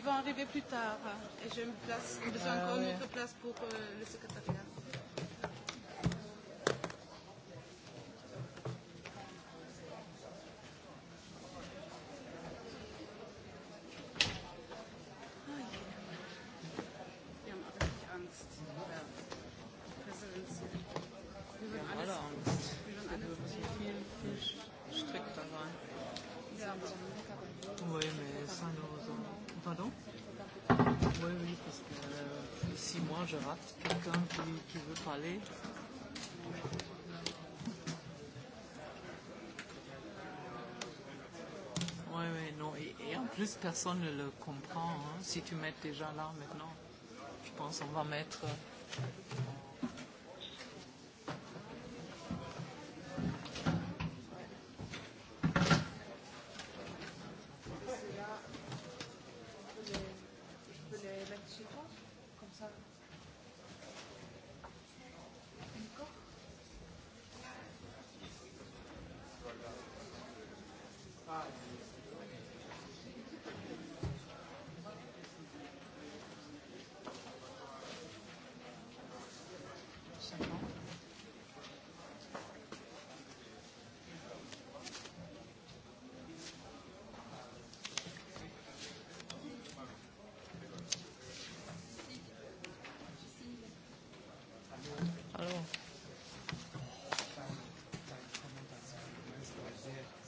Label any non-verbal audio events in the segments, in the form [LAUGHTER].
Ils vont arriver plus tard et j'ai besoin ah encore une autre place pour euh, le secrétariat. parler. Oui, oui, non. Et, et en plus, personne ne le comprend. Hein. Si tu mets déjà là maintenant, je pense qu'on va mettre. Euh,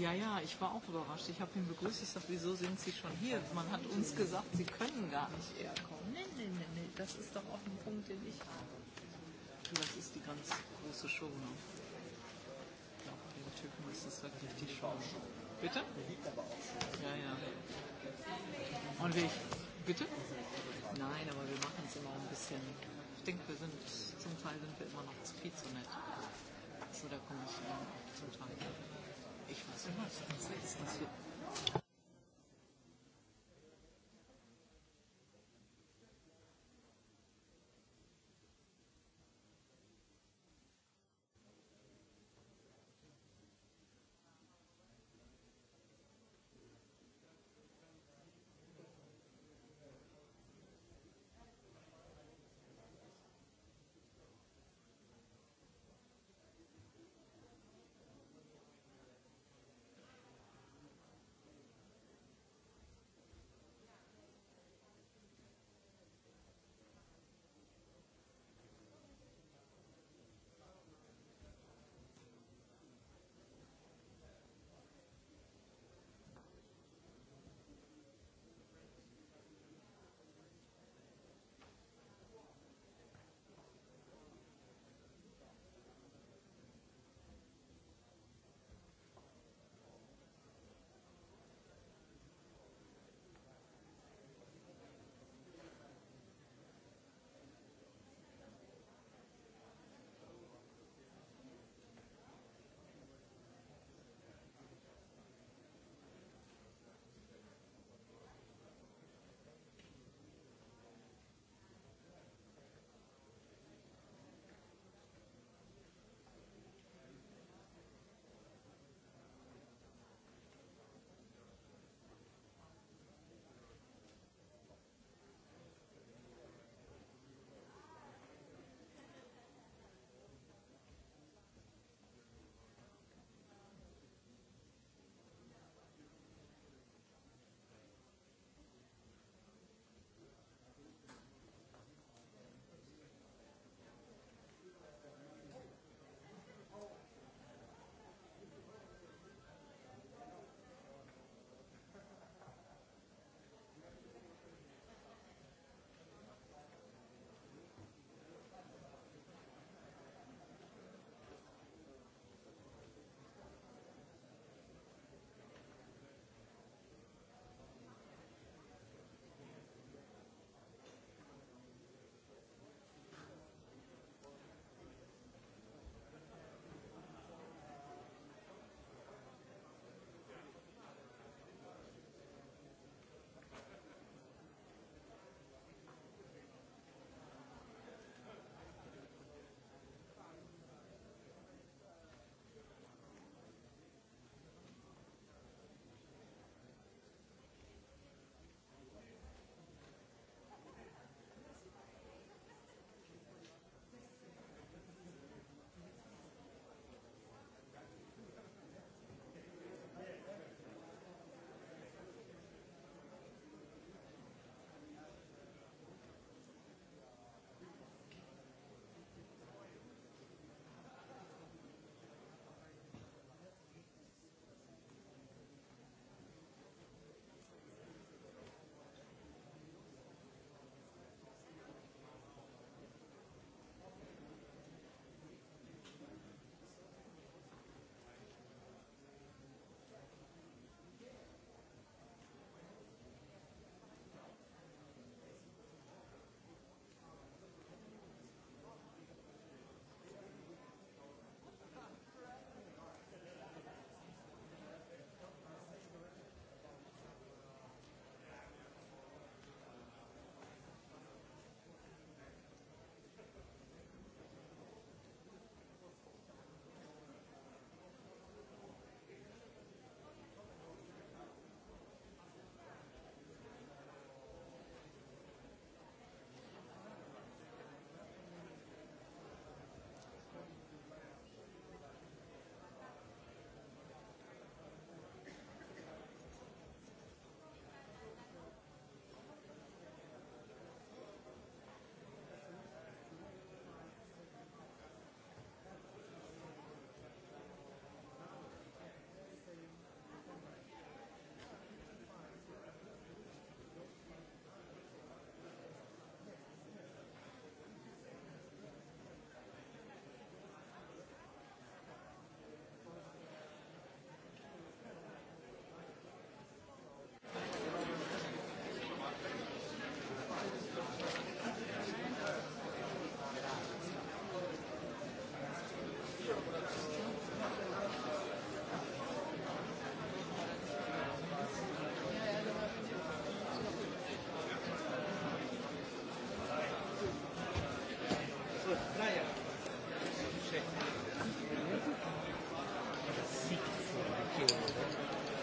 Ja, ja, ich war auch überrascht. Ich habe ihn begrüßt. Ich sagte, wieso sind Sie schon hier? Man hat uns gesagt, Sie können gar nicht eher kommen. Nein, nein, nein, nee. Das ist doch auch ein Punkt, den ich habe. Du, das ist die ganz große Show. Ne? Ja, bei den Typen ist das wirklich die Show. Bitte? Ja, ja. Und wie ich. Bitte? Nein, aber wir machen es immer ein bisschen. Ich denke, wir sind, zum Teil sind wir immer noch zu viel zu nett. So, da komme ich äh, zum Teil. Ich weiß nicht, was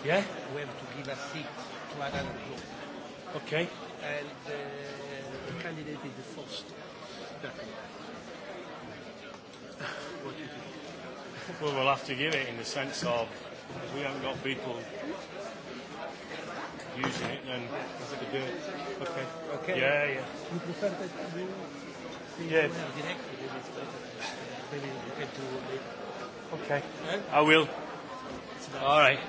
Yeah? We have to give a seat to another group. Okay. And uh, the candidate is the first. what do you think? Well, we'll have to give it in the sense of if we haven't got people using it, then we have to do it. Okay. Okay. Yeah, yeah. You prefer that you yeah. directly? Maybe you can do it. Okay. Yeah? I will. All right.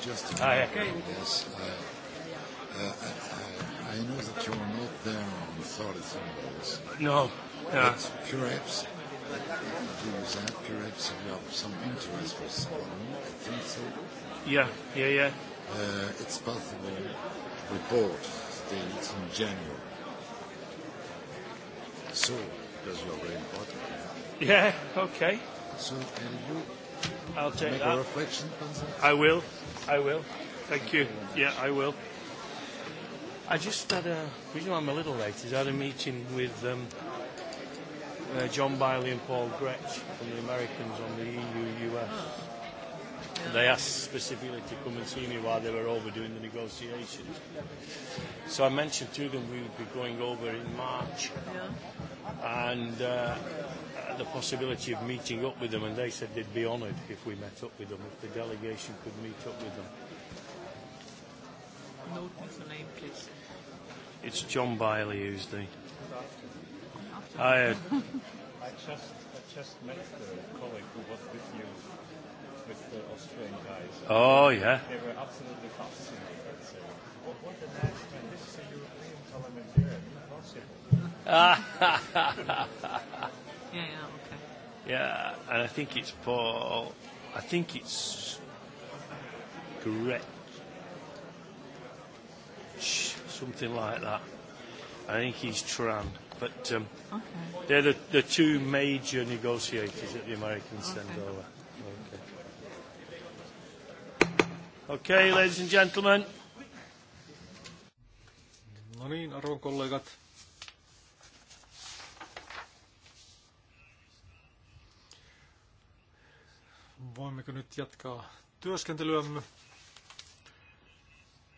Just a minute. Okay. Yes, I, I, I know that you are not there on Thursdays No. Yeah. pure perhaps, do you that? Perhaps you have some interest for someone. I think so. Yeah, yeah, yeah. Uh, it's possible report dates in January. So, because you are very important. Yeah, okay. So, can you I'll take Make a reflection, I will. I will. Thank you. Yeah, I will. I just had a reason I'm a little late is I had a meeting with um, uh, John Biley and Paul Gretsch from the Americans on the EU-US. Oh. They asked specifically to come and see me while they were over doing the negotiations. So I mentioned to them we would be going over in March yeah. and uh, the possibility of meeting up with them, and they said they'd be honoured if we met up with them, if the delegation could meet up with them. Note the name, please. It's John Biley who's the. I, uh, [LAUGHS] I just I just met the colleague who was with you with the Austrian guys. Oh, yeah. They were absolutely fascinated. So, what, what the next accident. This is a European parliamentarian. Impossible. [LAUGHS] yeah, yeah, okay. Yeah, and I think it's Paul. I think it's Gretch, something like that. I think he's Tran. But um, okay. they're the, the two major negotiators at the American okay. Sendover. Okay, ladies and gentlemen. No niin, arvon kollegat. Voimmeko nyt jatkaa työskentelyämme?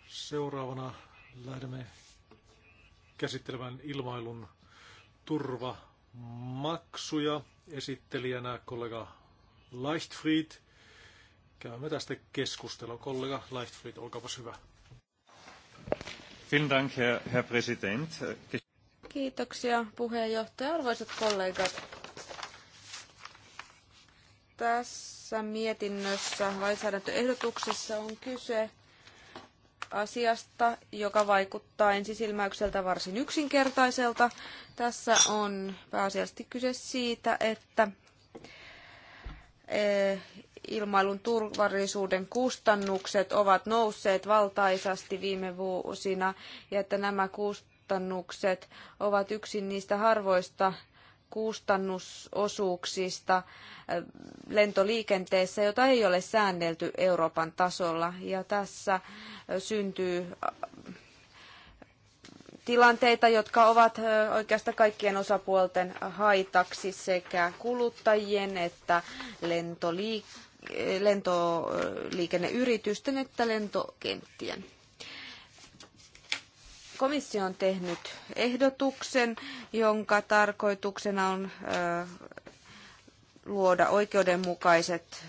Seuraavana lähdemme käsittelemään ilmailun turvamaksuja. Esittelijänä kollega Leichtfried – Käymme tästä keskustelua. Kollega Leichtfried, olkaapas hyvä. Vielen Dank, Herr, Herr Präsident. Kiitoksia puheenjohtaja, arvoisat kollegat. Tässä mietinnössä lainsäädäntöehdotuksessa on kyse asiasta, joka vaikuttaa ensisilmäykseltä varsin yksinkertaiselta. Tässä on pääasiallisesti kyse siitä, että eh, ilmailun turvallisuuden kustannukset ovat nousseet valtaisasti viime vuosina ja että nämä kustannukset ovat yksi niistä harvoista kustannusosuuksista äh, lentoliikenteessä, jota ei ole säännelty Euroopan tasolla. Ja tässä äh, syntyy äh, tilanteita, jotka ovat oikeastaan kaikkien osapuolten haitaksi sekä kuluttajien että lentoliikenteen lentoliikenneyritysten että lentokenttien. Komissio on tehnyt ehdotuksen, jonka tarkoituksena on luoda oikeudenmukaiset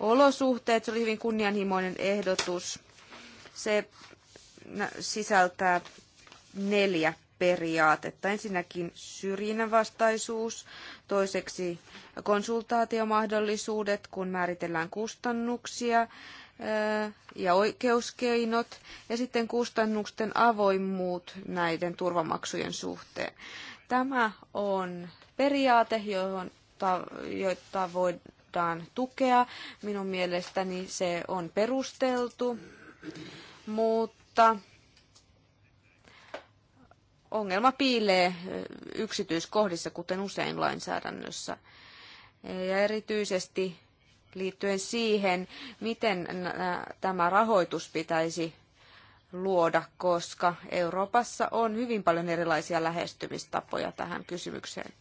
olosuhteet. Se oli hyvin kunnianhimoinen ehdotus. Se sisältää neljä periaatetta. Ensinnäkin syrjinnänvastaisuus, Toiseksi konsultaatiomahdollisuudet, kun määritellään kustannuksia ja oikeuskeinot ja sitten kustannusten avoimuut näiden turvamaksujen suhteen. Tämä on periaate, johon jota voidaan tukea. Minun mielestäni se on perusteltu, mutta ongelma piilee yksityiskohdissa, kuten usein lainsäädännössä. Ja erityisesti liittyen siihen, miten tämä rahoitus pitäisi luoda, koska Euroopassa on hyvin paljon erilaisia lähestymistapoja tähän kysymykseen.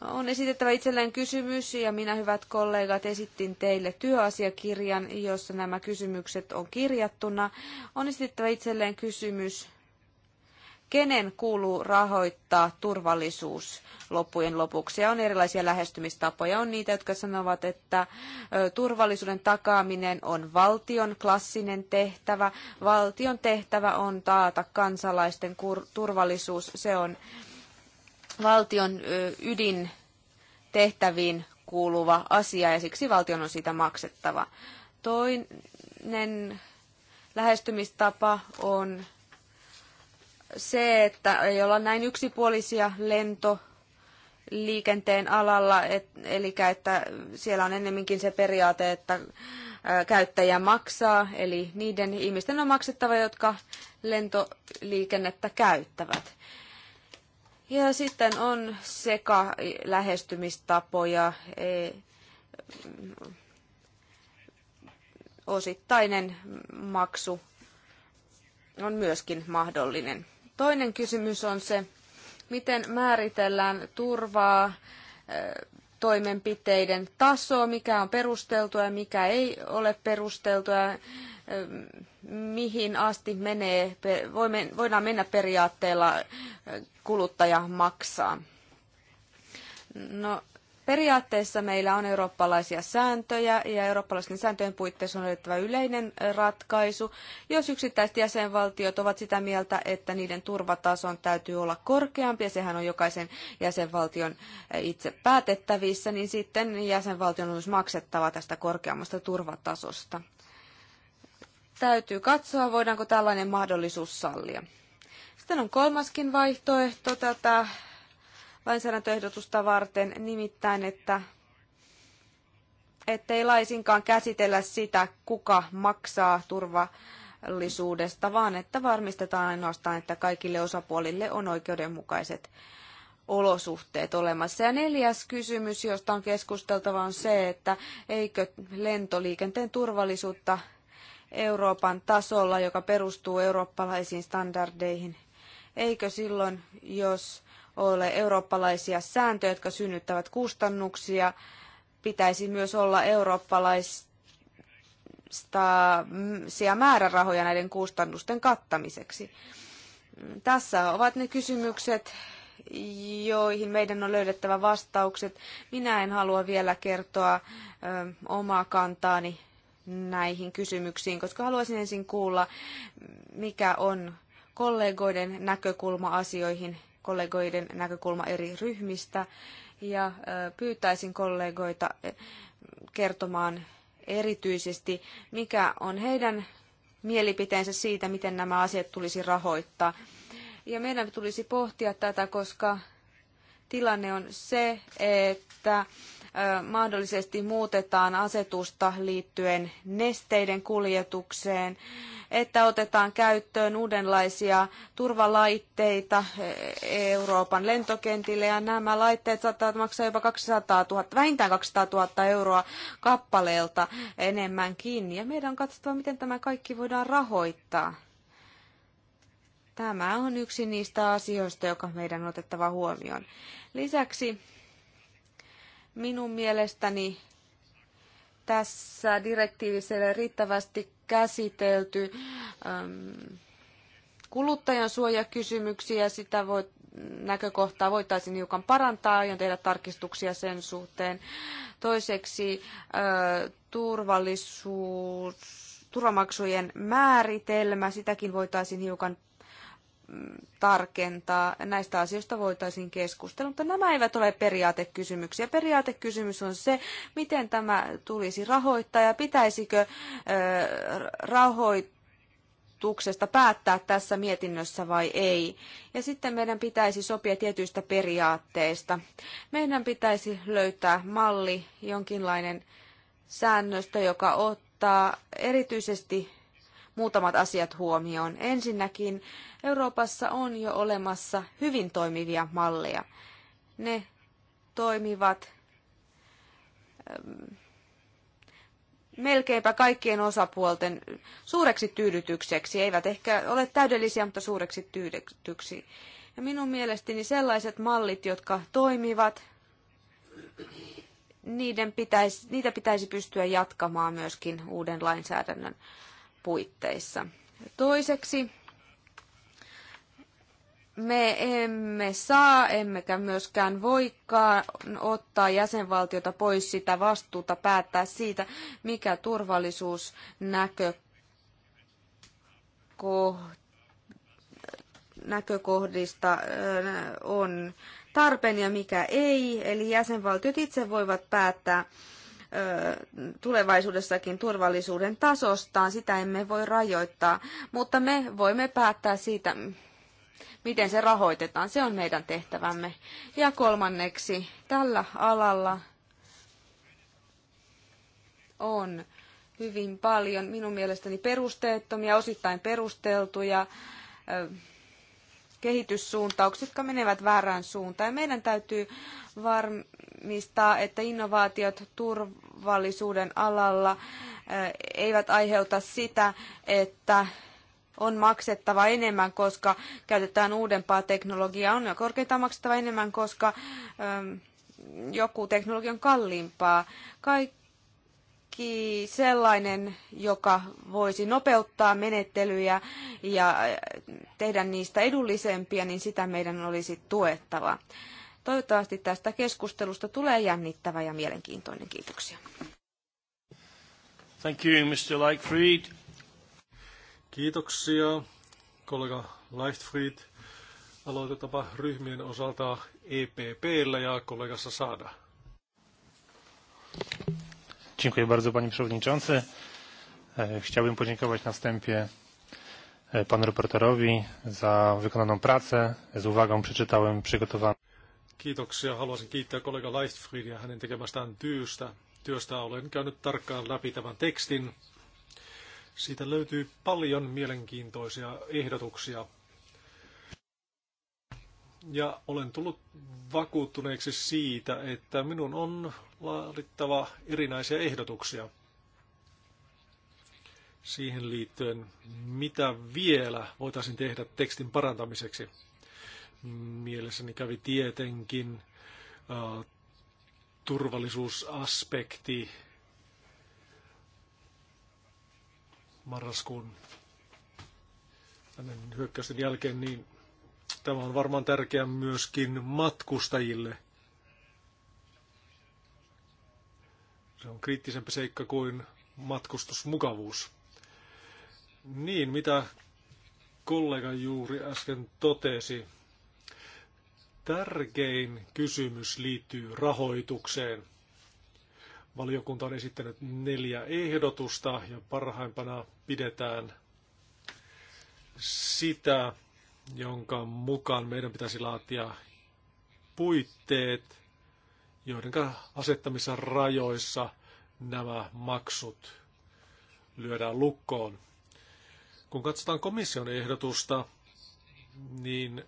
On esitettävä itselleen kysymys ja minä, hyvät kollegat, esittin teille työasiakirjan, jossa nämä kysymykset on kirjattuna. On esitettävä itselleen kysymys, kenen kuuluu rahoittaa turvallisuus loppujen lopuksi. Ja on erilaisia lähestymistapoja. On niitä, jotka sanovat, että turvallisuuden takaaminen on valtion klassinen tehtävä. Valtion tehtävä on taata kansalaisten turvallisuus. Se on valtion ydin tehtäviin kuuluva asia ja siksi valtion on siitä maksettava. Toinen lähestymistapa on se, että ei olla näin yksipuolisia lento liikenteen alalla, et, eli että siellä on ennemminkin se periaate, että käyttäjä maksaa, eli niiden ihmisten on maksettava, jotka lentoliikennettä käyttävät. Ja sitten on seka lähestymistapoja, e, osittainen maksu on myöskin mahdollinen. Toinen kysymys on se, miten määritellään turvaa eh, toimenpiteiden taso, mikä on perusteltua ja mikä ei ole perusteltua, eh, mihin asti menee, voidaan mennä periaatteella eh, kuluttaja maksaa. No, Periaatteessa meillä on eurooppalaisia sääntöjä ja eurooppalaisten sääntöjen puitteissa on löydettävä yleinen ratkaisu. Jos yksittäiset jäsenvaltiot ovat sitä mieltä, että niiden turvatason täytyy olla korkeampi ja sehän on jokaisen jäsenvaltion itse päätettävissä, niin sitten jäsenvaltion on myös maksettava tästä korkeammasta turvatasosta. Täytyy katsoa, voidaanko tällainen mahdollisuus sallia. Sitten on kolmaskin vaihtoehto tätä lainsäädäntöehdotusta varten, nimittäin että ettei laisinkaan käsitellä sitä, kuka maksaa turvallisuudesta, vaan että varmistetaan ainoastaan, että kaikille osapuolille on oikeudenmukaiset olosuhteet olemassa. Ja neljäs kysymys, josta on keskusteltava, on se, että eikö lentoliikenteen turvallisuutta Euroopan tasolla, joka perustuu eurooppalaisiin standardeihin, eikö silloin, jos ole eurooppalaisia sääntöjä, jotka synnyttävät kustannuksia. Pitäisi myös olla eurooppalaisia määrärahoja näiden kustannusten kattamiseksi. Tässä ovat ne kysymykset, joihin meidän on löydettävä vastaukset. Minä en halua vielä kertoa ö, omaa kantaani näihin kysymyksiin, koska haluaisin ensin kuulla, mikä on kollegoiden näkökulma asioihin kollegoiden näkökulma eri ryhmistä ja pyytäisin kollegoita kertomaan erityisesti, mikä on heidän mielipiteensä siitä, miten nämä asiat tulisi rahoittaa. Ja meidän tulisi pohtia tätä, koska tilanne on se, että mahdollisesti muutetaan asetusta liittyen nesteiden kuljetukseen, että otetaan käyttöön uudenlaisia turvalaitteita Euroopan lentokentille ja nämä laitteet saattavat maksaa jopa 200 000, vähintään 200 000 euroa kappaleelta enemmänkin ja meidän on katsottava, miten tämä kaikki voidaan rahoittaa. Tämä on yksi niistä asioista, joka meidän on otettava huomioon. Lisäksi Minun mielestäni tässä direktiivissä ei ole riittävästi käsitelty äm, kuluttajan suojakysymyksiä. Sitä voi, näkökohtaa voitaisiin hiukan parantaa, ja tehdä tarkistuksia sen suhteen. Toiseksi ä, äh, turvallisuus turvamaksujen määritelmä, sitäkin voitaisiin hiukan tarkentaa. Näistä asioista voitaisiin keskustella, mutta nämä eivät ole periaatekysymyksiä. Periaatekysymys on se, miten tämä tulisi rahoittaa ja pitäisikö rahoittaa rahoituksesta päättää tässä mietinnössä vai ei. Ja sitten meidän pitäisi sopia tietyistä periaatteista. Meidän pitäisi löytää malli, jonkinlainen säännöstö, joka ottaa erityisesti muutamat asiat huomioon. Ensinnäkin Euroopassa on jo olemassa hyvin toimivia malleja. Ne toimivat ähm, melkeinpä kaikkien osapuolten suureksi tyydytykseksi. Eivät ehkä ole täydellisiä, mutta suureksi tyydytyksi. Ja minun mielestäni sellaiset mallit, jotka toimivat, niiden pitäisi, niitä pitäisi pystyä jatkamaan myöskin uuden lainsäädännön puitteissa. Toiseksi me emme saa, emmekä myöskään voikaan ottaa jäsenvaltiota pois sitä vastuuta päättää siitä, mikä turvallisuusnäkö näkökohdista on tarpeen ja mikä ei. Eli jäsenvaltiot itse voivat päättää, tulevaisuudessakin turvallisuuden tasostaan, sitä emme voi rajoittaa, mutta me voimme päättää siitä, miten se rahoitetaan. Se on meidän tehtävämme. Ja kolmanneksi, tällä alalla on hyvin paljon minun mielestäni perusteettomia, osittain perusteltuja kehityssuuntaukset, jotka menevät väärään suuntaan. Ja meidän täytyy varmistaa, että innovaatiot turvallisuuden alalla eh, eivät aiheuta sitä, että on maksettava enemmän, koska käytetään uudempaa teknologiaa, on korkeintaan maksettava enemmän, koska eh, joku teknologia on kalliimpaa. Kaikki kaikki sellainen, joka voisi nopeuttaa menettelyjä ja tehdä niistä edullisempia, niin sitä meidän olisi tuettava. Toivottavasti tästä keskustelusta tulee jännittävä ja mielenkiintoinen. Kiitoksia. Thank you, Mr. Leichfried. Kiitoksia, kollega Leichtfried. Aloitetaanpa ryhmien osalta EPPllä ja kollegassa Saada. Dziękuję bardzo panie przewodniczący. E, chciałbym podziękować na wstępie e, panu reporterowi za wykonaną pracę. Z uwagą przeczytałem przygotowany. Kiitoksia. Haluaisin kiittää kollega Leistfriedia hänen tekemästään työstä. Työstä olen käynyt tarkkaan läpi tämän tekstin. Siitä löytyy paljon mielenkiintoisia ehdotuksia ja olen tullut vakuuttuneeksi siitä, että minun on laadittava erinäisiä ehdotuksia siihen liittyen, mitä vielä voitaisiin tehdä tekstin parantamiseksi. Mielessäni kävi tietenkin turvallisuusaspekti marraskuun hyökkäysten jälkeen, niin Tämä on varmaan tärkeää myöskin matkustajille. Se on kriittisempi seikka kuin matkustusmukavuus. Niin, mitä kollega juuri äsken totesi. Tärkein kysymys liittyy rahoitukseen. Valiokunta on esittänyt neljä ehdotusta ja parhaimpana pidetään sitä, jonka mukaan meidän pitäisi laatia puitteet, joiden asettamissa rajoissa nämä maksut lyödään lukkoon. Kun katsotaan komission ehdotusta, niin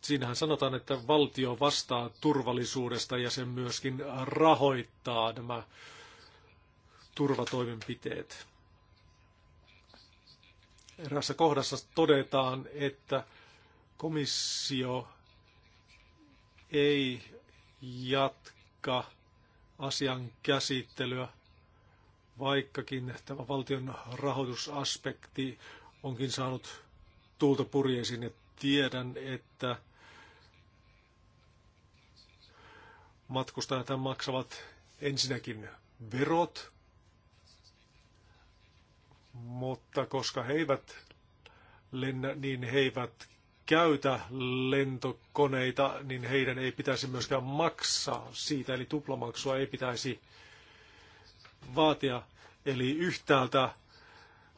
siinähän sanotaan, että valtio vastaa turvallisuudesta ja sen myöskin rahoittaa nämä turvatoimenpiteet eräässä kohdassa todetaan, että komissio ei jatka asian käsittelyä, vaikkakin tämä valtion rahoitusaspekti onkin saanut tuulta purjeisiin ja tiedän, että matkustajat maksavat ensinnäkin verot mutta koska he eivät lennä, niin he eivät käytä lentokoneita, niin heidän ei pitäisi myöskään maksaa siitä, eli tuplamaksua ei pitäisi vaatia. Eli yhtäältä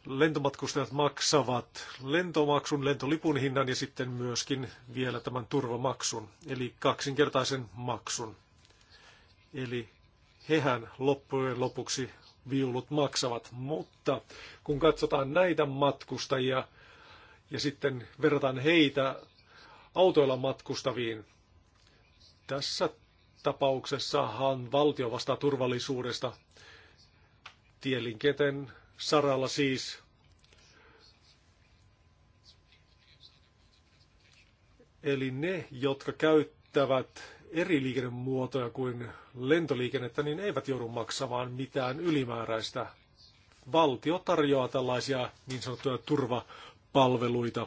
lentomatkustajat maksavat lentomaksun, lentolipun hinnan ja sitten myöskin vielä tämän turvamaksun, eli kaksinkertaisen maksun. Eli hehän loppujen lopuksi viulut maksavat, mutta kun katsotaan näitä matkustajia ja sitten verrataan heitä autoilla matkustaviin, tässä tapauksessahan valtio vastaa turvallisuudesta tieliikenteen saralla siis. Eli ne, jotka käyttävät eri liikennemuotoja kuin lentoliikennettä, niin eivät joudu maksamaan mitään ylimääräistä. Valtio tarjoaa tällaisia niin sanottuja turvapalveluita.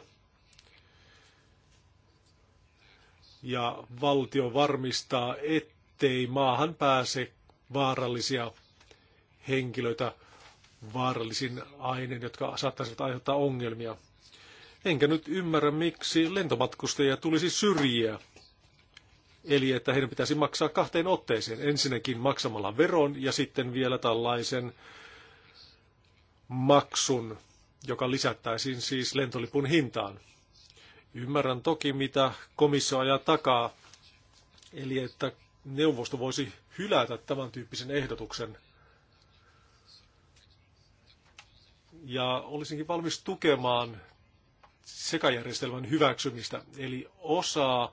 Ja valtio varmistaa, ettei maahan pääse vaarallisia henkilöitä vaarallisin aineen, jotka saattaisivat aiheuttaa ongelmia. Enkä nyt ymmärrä, miksi lentomatkustajia tulisi syrjiä Eli että heidän pitäisi maksaa kahteen otteeseen. Ensinnäkin maksamalla veron ja sitten vielä tällaisen maksun, joka lisättäisiin siis lentolipun hintaan. Ymmärrän toki, mitä komissio ajaa takaa, eli että neuvosto voisi hylätä tämän tyyppisen ehdotuksen. Ja olisinkin valmis tukemaan sekajärjestelmän hyväksymistä, eli osaa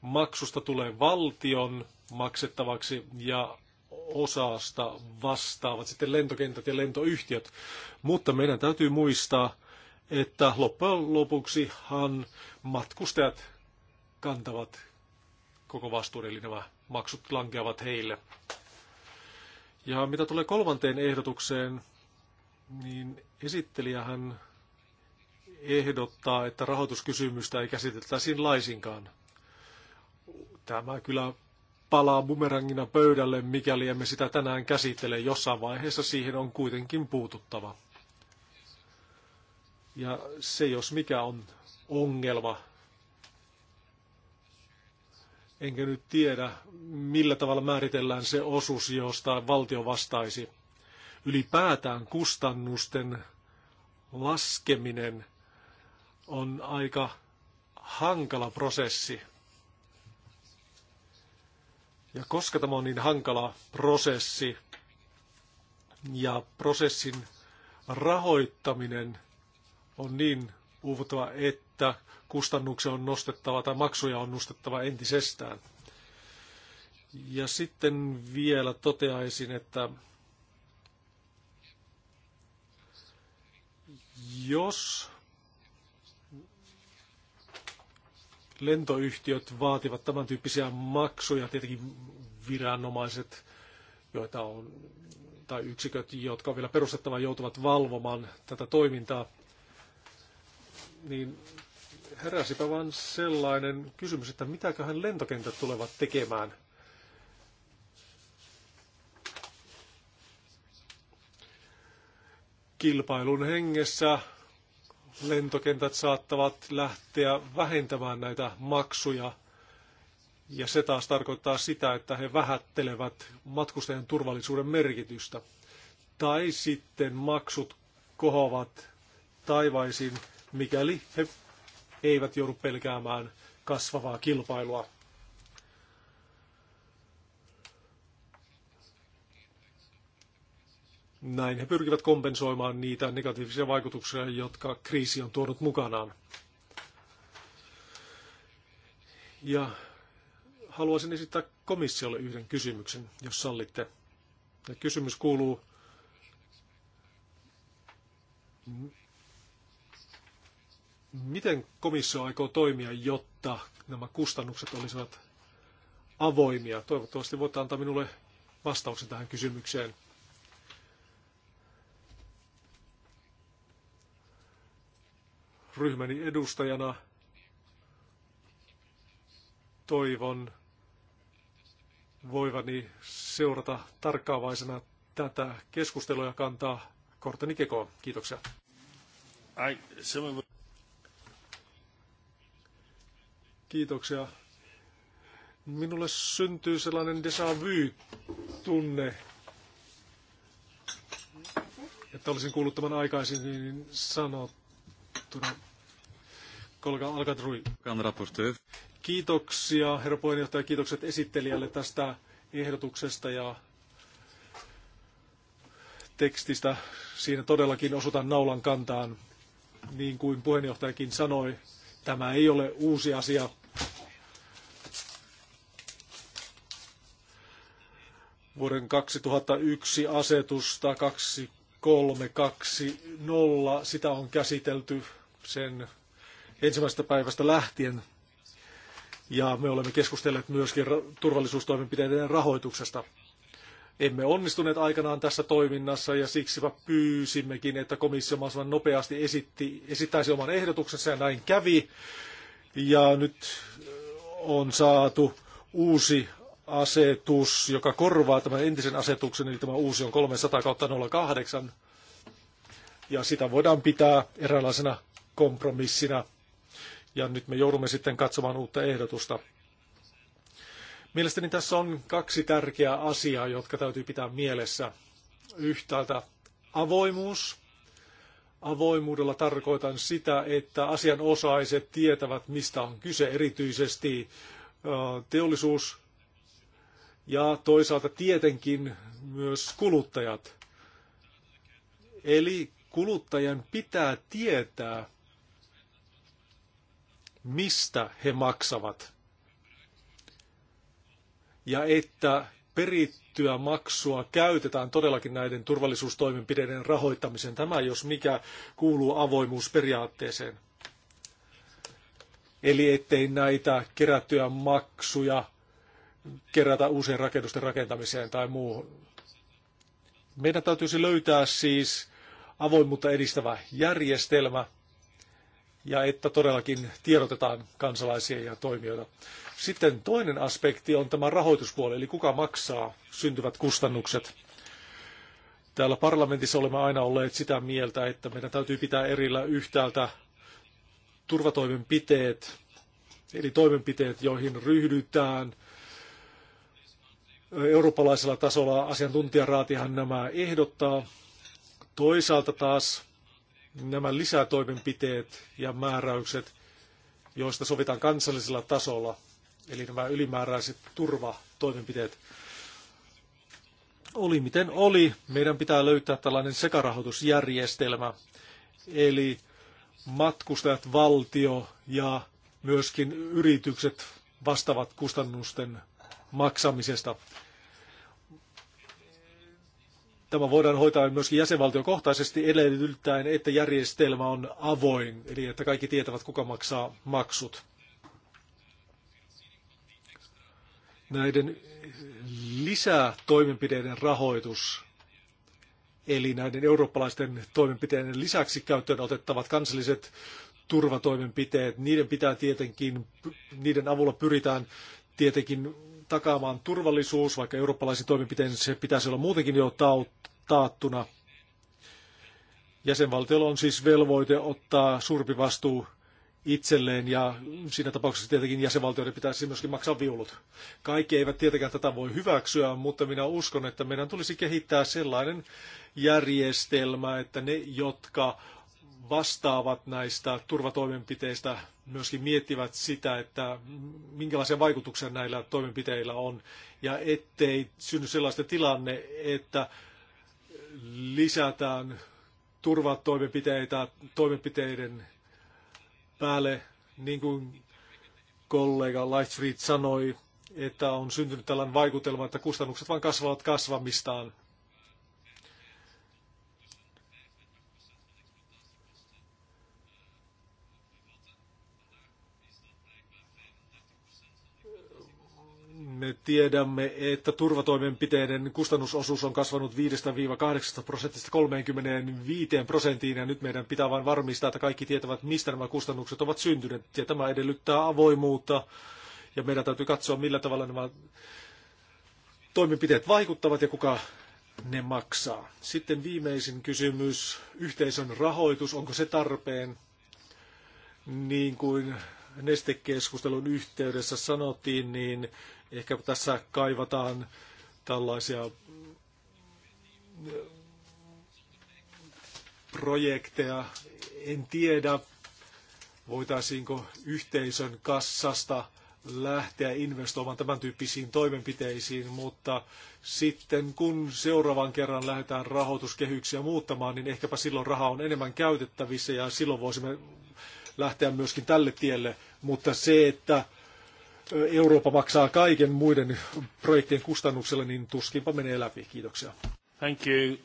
maksusta tulee valtion maksettavaksi ja osasta vastaavat sitten lentokentät ja lentoyhtiöt. Mutta meidän täytyy muistaa, että loppujen lopuksihan matkustajat kantavat koko vastuun, eli nämä maksut lankeavat heille. Ja mitä tulee kolmanteen ehdotukseen, niin esittelijähän ehdottaa, että rahoituskysymystä ei käsiteltäisiin laisinkaan. Tämä kyllä palaa bumerangina pöydälle, mikäli emme sitä tänään käsittele. Jossain vaiheessa siihen on kuitenkin puututtava. Ja se jos mikä on ongelma. Enkä nyt tiedä, millä tavalla määritellään se osuus, josta valtio vastaisi. Ylipäätään kustannusten laskeminen on aika hankala prosessi. Ja koska tämä on niin hankala prosessi ja prosessin rahoittaminen on niin uuvuttava, että kustannuksia on nostettava tai maksuja on nostettava entisestään. Ja sitten vielä toteaisin, että jos lentoyhtiöt vaativat tämän tyyppisiä maksuja, tietenkin viranomaiset, joita on, tai yksiköt, jotka on vielä perustettava, joutuvat valvomaan tätä toimintaa, niin heräsipä vain sellainen kysymys, että mitäköhän lentokentät tulevat tekemään. Kilpailun hengessä lentokentät saattavat lähteä vähentämään näitä maksuja. Ja se taas tarkoittaa sitä, että he vähättelevät matkustajien turvallisuuden merkitystä. Tai sitten maksut kohoavat taivaisiin, mikäli he eivät joudu pelkäämään kasvavaa kilpailua. Näin he pyrkivät kompensoimaan niitä negatiivisia vaikutuksia, jotka kriisi on tuonut mukanaan. Ja haluaisin esittää komissiolle yhden kysymyksen, jos sallitte. Ja kysymys kuuluu, miten komissio aikoo toimia, jotta nämä kustannukset olisivat avoimia? Toivottavasti voitte antaa minulle vastauksen tähän kysymykseen. ryhmäni edustajana toivon voivani seurata tarkkaavaisena tätä keskustelua ja kantaa korteni kekoon. Kiitoksia. Kiitoksia. Minulle syntyy sellainen déjà vu-tunne, että olisin kuullut tämän aikaisin niin sanot, kirjoitettuna. Kollega Alkatrui. Kiitoksia herra puheenjohtaja, kiitokset esittelijälle tästä ehdotuksesta ja tekstistä. Siinä todellakin osutan naulan kantaan. Niin kuin puheenjohtajakin sanoi, tämä ei ole uusi asia. Vuoden 2001 asetusta 2320, sitä on käsitelty sen ensimmäisestä päivästä lähtien. Ja me olemme keskustelleet myöskin turvallisuustoimenpiteiden rahoituksesta. Emme onnistuneet aikanaan tässä toiminnassa ja siksi pyysimmekin, että komissio mahdollisimman nopeasti esitti, esittäisi oman ehdotuksensa ja näin kävi. Ja nyt on saatu uusi asetus, joka korvaa tämän entisen asetuksen, eli tämä uusi on 300 08. Ja sitä voidaan pitää eräänlaisena kompromissina. Ja nyt me joudumme sitten katsomaan uutta ehdotusta. Mielestäni tässä on kaksi tärkeää asiaa, jotka täytyy pitää mielessä. Yhtäältä avoimuus. Avoimuudella tarkoitan sitä, että asianosaiset tietävät, mistä on kyse, erityisesti teollisuus ja toisaalta tietenkin myös kuluttajat. Eli kuluttajien pitää tietää, mistä he maksavat. Ja että perittyä maksua käytetään todellakin näiden turvallisuustoimenpiteiden rahoittamiseen. Tämä, jos mikä, kuuluu avoimuusperiaatteeseen. Eli ettei näitä kerättyjä maksuja kerätä uusien rakennusten rakentamiseen tai muuhun. Meidän täytyisi löytää siis avoimuutta edistävä järjestelmä – ja että todellakin tiedotetaan kansalaisia ja toimijoita. Sitten toinen aspekti on tämä rahoituspuoli, eli kuka maksaa syntyvät kustannukset. Täällä parlamentissa olemme aina olleet sitä mieltä, että meidän täytyy pitää erillä yhtäältä turvatoimenpiteet, eli toimenpiteet, joihin ryhdytään. Eurooppalaisella tasolla asiantuntijaraatihan nämä ehdottaa. Toisaalta taas nämä lisätoimenpiteet ja määräykset, joista sovitaan kansallisella tasolla, eli nämä ylimääräiset turvatoimenpiteet, oli miten oli, meidän pitää löytää tällainen sekarahoitusjärjestelmä, eli matkustajat, valtio ja myöskin yritykset vastaavat kustannusten maksamisesta. Tämä voidaan hoitaa myöskin jäsenvaltiokohtaisesti edellyttäen, että järjestelmä on avoin, eli että kaikki tietävät, kuka maksaa maksut. Näiden lisätoimenpiteiden rahoitus, eli näiden eurooppalaisten toimenpiteiden lisäksi käyttöön otettavat kansalliset turvatoimenpiteet, niiden pitää tietenkin, niiden avulla pyritään tietenkin takaamaan turvallisuus, vaikka eurooppalaisin toimenpiteen se pitäisi olla muutenkin jo taattuna. Jäsenvaltiolla on siis velvoite ottaa suurempi vastuu itselleen ja siinä tapauksessa tietenkin jäsenvaltioiden pitäisi myöskin maksaa viulut. Kaikki eivät tietenkään tätä voi hyväksyä, mutta minä uskon, että meidän tulisi kehittää sellainen järjestelmä, että ne, jotka vastaavat näistä turvatoimenpiteistä myöskin miettivät sitä, että minkälaisia vaikutuksia näillä toimenpiteillä on, ja ettei synny sellaista tilanne, että lisätään turvatoimenpiteitä toimenpiteiden päälle, niin kuin kollega Lightfried sanoi, että on syntynyt tällainen vaikutelma, että kustannukset vain kasvavat kasvamistaan tiedämme, että turvatoimenpiteiden kustannusosuus on kasvanut 5-8 prosentista 35 prosenttiin ja nyt meidän pitää vain varmistaa, että kaikki tietävät, mistä nämä kustannukset ovat syntyneet. Ja tämä edellyttää avoimuutta ja meidän täytyy katsoa, millä tavalla nämä toimenpiteet vaikuttavat ja kuka ne maksaa. Sitten viimeisin kysymys, yhteisön rahoitus, onko se tarpeen? Niin kuin nestekeskustelun yhteydessä sanottiin, niin Ehkä tässä kaivataan tällaisia mm, projekteja. En tiedä, voitaisiinko yhteisön kassasta lähteä investoimaan tämän tyyppisiin toimenpiteisiin, mutta sitten kun seuraavan kerran lähdetään rahoituskehyksiä muuttamaan, niin ehkäpä silloin raha on enemmän käytettävissä ja silloin voisimme lähteä myöskin tälle tielle, mutta se, että Eurooppa maksaa kaiken muiden projektien kustannuksella, niin tuskinpa menee läpi. Kiitoksia. Thank you.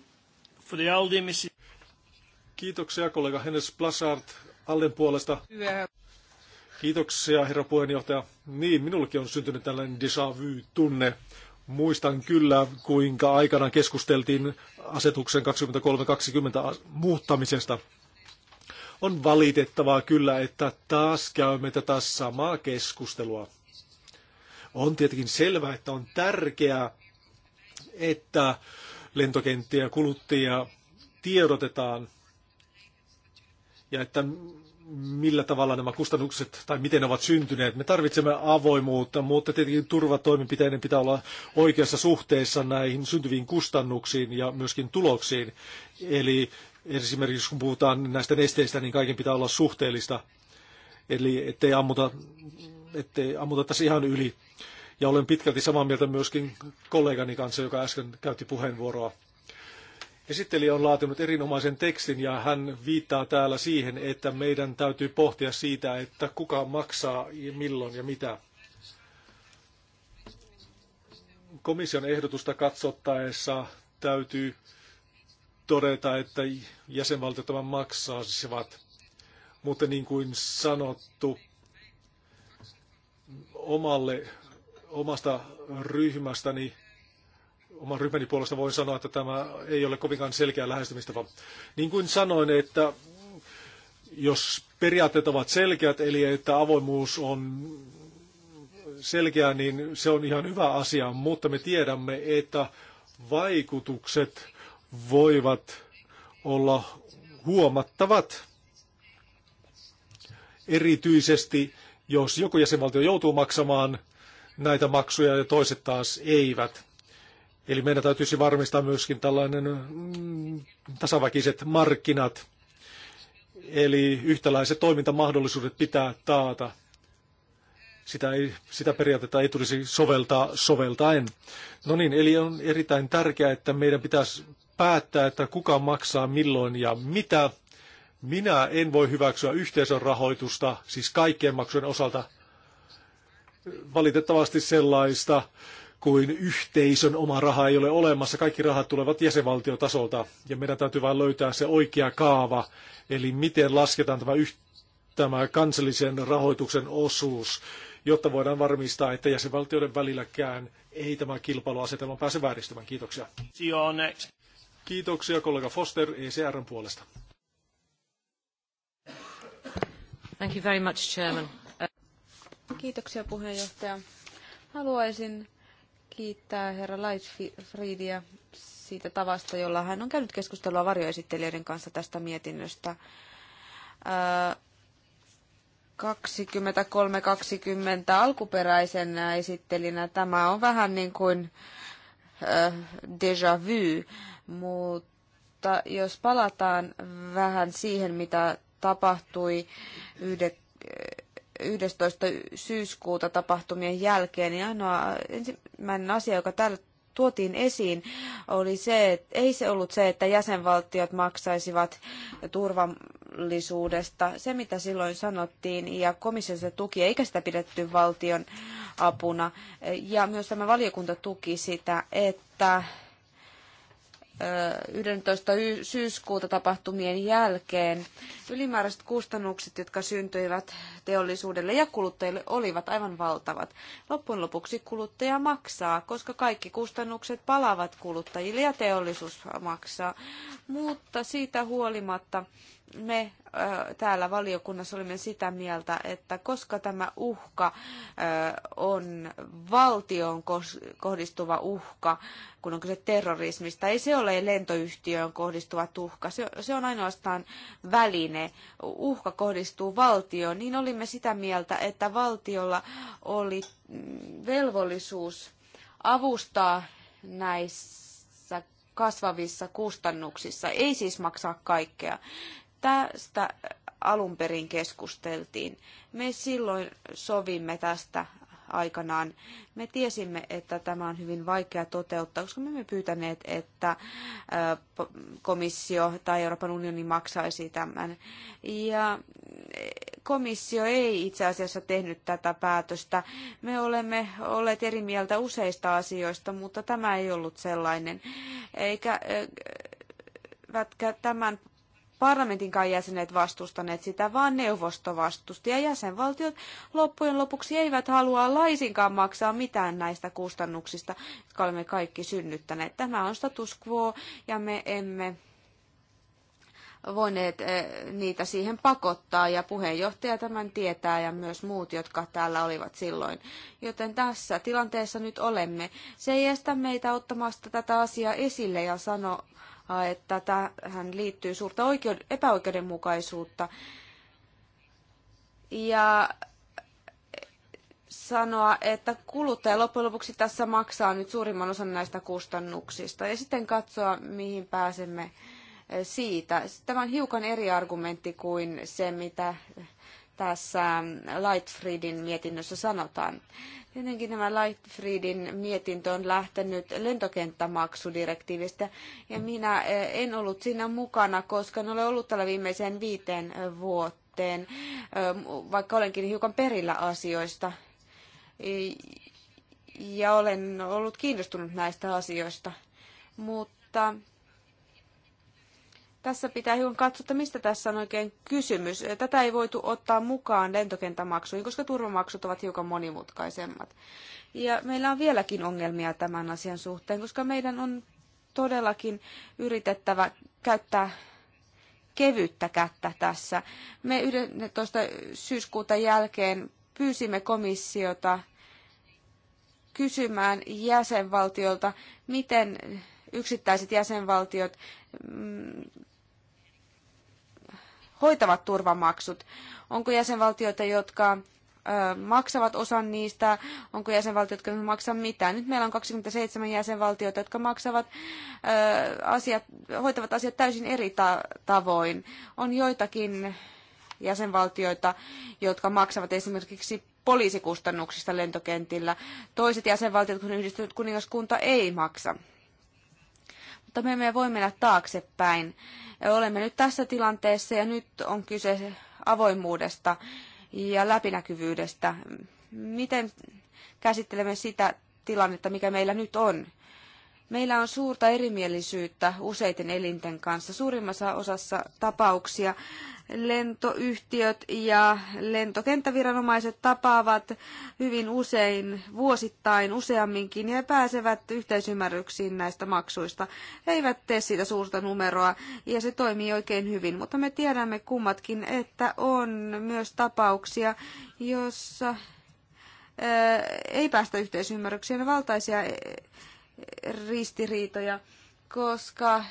For the Aldi, Mrs. Kiitoksia kollega Hennes Plasart Alden puolesta. Hyvä. Kiitoksia herra puheenjohtaja. Niin, minullekin on syntynyt tällainen déjà vu-tunne. Muistan kyllä, kuinka aikanaan keskusteltiin asetuksen 2320 muuttamisesta. On valitettavaa kyllä, että taas käymme tätä samaa keskustelua. On tietenkin selvää, että on tärkeää, että lentokenttiä kuluttajia tiedotetaan ja että millä tavalla nämä kustannukset tai miten ne ovat syntyneet. Me tarvitsemme avoimuutta, mutta tietenkin turvatoimenpiteiden pitää olla oikeassa suhteessa näihin syntyviin kustannuksiin ja myöskin tuloksiin. Eli esimerkiksi kun puhutaan näistä nesteistä, niin kaiken pitää olla suhteellista. Eli ettei ammuta ettei tässä ihan yli. Ja olen pitkälti samaa mieltä myöskin kollegani kanssa, joka äsken käytti puheenvuoroa. Esittelijä on laatinut erinomaisen tekstin ja hän viittaa täällä siihen, että meidän täytyy pohtia siitä, että kuka maksaa ja milloin ja mitä. Komission ehdotusta katsottaessa täytyy todeta, että jäsenvaltiot tämän maksaisivat. Mutta niin kuin sanottu, omalle, omasta ryhmästäni, oman ryhmäni puolesta voin sanoa, että tämä ei ole kovinkaan selkeä lähestymistapa. Niin kuin sanoin, että jos periaatteet ovat selkeät, eli että avoimuus on selkeä, niin se on ihan hyvä asia, mutta me tiedämme, että vaikutukset voivat olla huomattavat, erityisesti jos joku jäsenvaltio joutuu maksamaan näitä maksuja ja toiset taas eivät. Eli meidän täytyisi varmistaa myöskin tällainen mm, tasaväkiset markkinat, eli yhtäläiset toimintamahdollisuudet pitää taata. Sitä, ei, sitä periaatetta ei tulisi soveltaa soveltaen. No niin, eli on erittäin tärkeää, että meidän pitäisi päättää, että kuka maksaa milloin ja mitä – minä en voi hyväksyä yhteisön rahoitusta, siis kaikkien maksujen osalta valitettavasti sellaista, kuin yhteisön oma raha ei ole olemassa. Kaikki rahat tulevat jäsenvaltiotasolta ja meidän täytyy vain löytää se oikea kaava, eli miten lasketaan tämä, yh- tämä kansallisen rahoituksen osuus, jotta voidaan varmistaa, että jäsenvaltioiden välilläkään ei tämä kilpailuasetelma pääse vääristymään. Kiitoksia. Kiitoksia kollega Foster ECRn puolesta. arvoisa puhemies Kiitoksia Haluaisin kiittää herra leichtfriedia siitä tavasta, jolla hän on käynyt keskustelua varjoesittelijöiden kanssa tästä mietinnöstä. 2320 alkuperäisenä esittelinä tämä on vähän niin kuin äh, déjà vu, mutta jos palataan vähän siihen, mitä tapahtui 11. syyskuuta tapahtumien jälkeen, niin ainoa ensimmäinen asia, joka täällä tuotiin esiin, oli se, että ei se ollut se, että jäsenvaltiot maksaisivat turvallisuudesta. Se, mitä silloin sanottiin, ja komission se tuki, eikä sitä pidetty valtion apuna. Ja myös tämä valiokunta tuki sitä, että 11. syyskuuta tapahtumien jälkeen. Ylimääräiset kustannukset, jotka syntyivät teollisuudelle ja kuluttajille, olivat aivan valtavat. Loppujen lopuksi kuluttaja maksaa, koska kaikki kustannukset palaavat kuluttajille ja teollisuus maksaa. Mutta siitä huolimatta me täällä valiokunnassa olimme sitä mieltä, että koska tämä uhka on valtioon kohdistuva uhka, kun on kyse terrorismista, ei se ole lentoyhtiöön kohdistuva uhka, se, on ainoastaan väline. Uhka kohdistuu valtioon, niin olimme sitä mieltä, että valtiolla oli mm, velvollisuus avustaa näissä kasvavissa kustannuksissa, ei siis maksaa kaikkea. Tästä alun perin keskusteltiin. Me silloin sovimme tästä aikanaan. Me tiesimme, että tämä on hyvin vaikea toteuttaa, koska me emme pyytäneet, että komissio tai Euroopan unioni maksaisi tämän. Ja e, komissio ei itse asiassa tehnyt tätä päätöstä. Me olemme olleet eri mieltä useista asioista, mutta tämä ei ollut sellainen. Eikä e, e, tämän parlamentinkaan jäsenet vastustaneet sitä, vaan neuvosto vastusti. Ja jäsenvaltiot loppujen lopuksi eivät halua laisinkaan maksaa mitään näistä kustannuksista, jotka olemme kaikki synnyttäneet. Tämä on status quo ja me emme voineet eh, niitä siihen pakottaa ja puheenjohtaja tämän tietää ja myös muut, jotka täällä olivat silloin. Joten tässä tilanteessa nyt olemme. Se ei estä meitä ottamasta tätä asiaa esille ja sano, Ah, että tähän liittyy suurta oikeud- epäoikeudenmukaisuutta. Ja sanoa, että kuluttaja loppujen lopuksi tässä maksaa nyt suurimman osan näistä kustannuksista ja sitten katsoa, mihin pääsemme eh, siitä. Tämä on hiukan eri argumentti kuin se, mitä tässä ähm, Lightfriedin mietinnössä sanotaan. Tietenkin nämä Lightfriedin mietintö on lähtenyt lentokenttämaksudirektiivistä ja minä äh, en ollut siinä mukana, koska en ole ollut tällä viimeiseen viiteen vuoteen, ähm, vaikka olenkin hiukan perillä asioista ja olen ollut kiinnostunut näistä asioista. Mutta tässä pitää hiukan katsoa, että mistä tässä on oikein kysymys. Tätä ei voitu ottaa mukaan lentokentämaksuihin, koska turvamaksut ovat hiukan monimutkaisemmat. Ja meillä on vieläkin ongelmia tämän asian suhteen, koska meidän on todellakin yritettävä käyttää kevyttä kättä tässä. Me 11. syyskuuta jälkeen pyysimme komissiota kysymään jäsenvaltiolta, miten yksittäiset jäsenvaltiot mm, hoitavat turvamaksut? Onko jäsenvaltioita, jotka maksavat osan niistä, onko jäsenvaltiot, jotka maksavat mitään. Nyt meillä on 27 jäsenvaltiota, jotka maksavat asiat, hoitavat asiat täysin eri tavoin. On joitakin jäsenvaltioita, jotka maksavat esimerkiksi poliisikustannuksista lentokentillä. Toiset jäsenvaltiot, kuten yhdistynyt kuningaskunta, ei maksa mutta me emme voi mennä taaksepäin. Olemme nyt tässä tilanteessa ja nyt on kyse avoimuudesta ja läpinäkyvyydestä. Miten käsittelemme sitä tilannetta, mikä meillä nyt on? Meillä on suurta erimielisyyttä useiden elinten kanssa. Suurimmassa osassa tapauksia lentoyhtiöt ja lentokenttäviranomaiset tapaavat hyvin usein, vuosittain, useamminkin, ja pääsevät yhteisymmärryksiin näistä maksuista. He eivät tee siitä suurta numeroa, ja se toimii oikein hyvin, mutta me tiedämme kummatkin, että on myös tapauksia, jossa ei päästä yhteisymmärrykseen valtaisia ristiriitoja, koska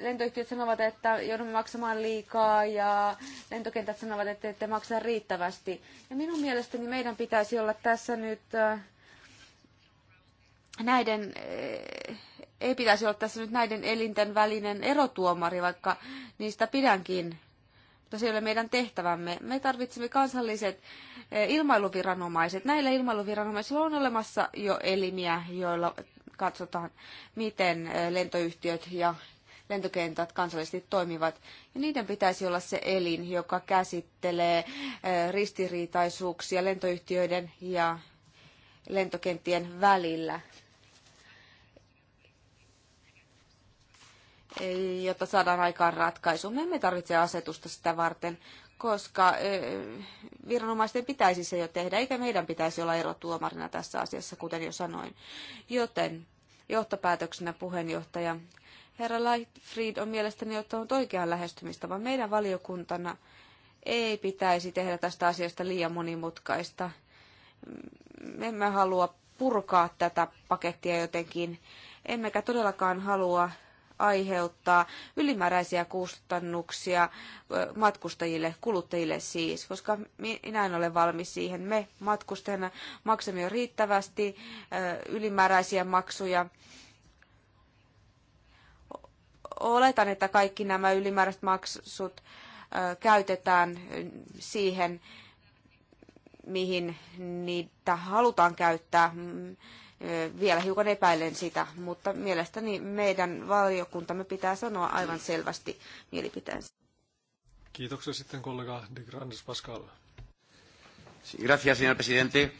lentoyhtiöt sanovat, että joudumme maksamaan liikaa ja lentokentät sanovat, että ette maksaa riittävästi. Ja minun mielestäni meidän pitäisi olla tässä nyt näiden, ei pitäisi olla tässä nyt näiden elinten välinen erotuomari, vaikka niistä pidänkin mutta se ei ole meidän tehtävämme. Me tarvitsemme kansalliset eh, ilmailuviranomaiset. Näillä ilmailuviranomaisilla on olemassa jo elimiä, joilla katsotaan, miten eh, lentoyhtiöt ja lentokentät kansallisesti toimivat. Ja niiden pitäisi olla se elin, joka käsittelee eh, ristiriitaisuuksia lentoyhtiöiden ja lentokenttien välillä. jotta saadaan aikaan ratkaisu. Me emme tarvitse asetusta sitä varten, koska viranomaisten pitäisi se jo tehdä, eikä meidän pitäisi olla erotuomarina tässä asiassa, kuten jo sanoin. Joten johtopäätöksenä puheenjohtaja Herra Lightfried on mielestäni ottanut oikean lähestymistavan. Meidän valiokuntana ei pitäisi tehdä tästä asiasta liian monimutkaista. Me emme halua purkaa tätä pakettia jotenkin, emmekä todellakaan halua aiheuttaa ylimääräisiä kustannuksia matkustajille, kuluttajille siis, koska minä en ole valmis siihen. Me matkustajana maksamme jo riittävästi ylimääräisiä maksuja. Oletan, että kaikki nämä ylimääräiset maksut käytetään siihen, mihin niitä halutaan käyttää. Mm, vielä hiukan epäilen sitä, mutta mielestäni meidän valiokuntamme pitää sanoa aivan selvästi mielipiteensä. Kiitoksia sitten kollega de Grandes Pascal. Gracias, señor presidente.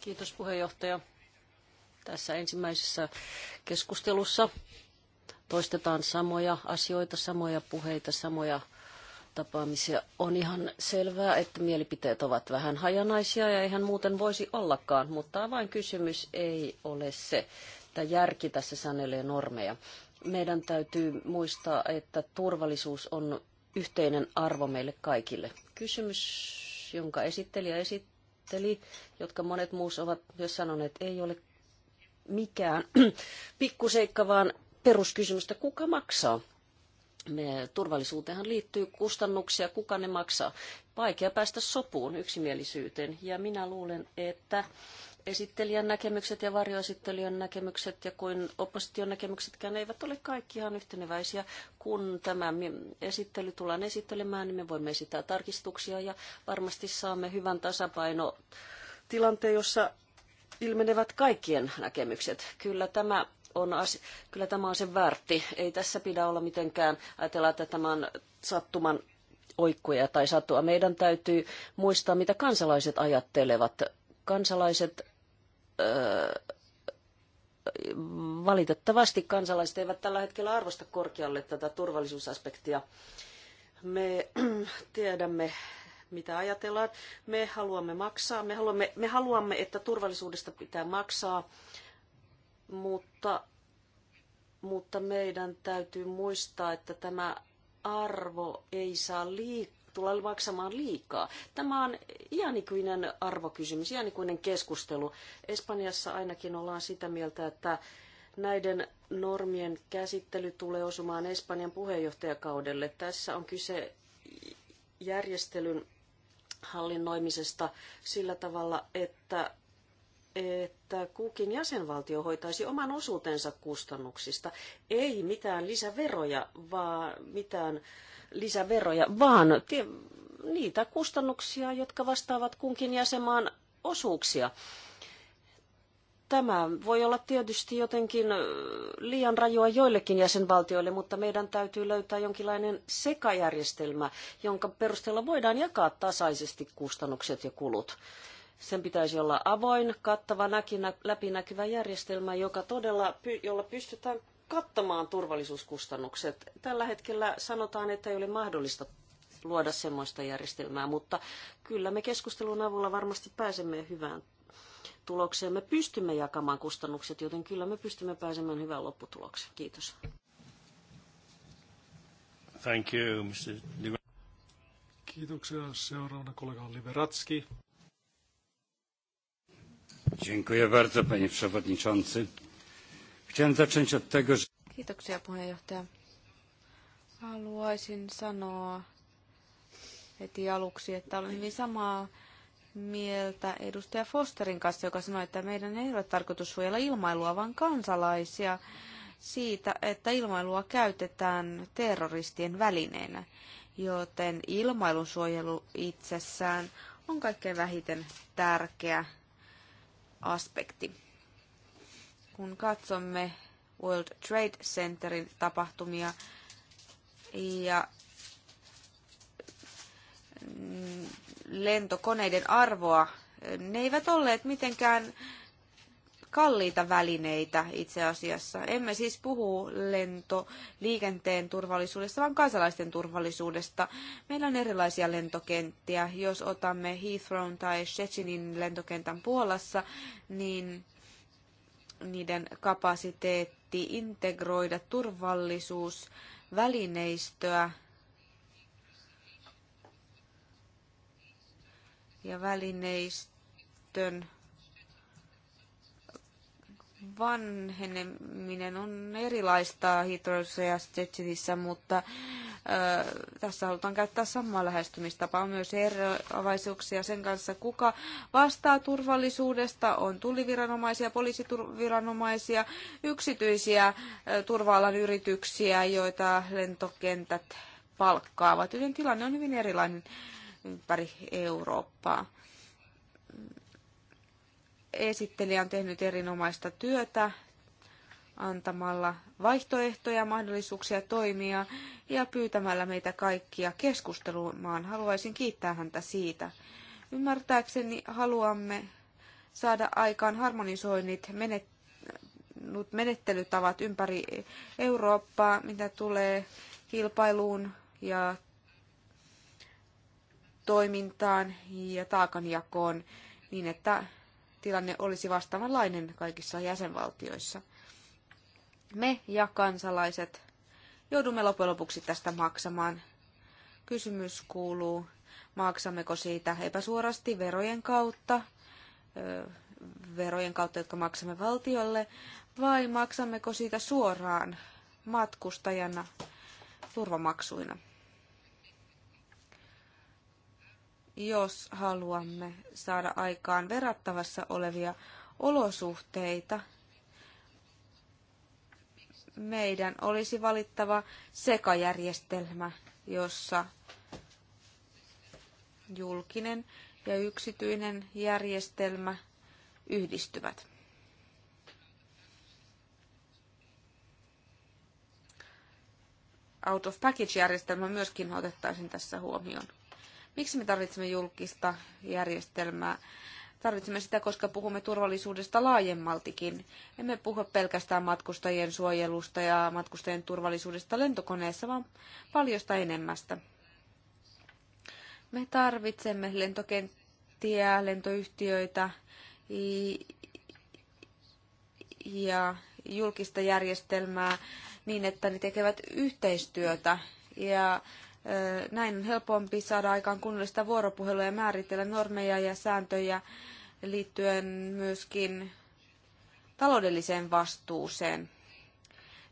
Kiitos puheenjohtaja. Tässä ensimmäisessä keskustelussa toistetaan samoja asioita, samoja puheita, samoja tapaamisia. On ihan selvää, että mielipiteet ovat vähän hajanaisia ja eihän muuten voisi ollakaan, mutta avainkysymys ei ole se, että järki tässä sanelee normeja. Meidän täytyy muistaa, että turvallisuus on yhteinen arvo meille kaikille. Kysymys, jonka esittelijä esitteli, jotka monet muus ovat myös sanoneet, ei ole mikään [CLEARS THROAT] pikkuseikka, vaan peruskysymystä, kuka maksaa me, turvallisuuteenhan liittyy kustannuksia, kuka ne maksaa. Vaikea päästä sopuun yksimielisyyteen ja minä luulen, että esittelijän näkemykset ja varjoesittelijän näkemykset ja kuin opposition näkemyksetkään eivät ole kaikki ihan yhteneväisiä. Kun tämä esittely tullaan esittelemään, niin me voimme esittää tarkistuksia ja varmasti saamme hyvän tasapaino tilanteen, jossa ilmenevät kaikkien näkemykset. Kyllä tämä on asi- kyllä tämä on sen värti, Ei tässä pidä olla mitenkään ajatella, että tämä on sattuman oikkuja tai satua. Meidän täytyy muistaa, mitä kansalaiset ajattelevat. Kansalaiset, öö, valitettavasti kansalaiset eivät tällä hetkellä arvosta korkealle tätä turvallisuusaspektia. Me [CLEARS THROAT] tiedämme, mitä ajatellaan. Me haluamme maksaa, me haluamme, me haluamme että turvallisuudesta pitää maksaa mutta, mutta meidän täytyy muistaa, että tämä arvo ei saa liikkua tulee maksamaan liikaa. Tämä on iänikuinen arvokysymys, iänikuinen keskustelu. Espanjassa ainakin ollaan sitä mieltä, että näiden normien käsittely tulee osumaan Espanjan puheenjohtajakaudelle. Tässä on kyse järjestelyn hallinnoimisesta sillä tavalla, että että kukin jäsenvaltio hoitaisi oman osuutensa kustannuksista, ei mitään lisäveroja, vaan mitään lisäveroja, vaan niitä kustannuksia, jotka vastaavat kunkin jäsenmaan osuuksia. Tämä voi olla tietysti jotenkin liian rajoa joillekin jäsenvaltioille, mutta meidän täytyy löytää jonkinlainen sekajärjestelmä, jonka perusteella voidaan jakaa tasaisesti kustannukset ja kulut. Sen pitäisi olla avoin, kattava, näkinä, läpinäkyvä järjestelmä, joka todella, jolla pystytään kattamaan turvallisuuskustannukset. Tällä hetkellä sanotaan, että ei ole mahdollista luoda semmoista järjestelmää, mutta kyllä me keskustelun avulla varmasti pääsemme hyvään tulokseen. Me pystymme jakamaan kustannukset, joten kyllä me pystymme pääsemään hyvään lopputulokseen. Kiitos. Thank you, Mr. Kiitoksia. Seuraavana kollega on Liberatski. Dziękuję bardzo, panie przewodniczący. Chciałem zacząć od tego, że... Kiitoksia, puheenjohtaja. Haluaisin sanoa heti aluksi, että olen hyvin samaa mieltä edustaja Fosterin kanssa, joka sanoi, että meidän ei ole tarkoitus suojella ilmailua, vaan kansalaisia siitä, että ilmailua käytetään terroristien välineenä. Joten ilmailun suojelu itsessään on kaikkein vähiten tärkeä aspekti. Kun katsomme World Trade Centerin tapahtumia ja mm, lentokoneiden arvoa, ne eivät olleet mitenkään kalliita välineitä itse asiassa. Emme siis puhu lentoliikenteen turvallisuudesta, vaan kansalaisten turvallisuudesta. Meillä on erilaisia lentokenttiä. Jos otamme Heathrow tai Szczecinin lentokentän Puolassa, niin niiden kapasiteetti integroida turvallisuusvälineistöä ja välineistön vanheneminen on erilaista Heathrowissa ja Stetsedissä, mutta tässä halutaan käyttää samaa lähestymistapaa. On myös eroavaisuuksia sen kanssa, kuka vastaa turvallisuudesta. On tulliviranomaisia, poliisiviranomaisia, yksityisiä turva-alan yrityksiä, joita lentokentät palkkaavat. Joten tilanne on hyvin erilainen ympäri Eurooppaa. Esittelijä on tehnyt erinomaista työtä antamalla vaihtoehtoja, mahdollisuuksia toimia ja pyytämällä meitä kaikkia keskustelumaan. Haluaisin kiittää häntä siitä. Ymmärtääkseni haluamme saada aikaan harmonisoinnit menet- menettelytavat ympäri Eurooppaa, mitä tulee kilpailuun ja toimintaan ja taakanjakoon niin, että tilanne olisi vastaavanlainen kaikissa jäsenvaltioissa. Me ja kansalaiset joudumme loppujen lopuksi tästä maksamaan. Kysymys kuuluu, maksammeko siitä epäsuorasti verojen kautta, verojen kautta, jotka maksamme valtiolle, vai maksammeko siitä suoraan matkustajana turvamaksuina. jos haluamme saada aikaan verrattavassa olevia olosuhteita, meidän olisi valittava sekajärjestelmä, jossa julkinen ja yksityinen järjestelmä yhdistyvät. Out of package-järjestelmä myöskin otettaisiin tässä huomioon. Miksi me tarvitsemme julkista järjestelmää? Tarvitsemme sitä, koska puhumme turvallisuudesta laajemmaltikin. Emme puhu pelkästään matkustajien suojelusta ja matkustajien turvallisuudesta lentokoneessa, vaan paljosta enemmästä. Me tarvitsemme lentokenttiä, lentoyhtiöitä ja julkista järjestelmää niin, että ne tekevät yhteistyötä ja näin on helpompi saada aikaan kunnollista vuoropuhelua ja määritellä normeja ja sääntöjä liittyen myöskin taloudelliseen vastuuseen.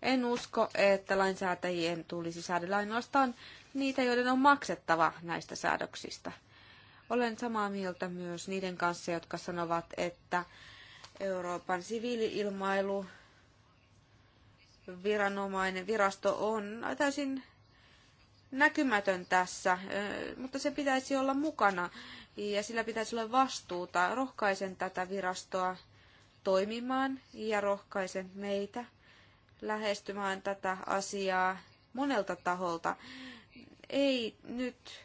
En usko, että lainsäätäjien tulisi säädellä ainoastaan niitä, joiden on maksettava näistä säädöksistä. Olen samaa mieltä myös niiden kanssa, jotka sanovat, että Euroopan siviiliilmailu viranomainen, virasto on täysin näkymätön tässä, mutta se pitäisi olla mukana ja sillä pitäisi olla vastuuta. Rohkaisen tätä virastoa toimimaan ja rohkaisen meitä lähestymään tätä asiaa monelta taholta. Ei nyt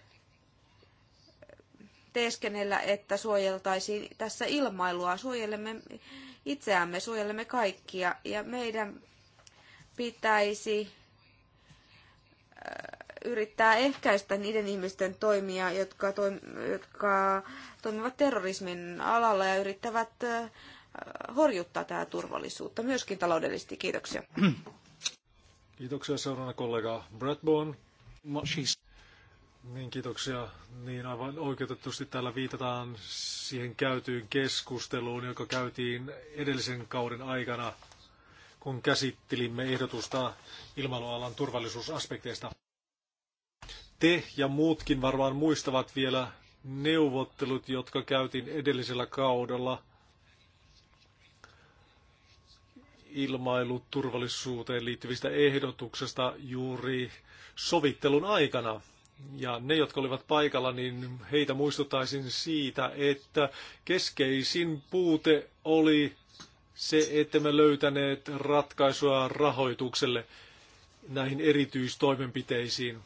teeskennellä, että suojeltaisiin tässä ilmailua. Suojelemme itseämme, suojelemme kaikkia ja meidän pitäisi yrittää ehkäistä niiden ihmisten toimia, jotka, toim- jotka toimivat terrorismin alalla ja yrittävät horjuttaa tätä turvallisuutta, myöskin taloudellisesti. Kiitoksia. [CLEARS THROAT] Kiitoksia seuraavana kollega Bradbourne. Niin, kiitoksia. Niin aivan oikeutetusti täällä viitataan siihen käytyyn keskusteluun, joka käytiin edellisen kauden aikana, kun käsittelimme ehdotusta ilmailualan turvallisuusaspekteista te ja muutkin varmaan muistavat vielä neuvottelut, jotka käytiin edellisellä kaudella ilmailuturvallisuuteen liittyvistä ehdotuksesta juuri sovittelun aikana. Ja ne, jotka olivat paikalla, niin heitä muistuttaisin siitä, että keskeisin puute oli se, että me löytäneet ratkaisua rahoitukselle näihin erityistoimenpiteisiin.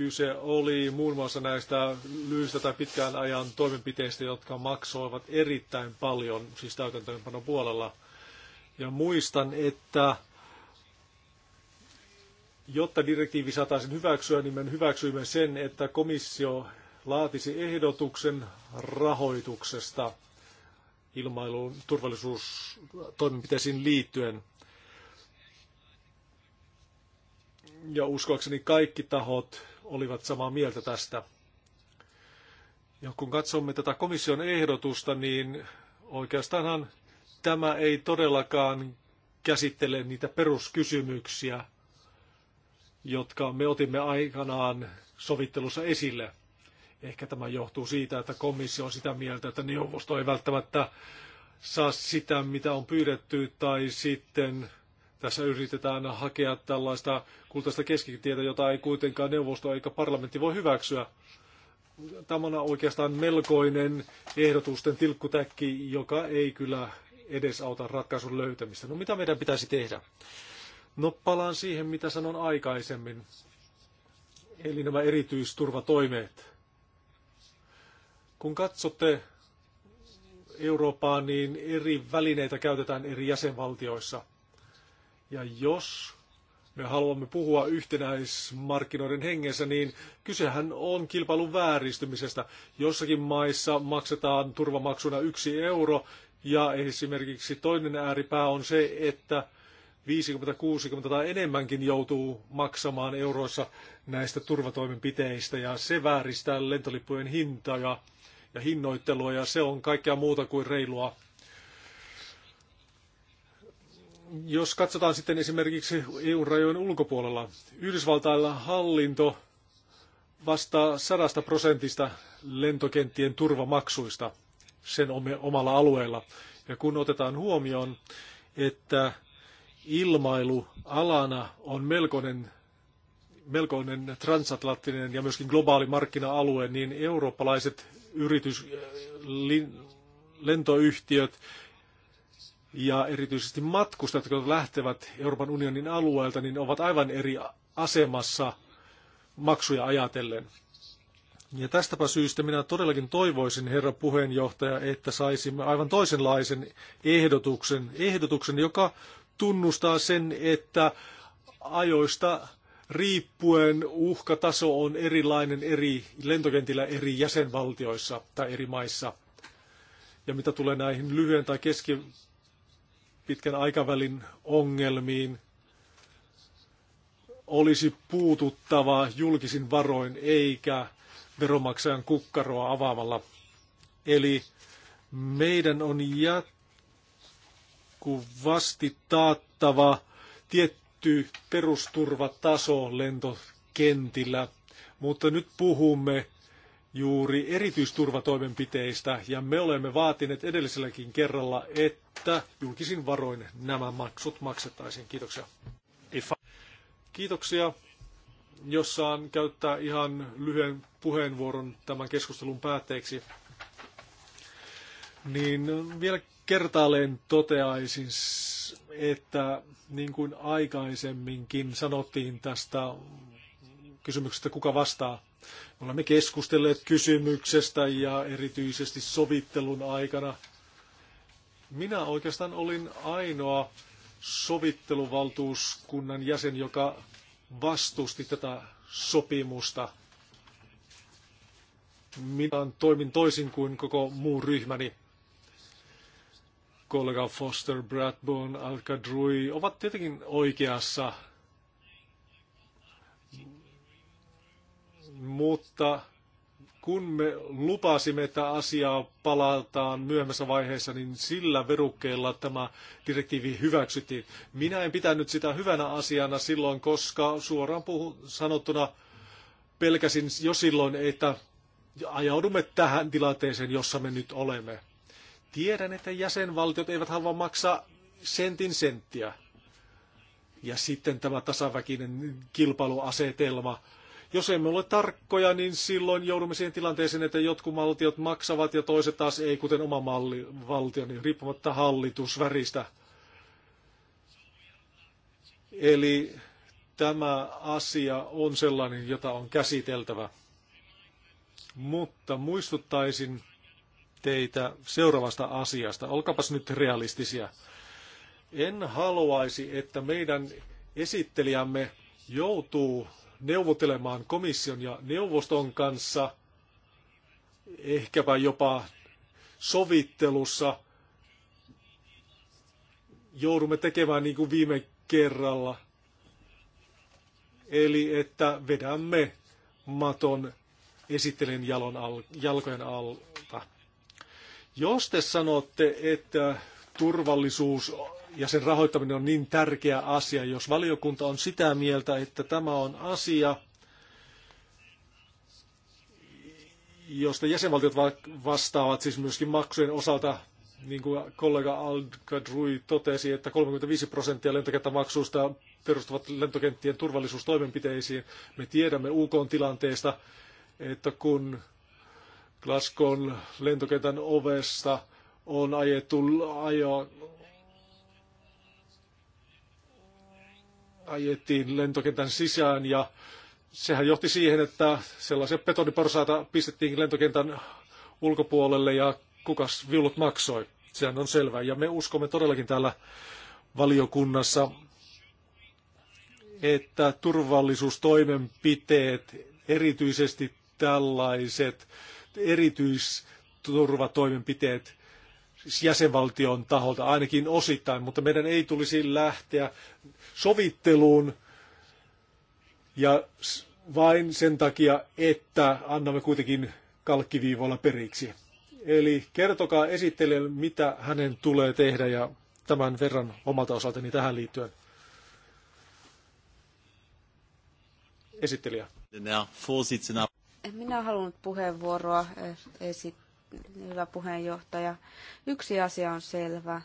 Kyse oli muun muassa näistä lyhyistä tai pitkään ajan toimenpiteistä, jotka maksoivat erittäin paljon, siis täytäntöönpanon puolella. Ja muistan, että jotta direktiivi saataisiin hyväksyä, niin me hyväksyimme sen, että komissio laatisi ehdotuksen rahoituksesta ilmailuun turvallisuustoimenpiteisiin liittyen. Ja uskoakseni kaikki tahot olivat samaa mieltä tästä. Ja kun katsomme tätä komission ehdotusta, niin oikeastaanhan tämä ei todellakaan käsittele niitä peruskysymyksiä, jotka me otimme aikanaan sovittelussa esille. Ehkä tämä johtuu siitä, että komissio on sitä mieltä, että neuvosto ei välttämättä saa sitä, mitä on pyydetty, tai sitten tässä yritetään hakea tällaista kultaista keskitietä, jota ei kuitenkaan neuvosto eikä parlamentti voi hyväksyä. Tämä on oikeastaan melkoinen ehdotusten tilkkutäkki, joka ei kyllä edesauta ratkaisun löytämistä. No mitä meidän pitäisi tehdä? No palaan siihen, mitä sanon aikaisemmin. Eli nämä erityisturvatoimeet. Kun katsotte Eurooppaa, niin eri välineitä käytetään eri jäsenvaltioissa – ja jos me haluamme puhua yhtenäismarkkinoiden hengessä, niin kysehän on kilpailun vääristymisestä. Jossakin maissa maksetaan turvamaksuna yksi euro, ja esimerkiksi toinen ääripää on se, että 50, 60 tai enemmänkin joutuu maksamaan euroissa näistä turvatoimenpiteistä, ja se vääristää lentolippujen hintaa ja, ja hinnoittelua, ja se on kaikkea muuta kuin reilua jos katsotaan sitten esimerkiksi EU-rajojen ulkopuolella, Yhdysvaltailla hallinto vastaa sadasta prosentista lentokenttien turvamaksuista sen omalla alueella. Ja kun otetaan huomioon, että ilmailu alana on melkoinen, melkoinen transatlanttinen ja myöskin globaali markkina-alue, niin eurooppalaiset yritys, lentoyhtiöt ja erityisesti matkustajat, jotka lähtevät Euroopan unionin alueelta, niin ovat aivan eri asemassa maksuja ajatellen. Ja tästäpä syystä minä todellakin toivoisin, herra puheenjohtaja, että saisimme aivan toisenlaisen ehdotuksen, ehdotuksen joka tunnustaa sen, että ajoista riippuen uhkataso on erilainen eri lentokentillä eri jäsenvaltioissa tai eri maissa. Ja mitä tulee näihin lyhyen tai keski, pitkän aikavälin ongelmiin olisi puututtava julkisin varoin eikä veromaksajan kukkaroa avaamalla. Eli meidän on jatkuvasti taattava tietty perusturvataso lentokentillä, mutta nyt puhumme juuri erityisturvatoimenpiteistä, ja me olemme vaatineet edelliselläkin kerralla, että julkisin varoin nämä maksut maksettaisiin. Kiitoksia. Kiitoksia. Jos saan käyttää ihan lyhyen puheenvuoron tämän keskustelun päätteeksi, niin vielä kertaalleen toteaisin, että niin kuin aikaisemminkin sanottiin tästä kysymyksestä, kuka vastaa me olemme keskustelleet kysymyksestä ja erityisesti sovittelun aikana. Minä oikeastaan olin ainoa sovitteluvaltuuskunnan jäsen, joka vastusti tätä sopimusta. Minä toimin toisin kuin koko muu ryhmäni. Kollega Foster, Bradburn, Drui ovat tietenkin oikeassa – mutta kun me lupasimme, että asiaa palataan myöhemmässä vaiheessa, niin sillä verukkeella tämä direktiivi hyväksyttiin. Minä en pitänyt sitä hyvänä asiana silloin, koska suoraan sanottuna pelkäsin jo silloin, että ajaudumme tähän tilanteeseen, jossa me nyt olemme. Tiedän, että jäsenvaltiot eivät halua maksaa sentin senttiä. Ja sitten tämä tasaväkinen kilpailuasetelma – jos emme ole tarkkoja, niin silloin joudumme siihen tilanteeseen, että jotkut valtiot maksavat ja toiset taas ei, kuten oma malli, valtio, niin riippumatta hallitusväristä. Eli tämä asia on sellainen, jota on käsiteltävä. Mutta muistuttaisin teitä seuraavasta asiasta. Olkapas nyt realistisia. En haluaisi, että meidän esittelijämme joutuu neuvottelemaan komission ja neuvoston kanssa, ehkäpä jopa sovittelussa. Joudumme tekemään niin kuin viime kerralla. Eli että vedämme maton esittelen jalon al, jalkojen alta. Jos te sanotte, että turvallisuus ja sen rahoittaminen on niin tärkeä asia. Jos valiokunta on sitä mieltä, että tämä on asia, josta jäsenvaltiot vastaavat siis myöskin maksujen osalta, niin kuin kollega Al-Kadrui totesi, että 35 prosenttia lentokenttämaksuista perustuvat lentokenttien turvallisuustoimenpiteisiin. Me tiedämme UK-tilanteesta, että kun Glasgow lentokentän ovesta on ajettu ajo, ajettiin lentokentän sisään ja sehän johti siihen, että sellaisia betoniporsaita pistettiin lentokentän ulkopuolelle ja kukas viulut maksoi. Sehän on selvää. Ja me uskomme todellakin täällä valiokunnassa, että turvallisuustoimenpiteet, erityisesti tällaiset erityisturvatoimenpiteet, siis jäsenvaltion taholta ainakin osittain, mutta meidän ei tulisi lähteä sovitteluun ja vain sen takia, että annamme kuitenkin kalkkiviivoilla periksi. Eli kertokaa esittelijälle, mitä hänen tulee tehdä ja tämän verran omalta osaltani tähän liittyen. Esittelijä. Minä haluan puheenvuoroa eh, esittää hyvä puheenjohtaja. Yksi asia on selvä.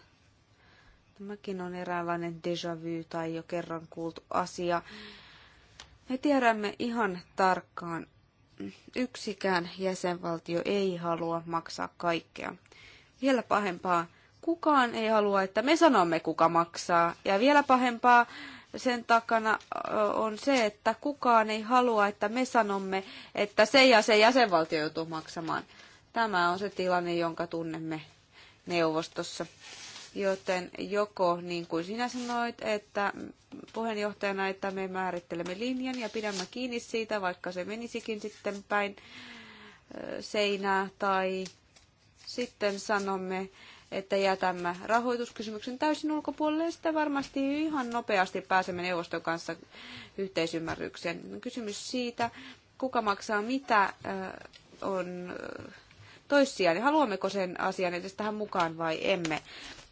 Tämäkin on eräänlainen déjà vu tai jo kerran kuultu asia. Me tiedämme ihan tarkkaan, yksikään jäsenvaltio ei halua maksaa kaikkea. Vielä pahempaa, kukaan ei halua, että me sanomme kuka maksaa. Ja vielä pahempaa, sen takana on se, että kukaan ei halua, että me sanomme, että se ja se jäsenvaltio joutuu maksamaan. Tämä on se tilanne, jonka tunnemme neuvostossa. Joten joko, niin kuin sinä sanoit, että puheenjohtajana, että me määrittelemme linjan ja pidämme kiinni siitä, vaikka se menisikin sitten päin seinää, tai sitten sanomme, että jätämme rahoituskysymyksen täysin ulkopuolelle, ja sitten varmasti ihan nopeasti pääsemme neuvoston kanssa yhteisymmärrykseen. Kysymys siitä, kuka maksaa mitä, on toissijainen. Niin haluammeko sen asian edes tähän mukaan vai emme?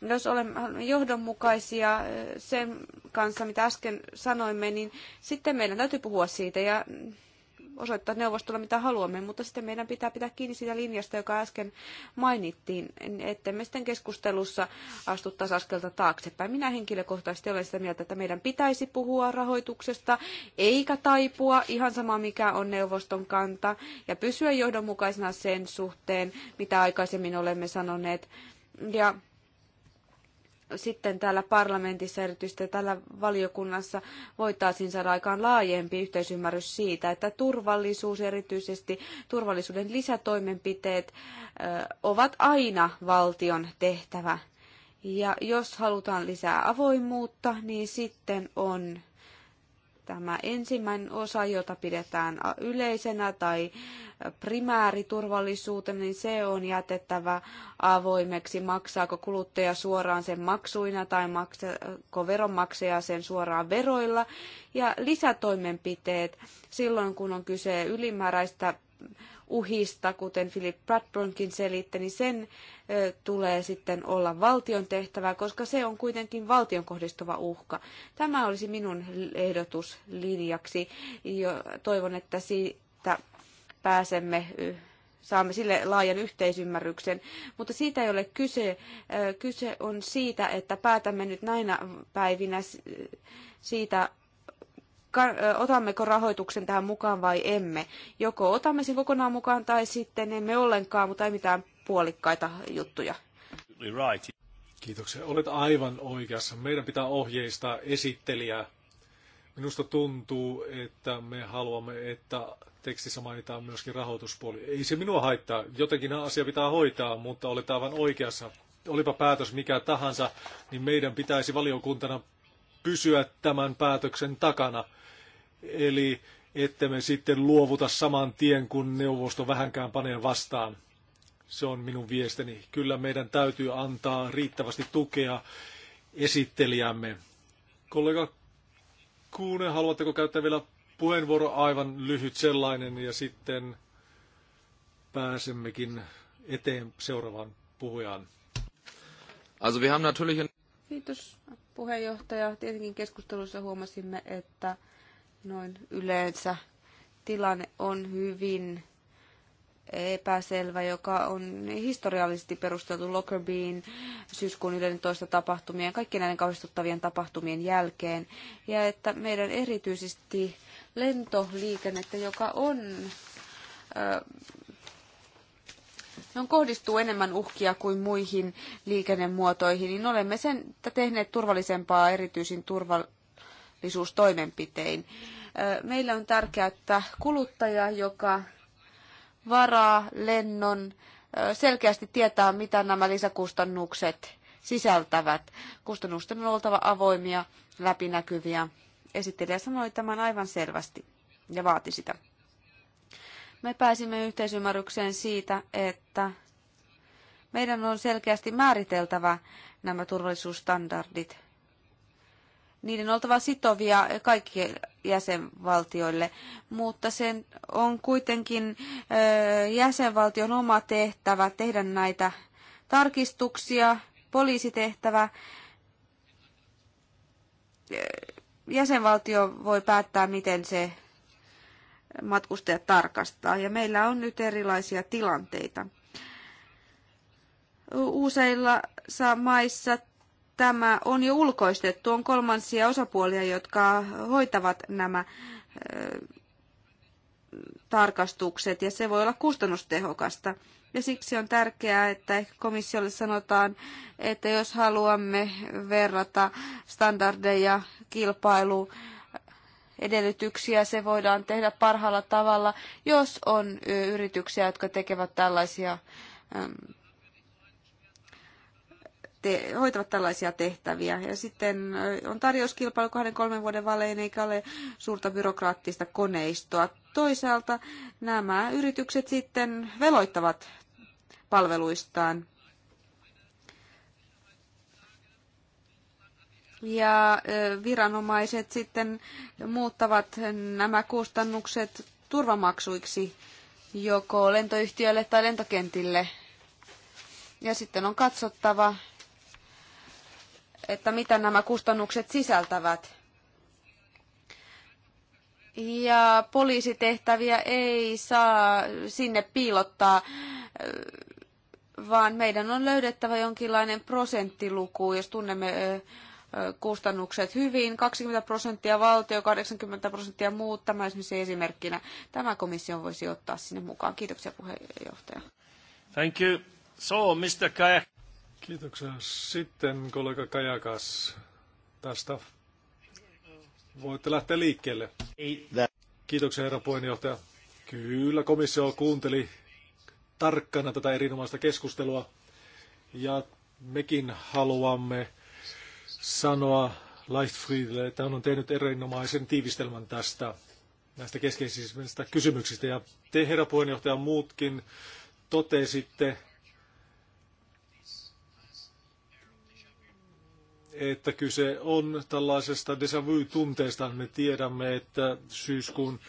Jos olemme johdonmukaisia sen kanssa, mitä äsken sanoimme, niin sitten meidän täytyy puhua siitä ja osoittaa neuvostolla mitä haluamme, mutta sitten meidän pitää pitää kiinni siitä linjasta, joka äsken mainittiin, me sitten keskustelussa astu askelta taaksepäin. Minä henkilökohtaisesti olen sitä mieltä, että meidän pitäisi puhua rahoituksesta, eikä taipua, ihan sama mikä on neuvoston kanta, ja pysyä johdonmukaisena sen suhteen, mitä aikaisemmin olemme sanoneet. Ja sitten täällä parlamentissa, erityisesti täällä valiokunnassa, voitaisiin saada aikaan laajempi yhteisymmärrys siitä, että turvallisuus, erityisesti turvallisuuden lisätoimenpiteet, ovat aina valtion tehtävä. Ja jos halutaan lisää avoimuutta, niin sitten on tämä ensimmäinen osa, jota pidetään yleisenä tai primääriturvallisuutena, niin se on jätettävä avoimeksi, maksaako kuluttaja suoraan sen maksuina tai maksaako veronmaksaja sen suoraan veroilla. Ja lisätoimenpiteet silloin, kun on kyse ylimääräistä uhista, kuten Philip Bradburnkin selitti, niin sen tulee sitten olla valtion tehtävä, koska se on kuitenkin valtion kohdistuva uhka. Tämä olisi minun ehdotus linjaksi. Toivon, että siitä pääsemme saamme sille laajan yhteisymmärryksen, mutta siitä ei ole kyse. Kyse on siitä, että päätämme nyt näinä päivinä siitä, otammeko rahoituksen tähän mukaan vai emme. Joko otamme sen kokonaan mukaan tai sitten emme ollenkaan, mutta ei mitään puolikkaita juttuja. Kiitoksia. Olet aivan oikeassa. Meidän pitää ohjeistaa esittelijää. Minusta tuntuu, että me haluamme, että tekstissä mainitaan myöskin rahoituspuoli. Ei se minua haittaa. Jotenkin asia pitää hoitaa, mutta olet aivan oikeassa. Olipa päätös mikä tahansa, niin meidän pitäisi valiokuntana pysyä tämän päätöksen takana. Eli että me sitten luovuta saman tien, kun neuvosto vähänkään panee vastaan. Se on minun viesteni. Kyllä meidän täytyy antaa riittävästi tukea esittelijämme. Kollega Kuune, haluatteko käyttää vielä puheenvuoro aivan lyhyt sellainen ja sitten pääsemmekin eteen seuraavaan puhujaan. Also wir haben natürlich... Kiitos puheenjohtaja. Tietenkin keskustelussa huomasimme, että noin yleensä tilanne on hyvin epäselvä, joka on historiallisesti perusteltu Lockerbien syyskuun 11 tapahtumien, kaikkien näiden kauhistuttavien tapahtumien jälkeen. Ja että meidän erityisesti lentoliikennettä, joka on, äh, kohdistuu enemmän uhkia kuin muihin liikennemuotoihin, niin olemme sen tehneet turvallisempaa erityisin turvallisuus turvallisuustoimenpitein. Meillä on tärkeää, että kuluttaja, joka varaa lennon, selkeästi tietää, mitä nämä lisäkustannukset sisältävät. Kustannusten on oltava avoimia, läpinäkyviä. Esittelijä sanoi tämän aivan selvästi ja vaati sitä. Me pääsimme yhteisymmärrykseen siitä, että meidän on selkeästi määriteltävä nämä turvallisuusstandardit niiden oltava sitovia kaikille jäsenvaltioille, mutta sen on kuitenkin jäsenvaltion oma tehtävä tehdä näitä tarkistuksia, poliisitehtävä. Jäsenvaltio voi päättää, miten se matkustajat tarkastaa, ja meillä on nyt erilaisia tilanteita useilla maissa tämä on jo ulkoistettu, on kolmansia osapuolia, jotka hoitavat nämä tarkastukset ja se voi olla kustannustehokasta. Ja siksi on tärkeää, että komissiolle sanotaan, että jos haluamme verrata standardeja kilpailu edellytyksiä. Se voidaan tehdä parhaalla tavalla, jos on yrityksiä, jotka tekevät tällaisia te, hoitavat tällaisia tehtäviä. Ja sitten on tarjouskilpailu kahden kolmen vuoden välein, eikä ole suurta byrokraattista koneistoa. Toisaalta nämä yritykset sitten veloittavat palveluistaan. Ja viranomaiset sitten muuttavat nämä kustannukset turvamaksuiksi joko lentoyhtiölle tai lentokentille. Ja sitten on katsottava, että mitä nämä kustannukset sisältävät. Ja poliisitehtäviä ei saa sinne piilottaa, vaan meidän on löydettävä jonkinlainen prosenttiluku, jos tunnemme kustannukset hyvin, 20 prosenttia valtio, 80 prosenttia muut, tämä esimerkiksi esimerkkinä. Tämä komissio voisi ottaa sinne mukaan. Kiitoksia puheenjohtaja. Thank you. So, Mr. Kajak. Kiitoksia. Sitten kollega Kajakas tästä. Voitte lähteä liikkeelle. Kiitoksia herra puheenjohtaja. Kyllä komissio kuunteli tarkkana tätä erinomaista keskustelua ja mekin haluamme sanoa Lightfriedille, että hän on tehnyt erinomaisen tiivistelmän tästä näistä keskeisistä kysymyksistä. Ja te, herra puheenjohtaja, muutkin totesitte, että kyse on tällaisesta déjà vu-tunteesta. Me tiedämme, että syyskuun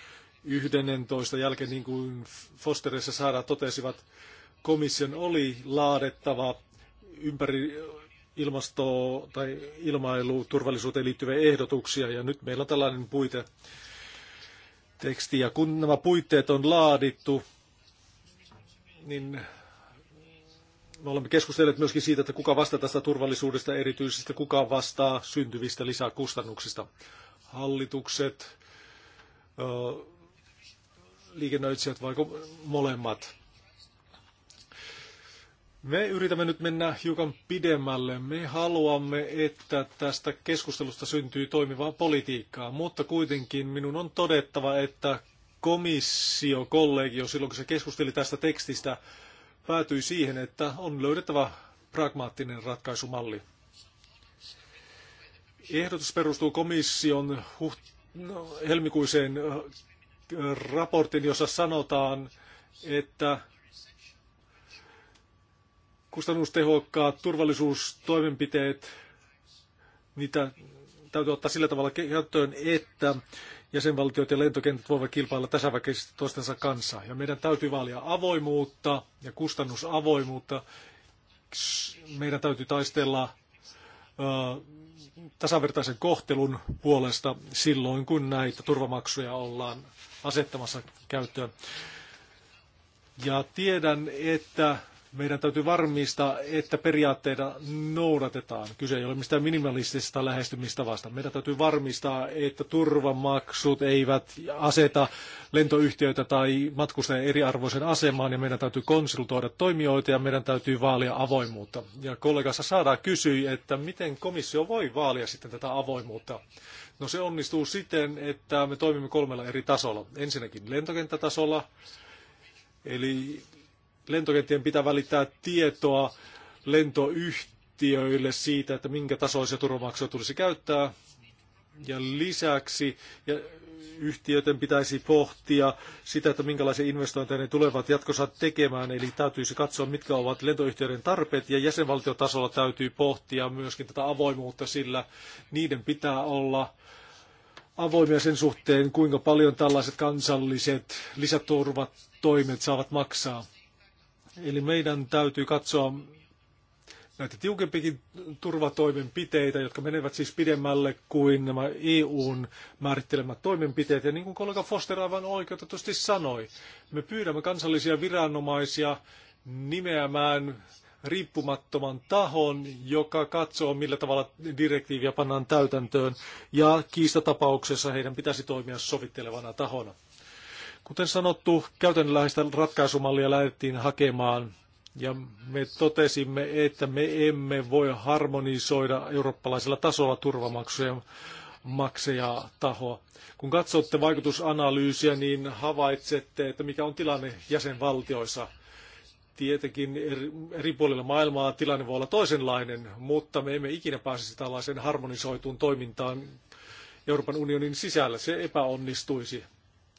11. jälkeen, niin kuin Fosterissa saada totesivat, komission oli laadettava ympäri ilmasto- tai ilmailuturvallisuuteen liittyviä ehdotuksia, ja nyt meillä on tällainen puite teksti, ja kun nämä puitteet on laadittu, niin me olemme keskustelleet myöskin siitä, että kuka vastaa tästä turvallisuudesta, erityisesti kuka vastaa syntyvistä lisäkustannuksista. Hallitukset, liikennöitsijät vai molemmat. Me yritämme nyt mennä hiukan pidemmälle. Me haluamme, että tästä keskustelusta syntyy toimivaa politiikkaa, mutta kuitenkin minun on todettava, että komissio, kollegio, silloin kun se keskusteli tästä tekstistä, päätyi siihen, että on löydettävä pragmaattinen ratkaisumalli. Ehdotus perustuu komission huht- no, helmikuiseen raportin, jossa sanotaan, että kustannustehokkaat turvallisuustoimenpiteet, niitä täytyy ottaa sillä tavalla käyttöön, että jäsenvaltiot ja lentokentät voivat kilpailla tasaväkisesti toistensa kanssa. Ja meidän täytyy vaalia avoimuutta ja kustannusavoimuutta. Meidän täytyy taistella tasavertaisen kohtelun puolesta silloin, kun näitä turvamaksuja ollaan asettamassa käyttöön. Ja tiedän, että meidän täytyy varmistaa, että periaatteita noudatetaan. Kyse ei ole mistään minimalistisesta lähestymistavasta. Meidän täytyy varmistaa, että turvamaksut eivät aseta lentoyhtiöitä tai matkustajia eriarvoisen asemaan, ja meidän täytyy konsultoida toimijoita, ja meidän täytyy vaalia avoimuutta. Ja kollegassa Saada kysyi, että miten komissio voi vaalia sitten tätä avoimuutta. No se onnistuu siten, että me toimimme kolmella eri tasolla. Ensinnäkin lentokenttätasolla, Eli lentokenttien pitää välittää tietoa lentoyhtiöille siitä, että minkä tasoisia turvamaksuja tulisi käyttää. Ja lisäksi ja yhtiöiden pitäisi pohtia sitä, että minkälaisia investointeja ne tulevat jatkossa tekemään. Eli täytyisi katsoa, mitkä ovat lentoyhtiöiden tarpeet ja jäsenvaltiotasolla täytyy pohtia myöskin tätä avoimuutta, sillä niiden pitää olla avoimia sen suhteen, kuinka paljon tällaiset kansalliset lisäturvat toimet saavat maksaa. Eli meidän täytyy katsoa näitä tiukempikin turvatoimenpiteitä, jotka menevät siis pidemmälle kuin nämä EUn määrittelemät toimenpiteet. Ja niin kuin kollega Foster aivan oikeutetusti sanoi, me pyydämme kansallisia viranomaisia nimeämään riippumattoman tahon, joka katsoo, millä tavalla direktiiviä pannaan täytäntöön, ja kiistatapauksessa heidän pitäisi toimia sovittelevana tahona. Kuten sanottu, käytännönläheistä ratkaisumallia lähdettiin hakemaan ja me totesimme, että me emme voi harmonisoida eurooppalaisella tasolla turvamaksujen maksajataho. Kun katsotte vaikutusanalyysiä, niin havaitsette, että mikä on tilanne jäsenvaltioissa. Tietenkin eri, eri puolilla maailmaa tilanne voi olla toisenlainen, mutta me emme ikinä pääsisi tällaiseen harmonisoituun toimintaan Euroopan unionin sisällä. Se epäonnistuisi.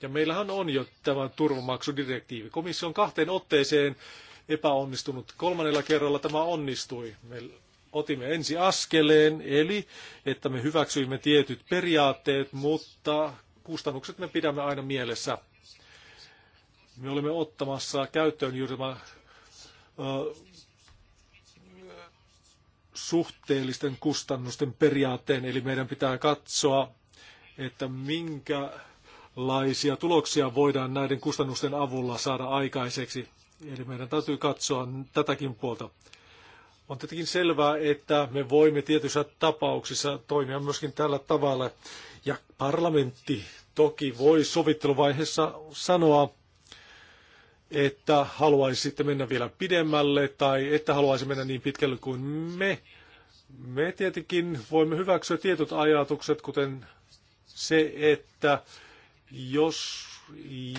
Ja meillähän on jo tämä turvamaksudirektiivi. Komission kahteen otteeseen epäonnistunut. Kolmannella kerralla tämä onnistui. Me otimme ensi askeleen, eli että me hyväksyimme tietyt periaatteet, mutta kustannukset me pidämme aina mielessä. Me olemme ottamassa käyttöön juuri tämä suhteellisten kustannusten periaatteen, eli meidän pitää katsoa, että minkä minkälaisia tuloksia voidaan näiden kustannusten avulla saada aikaiseksi. Eli meidän täytyy katsoa tätäkin puolta. On tietenkin selvää, että me voimme tietyissä tapauksissa toimia myöskin tällä tavalla. Ja parlamentti toki voi sovitteluvaiheessa sanoa, että haluaisi sitten mennä vielä pidemmälle tai että haluaisi mennä niin pitkälle kuin me. Me tietenkin voimme hyväksyä tietyt ajatukset, kuten se, että jos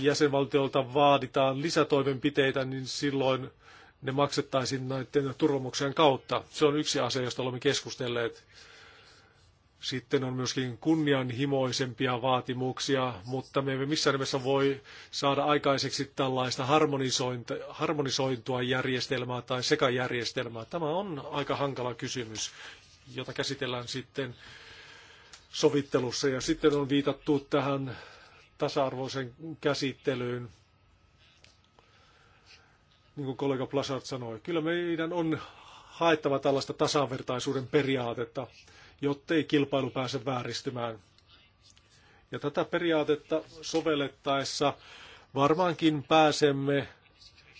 jäsenvaltiolta vaaditaan lisätoimenpiteitä, niin silloin ne maksettaisiin näiden turvamuksien kautta. Se on yksi asia, josta olemme keskustelleet. Sitten on myöskin kunnianhimoisempia vaatimuksia, mutta me emme missään nimessä voi saada aikaiseksi tällaista harmonisointua järjestelmää tai sekajärjestelmää. Tämä on aika hankala kysymys, jota käsitellään sitten sovittelussa. Ja sitten on viitattu tähän tasa-arvoisen käsittelyyn, niin kuin kollega Plasart sanoi. Kyllä meidän on haettava tällaista tasavertaisuuden periaatetta, jottei kilpailu pääse vääristymään. Ja tätä periaatetta sovellettaessa varmaankin pääsemme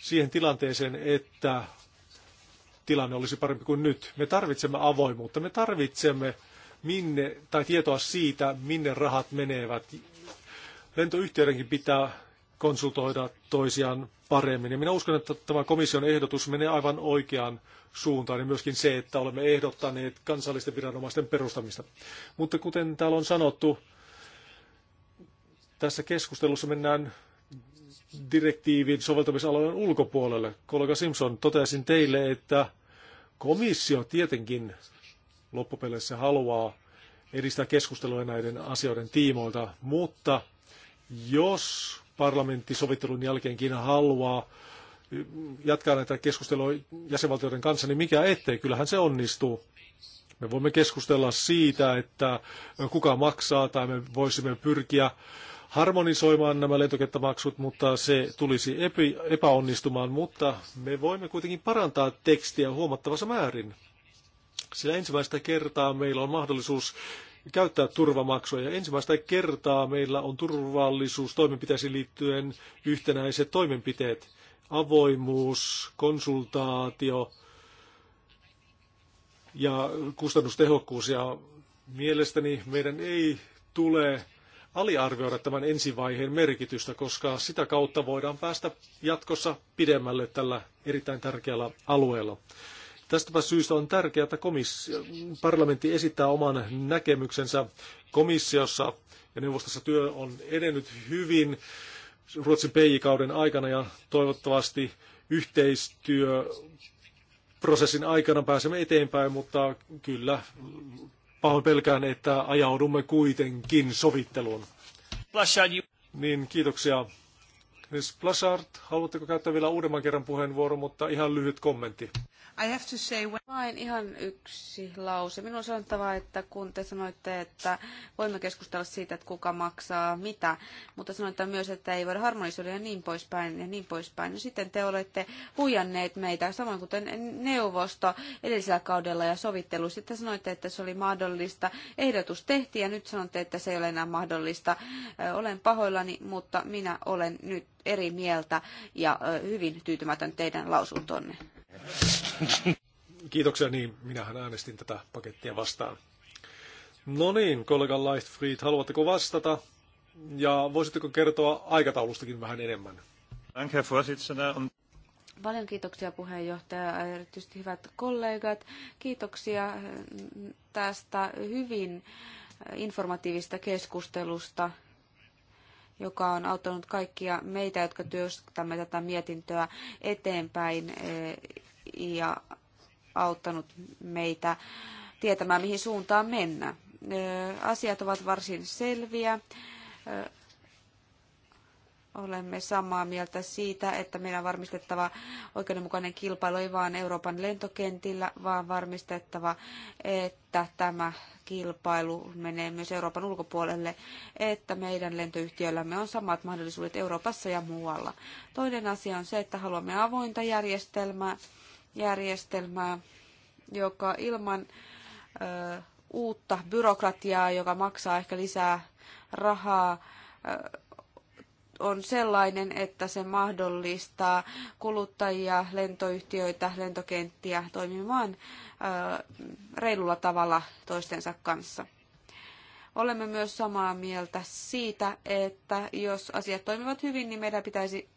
siihen tilanteeseen, että tilanne olisi parempi kuin nyt. Me tarvitsemme avoimuutta, me tarvitsemme minne, tai tietoa siitä, minne rahat menevät lentoyhtiöidenkin pitää konsultoida toisiaan paremmin. Ja minä uskon, että tämä komission ehdotus menee aivan oikeaan suuntaan ja niin myöskin se, että olemme ehdottaneet kansallisten viranomaisten perustamista. Mutta kuten täällä on sanottu, tässä keskustelussa mennään direktiivin soveltamisalueen ulkopuolelle. Kollega Simpson, totesin teille, että komissio tietenkin loppupeleissä haluaa edistää keskustelua näiden asioiden tiimoilta, mutta jos parlamentti sovittelun jälkeenkin haluaa jatkaa näitä keskusteluja jäsenvaltioiden kanssa, niin mikä ettei, kyllähän se onnistuu. Me voimme keskustella siitä, että kuka maksaa, tai me voisimme pyrkiä harmonisoimaan nämä lentokenttämaksut, mutta se tulisi epäonnistumaan, mutta me voimme kuitenkin parantaa tekstiä huomattavassa määrin. Sillä ensimmäistä kertaa meillä on mahdollisuus käyttää turvamaksuja. Ensimmäistä kertaa meillä on turvallisuustoimenpiteisiin liittyen yhtenäiset toimenpiteet. Avoimuus, konsultaatio ja kustannustehokkuus. Ja mielestäni meidän ei tule aliarvioida tämän ensivaiheen merkitystä, koska sitä kautta voidaan päästä jatkossa pidemmälle tällä erittäin tärkeällä alueella. Tästäpä syystä on tärkeää, että komissio, parlamentti esittää oman näkemyksensä komissiossa ja neuvostossa työ on edennyt hyvin Ruotsin PJ-kauden aikana ja toivottavasti yhteistyöprosessin aikana pääsemme eteenpäin, mutta kyllä pahoin pelkään, että ajaudumme kuitenkin sovitteluun. Niin, kiitoksia. Chris Blasard, haluatteko käyttää vielä uudemman kerran puheenvuoron, mutta ihan lyhyt kommentti. I have to say when... Vain ihan yksi lause. Minun on sanottava, että kun te sanoitte, että voimme keskustella siitä, että kuka maksaa mitä, mutta sanoitte myös, että ei voida harmonisoida ja niin poispäin ja niin poispäin. No sitten te olette huijanneet meitä, samoin kuten neuvosto edellisellä kaudella ja sovittelu. Sitten sanoitte, että se oli mahdollista. Ehdotus tehtiin ja nyt sanotte, että se ei ole enää mahdollista. Olen pahoillani, mutta minä olen nyt eri mieltä ja hyvin tyytymätön teidän lausuntonne. Kiitoksia, niin minähän äänestin tätä pakettia vastaan. No niin, kollega Lightfried, haluatteko vastata? Ja voisitteko kertoa aikataulustakin vähän enemmän? Paljon kiitoksia puheenjohtaja ja erityisesti hyvät kollegat. Kiitoksia mm, tästä hyvin äh, informatiivista keskustelusta, joka on auttanut kaikkia meitä, jotka työstämme tätä mietintöä eteenpäin äh, ja auttanut meitä tietämään, mihin suuntaan mennä. Asiat ovat varsin selviä. Olemme samaa mieltä siitä, että meidän on varmistettava oikeudenmukainen kilpailu ei vain Euroopan lentokentillä, vaan varmistettava, että tämä kilpailu menee myös Euroopan ulkopuolelle, että meidän lentoyhtiöillämme on samat mahdollisuudet Euroopassa ja muualla. Toinen asia on se, että haluamme avointa järjestelmää järjestelmää, joka ilman ö, uutta byrokratiaa, joka maksaa ehkä lisää rahaa, ö, on sellainen, että se mahdollistaa kuluttajia, lentoyhtiöitä, lentokenttiä toimimaan reilulla tavalla toistensa kanssa. Olemme myös samaa mieltä siitä, että jos asiat toimivat hyvin, niin meidän pitäisi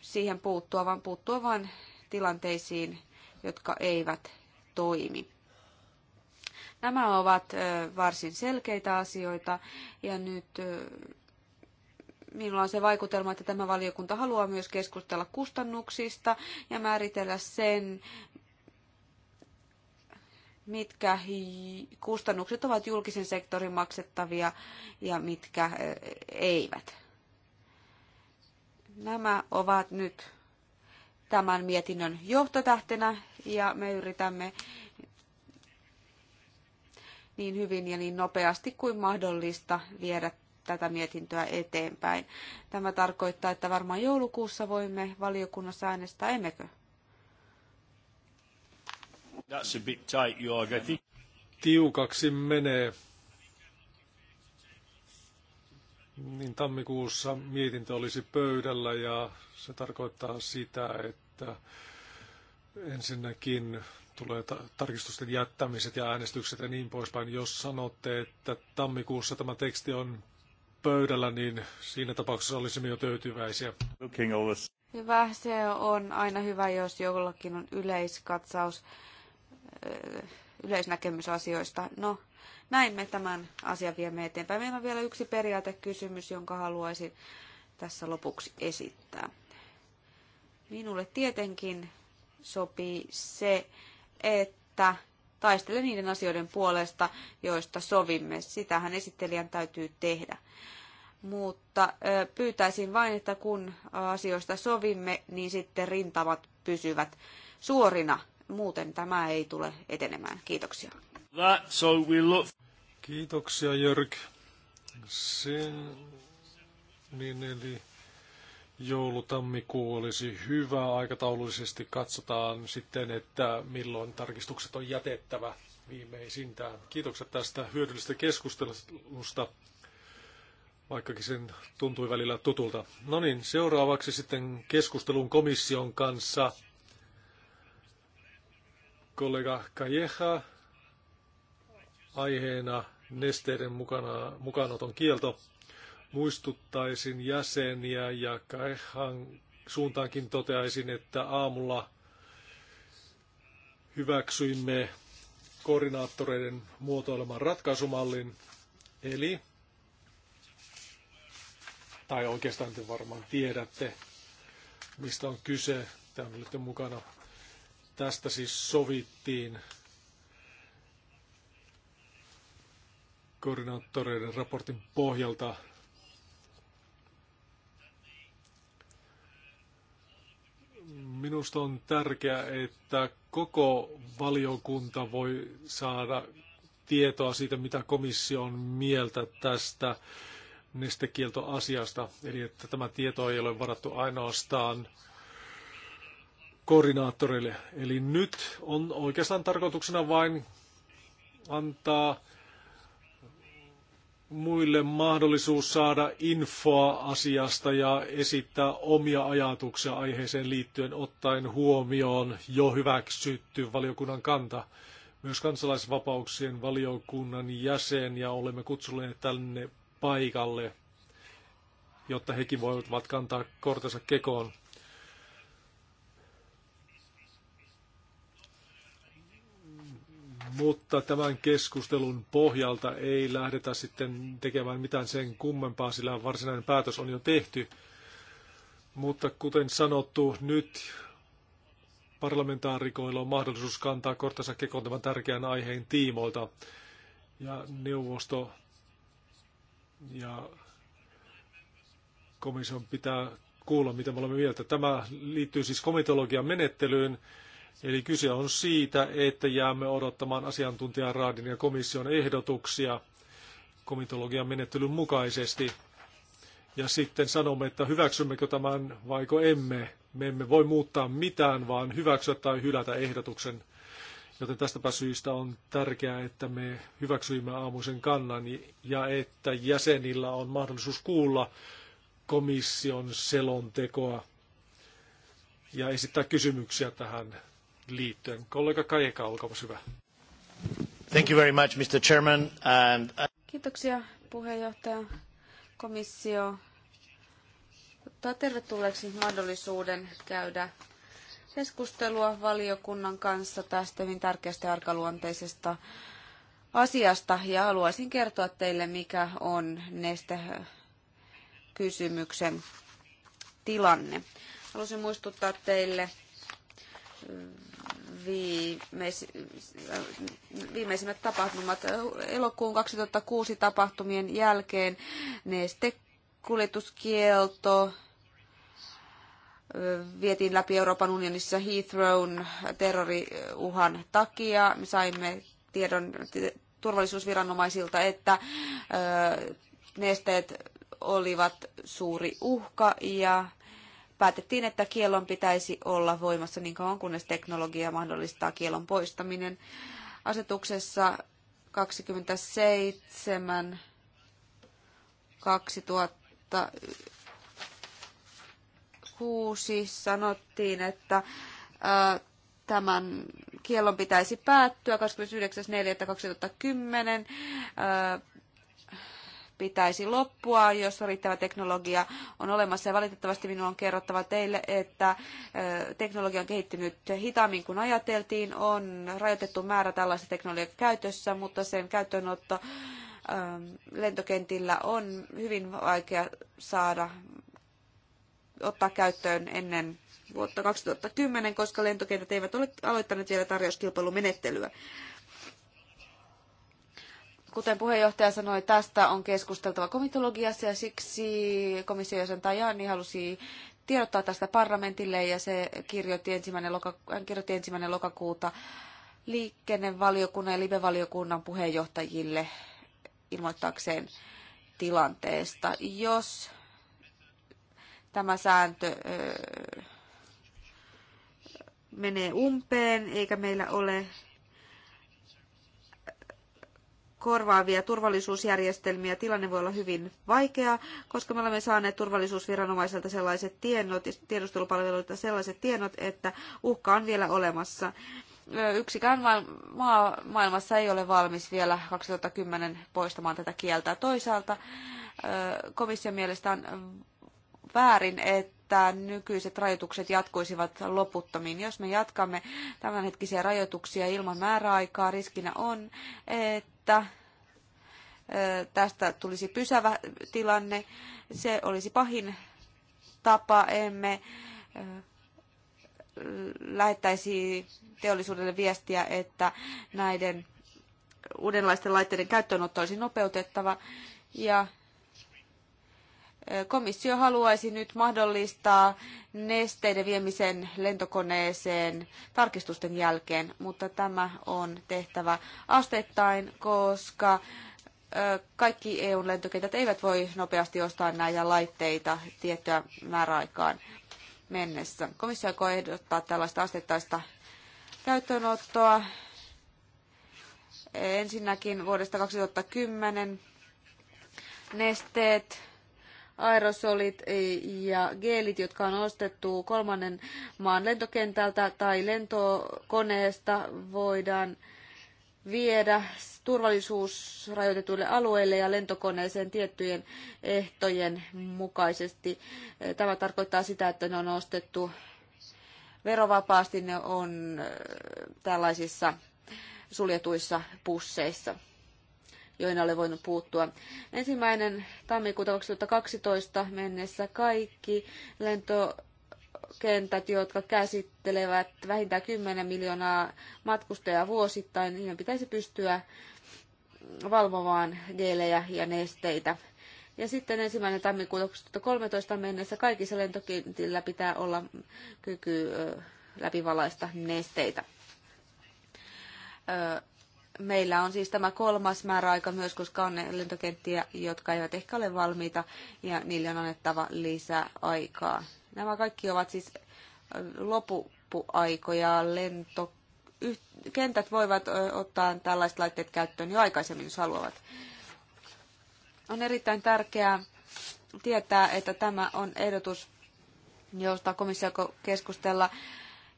siihen puuttua, vaan puuttua vain tilanteisiin, jotka eivät toimi. Nämä ovat varsin selkeitä asioita ja nyt minulla on se vaikutelma, että tämä valiokunta haluaa myös keskustella kustannuksista ja määritellä sen, mitkä kustannukset ovat julkisen sektorin maksettavia ja mitkä eivät. Nämä ovat nyt tämän mietinnön johtotähtenä ja me yritämme niin hyvin ja niin nopeasti kuin mahdollista viedä tätä mietintöä eteenpäin. Tämä tarkoittaa, että varmaan joulukuussa voimme valiokunnassa äänestää, emmekö? That's a bit tight, Jorg. Tiukaksi menee niin tammikuussa mietintö olisi pöydällä ja se tarkoittaa sitä, että ensinnäkin tulee tarkistusten jättämiset ja äänestykset ja niin poispäin. Jos sanotte, että tammikuussa tämä teksti on pöydällä, niin siinä tapauksessa olisimme jo tyytyväisiä. Hyvä, se on aina hyvä, jos jollakin on yleiskatsaus, yleisnäkemys asioista. No, näin me tämän asian viemme eteenpäin. Meillä on vielä yksi periaatekysymys, jonka haluaisin tässä lopuksi esittää. Minulle tietenkin sopii se, että taistele niiden asioiden puolesta, joista sovimme. Sitähän esittelijän täytyy tehdä. Mutta pyytäisin vain, että kun asioista sovimme, niin sitten rintamat pysyvät suorina. Muuten tämä ei tule etenemään. Kiitoksia. That, so we look... Kiitoksia Jörg. Se, niin eli joulutammikuu olisi hyvä. Aikataulullisesti katsotaan sitten, että milloin tarkistukset on jätettävä viimeisintään. Kiitokset tästä hyödyllisestä keskustelusta, vaikkakin sen tuntui välillä tutulta. No niin, seuraavaksi sitten keskustelun komission kanssa kollega Kajeha aiheena nesteiden mukana, mukanoton kielto. Muistuttaisin jäseniä ja Kaihan suuntaankin toteaisin, että aamulla hyväksyimme koordinaattoreiden muotoileman ratkaisumallin, eli tai oikeastaan te varmaan tiedätte, mistä on kyse. Tämä olette mukana. Tästä siis sovittiin koordinaattoreiden raportin pohjalta minusta on tärkeää, että koko valiokunta voi saada tietoa siitä, mitä komissio on mieltä tästä nestekieltoasiasta. Eli että tämä tieto ei ole varattu ainoastaan koordinaattoreille. Eli nyt on oikeastaan tarkoituksena vain antaa muille mahdollisuus saada infoa asiasta ja esittää omia ajatuksia aiheeseen liittyen ottaen huomioon jo hyväksytty valiokunnan kanta. Myös kansalaisvapauksien valiokunnan jäsen ja olemme kutsuneet tänne paikalle, jotta hekin voivat kantaa kortensa kekoon. mutta tämän keskustelun pohjalta ei lähdetä sitten tekemään mitään sen kummempaa, sillä varsinainen päätös on jo tehty. Mutta kuten sanottu, nyt parlamentaarikoilla on mahdollisuus kantaa kortensa kekoon tämän tärkeän aiheen tiimoilta. Ja neuvosto ja komission pitää kuulla, mitä me olemme mieltä. Tämä liittyy siis komitologian menettelyyn Eli kyse on siitä, että jäämme odottamaan asiantuntijaraadin ja komission ehdotuksia komitologian menettelyn mukaisesti. Ja sitten sanomme, että hyväksymmekö tämän vaiko emme. Me emme voi muuttaa mitään, vaan hyväksyä tai hylätä ehdotuksen. Joten tästäpä syystä on tärkeää, että me hyväksyimme aamuisen kannan ja että jäsenillä on mahdollisuus kuulla komission selontekoa ja esittää kysymyksiä tähän liittyen. Kollega Kajeka, olkaa hyvä. Thank you very much, Mr. Chairman. And... Uh, Kiitoksia puheenjohtaja komissio. Ottaa tervetulleeksi mahdollisuuden käydä keskustelua valiokunnan kanssa tästä hyvin tärkeästä arkaluonteisesta asiasta ja haluaisin kertoa teille, mikä on neste kysymyksen tilanne. Haluaisin muistuttaa teille viimeis, viimeisimmät tapahtumat elokuun 2006 tapahtumien jälkeen. kuljetuskielto vietiin läpi Euroopan unionissa Heathrown terroriuhan takia. Me saimme tiedon turvallisuusviranomaisilta, että nesteet olivat suuri uhka ja päätettiin, että kiellon pitäisi olla voimassa niin kauan, kunnes teknologia mahdollistaa kiellon poistaminen. Asetuksessa 27 2006 sanottiin, että tämän kiellon pitäisi päättyä 29.4.2010 pitäisi loppua, jos riittävä teknologia on olemassa. Ja valitettavasti minun on kerrottava teille, että teknologia on kehittynyt hitaammin kuin ajateltiin. On rajoitettu määrä tällaista teknologiaa käytössä, mutta sen käyttöönotto lentokentillä on hyvin vaikea saada ottaa käyttöön ennen vuotta 2010, koska lentokentät eivät ole aloittaneet vielä tarjouskilpailumenettelyä. Kuten puheenjohtaja sanoi, tästä on keskusteltava komitologiassa ja siksi komission jäsen Tajani halusi tiedottaa tästä parlamentille ja se kirjoitti ensimmäinen lokaku- hän kirjoitti ensimmäinen lokakuuta liikennevaliokunnan ja libevaliokunnan puheenjohtajille ilmoittaakseen tilanteesta. Jos tämä sääntö menee umpeen eikä meillä ole korvaavia turvallisuusjärjestelmiä. Tilanne voi olla hyvin vaikea, koska me olemme saaneet turvallisuusviranomaiselta sellaiset tiedot, tiedustelupalveluilta sellaiset tiedot, että uhka on vielä olemassa. Yksikään maa maailmassa ei ole valmis vielä 2010 poistamaan tätä kieltä. Toisaalta komission mielestä on väärin, että nykyiset rajoitukset jatkuisivat loputtomiin. Jos me jatkamme tämänhetkisiä rajoituksia ilman määräaikaa, riskinä on, että että tästä tulisi pysävä tilanne. Se olisi pahin tapa. Emme lähettäisi teollisuudelle viestiä, että näiden uudenlaisten laitteiden käyttöönotto olisi nopeutettava. Ja Komissio haluaisi nyt mahdollistaa nesteiden viemisen lentokoneeseen tarkistusten jälkeen, mutta tämä on tehtävä asteittain, koska kaikki eu lentokentät eivät voi nopeasti ostaa näitä laitteita tiettyä määräaikaan mennessä. Komissio aikoo ehdottaa tällaista asteittaista käyttöönottoa ensinnäkin vuodesta 2010 nesteet aerosolit e, ja geelit, jotka on ostettu kolmannen maan lentokentältä tai lentokoneesta, voidaan viedä turvallisuusrajoitetuille alueille ja lentokoneeseen tiettyjen ehtojen mukaisesti. E, tämä tarkoittaa sitä, että ne on ostettu verovapaasti, ne on e, tällaisissa suljetuissa pusseissa joihin olen voinut puuttua. Ensimmäinen tammikuuta 2012 mennessä kaikki lento kentät, jotka käsittelevät vähintään 10 miljoonaa matkustajaa vuosittain, niin pitäisi pystyä valvomaan geelejä ja nesteitä. Ja sitten ensimmäinen tammikuuta 2013 mennessä kaikissa lentokentillä pitää olla kyky läpivalaista nesteitä meillä on siis tämä kolmas määräaika myös, koska on lentokenttiä, jotka eivät ehkä ole valmiita ja niille on annettava lisää aikaa. Nämä kaikki ovat siis loppuaikoja. Lento, kentät voivat ottaa tällaiset laitteet käyttöön jo aikaisemmin, jos haluavat. On erittäin tärkeää tietää, että tämä on ehdotus, josta komissio keskustella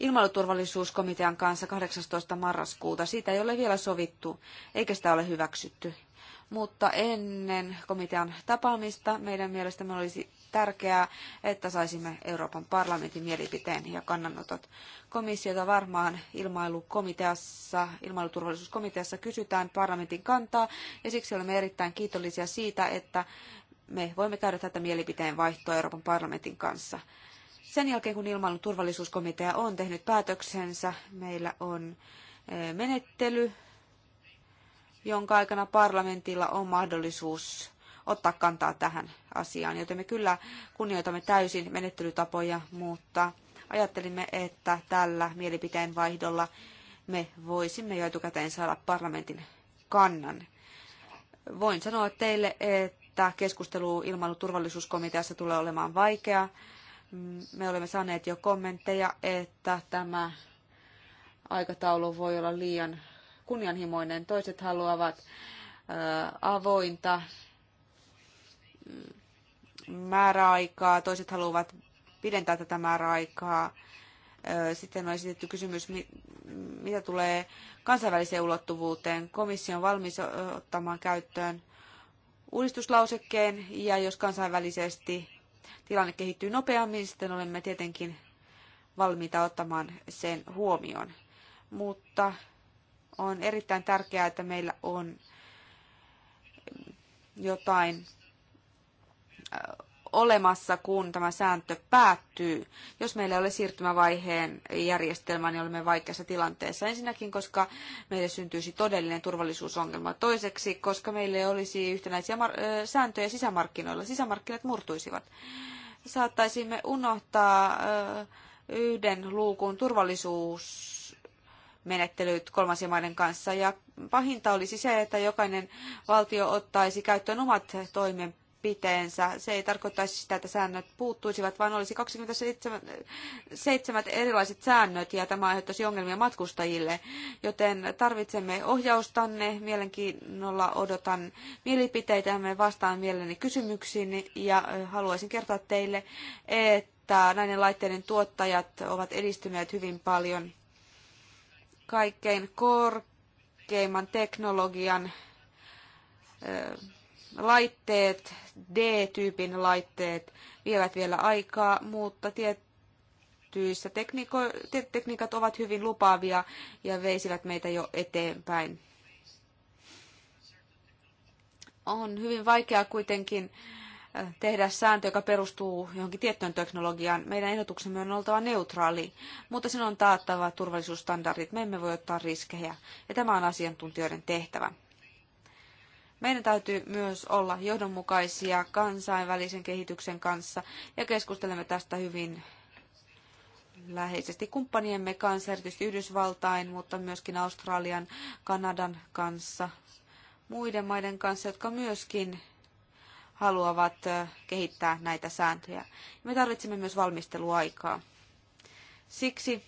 ilmailuturvallisuuskomitean kanssa 18. marraskuuta. Siitä ei ole vielä sovittu, eikä sitä ole hyväksytty. Mutta ennen komitean tapaamista meidän mielestämme olisi tärkeää, että saisimme Euroopan parlamentin mielipiteen ja kannanotot. Komissiota varmaan ilmailukomiteassa, ilmailuturvallisuuskomiteassa kysytään parlamentin kantaa, ja siksi olemme erittäin kiitollisia siitä, että me voimme käydä tätä mielipiteen vaihtoa Euroopan parlamentin kanssa. Sen jälkeen, kun ilmailun turvallisuuskomitea on tehnyt päätöksensä, meillä on eh, menettely, jonka aikana parlamentilla on mahdollisuus ottaa kantaa tähän asiaan. Joten me kyllä kunnioitamme täysin menettelytapoja, mutta ajattelimme, että tällä mielipiteen vaihdolla me voisimme jo etukäteen saada parlamentin kannan. Voin sanoa teille, että keskustelu ilmailuturvallisuuskomiteassa tulee olemaan vaikeaa. Me olemme saaneet jo kommentteja, että tämä aikataulu voi olla liian kunnianhimoinen. Toiset haluavat avointa mm, määräaikaa, toiset haluavat pidentää tätä määräaikaa. Sitten on esitetty kysymys, mitä tulee kansainväliseen ulottuvuuteen. Komissio on valmis ottamaan käyttöön uudistuslausekkeen ja jos kansainvälisesti tilanne kehittyy nopeammin, sitten olemme tietenkin valmiita ottamaan sen huomioon. Mutta on erittäin tärkeää, että meillä on jotain olemassa, kun tämä sääntö päättyy. Jos meillä ei ole siirtymävaiheen järjestelmää, niin olemme vaikeassa tilanteessa. Ensinnäkin, koska meille syntyisi todellinen turvallisuusongelma. Toiseksi, koska meille olisi yhtenäisiä sääntöjä sisämarkkinoilla. Sisämarkkinat murtuisivat. Saattaisimme unohtaa yhden luukun turvallisuus menettelyt kolmansien maiden kanssa. Ja pahinta olisi se, että jokainen valtio ottaisi käyttöön omat toimenpiteet mielipiteensä. Se ei tarkoittaisi sitä, että säännöt puuttuisivat, vaan olisi 27 erilaiset säännöt ja tämä aiheuttaisi ongelmia matkustajille. Joten tarvitsemme ohjaustanne. Mielenkiinnolla odotan ja vastaan mieleni kysymyksiin ja haluaisin kertoa teille, että näiden laitteiden tuottajat ovat edistyneet hyvin paljon. Kaikkein korkeimman teknologian laitteet, D-tyypin laitteet, vievät vielä aikaa, mutta tietyissä tekniiko, tekniikat ovat hyvin lupaavia ja veisivät meitä jo eteenpäin. On hyvin vaikeaa kuitenkin äh, tehdä sääntö, joka perustuu johonkin tiettyyn teknologiaan. Meidän ehdotuksemme on oltava neutraali, mutta sen on taattava turvallisuusstandardit. Me emme voi ottaa riskejä, ja tämä on asiantuntijoiden tehtävä. Meidän täytyy myös olla johdonmukaisia kansainvälisen kehityksen kanssa ja keskustelemme tästä hyvin läheisesti kumppaniemme kanssa, erityisesti Yhdysvaltain, mutta myöskin Australian, Kanadan kanssa, muiden maiden kanssa, jotka myöskin haluavat kehittää näitä sääntöjä. Me tarvitsemme myös valmisteluaikaa. Siksi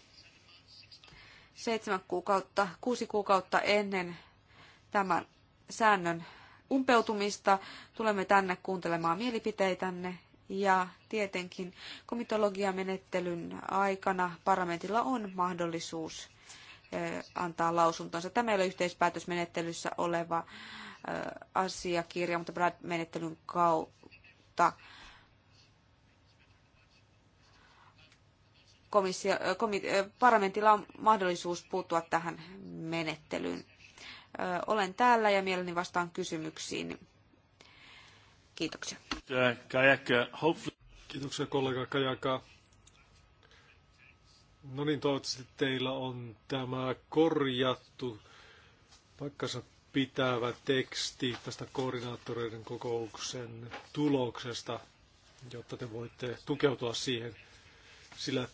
seitsemän kuukautta, kuusi kuukautta ennen tämän säännön umpeutumista. Tulemme tänne kuuntelemaan mielipiteitänne ja tietenkin komitologiamenettelyn aikana parlamentilla on mahdollisuus eh, antaa lausuntonsa. Tämä ei ole yhteispäätösmenettelyssä oleva eh, asiakirja, mutta Brad-menettelyn kautta komissio, eh, komi, parlamentilla on mahdollisuus puuttua tähän menettelyyn olen täällä ja mielelläni vastaan kysymyksiin. Kiitoksia. Kiitoksia kollega Kajaka. No niin, toivottavasti teillä on tämä korjattu paikkansa pitävä teksti tästä koordinaattoreiden kokouksen tuloksesta, jotta te voitte tukeutua siihen. Sillä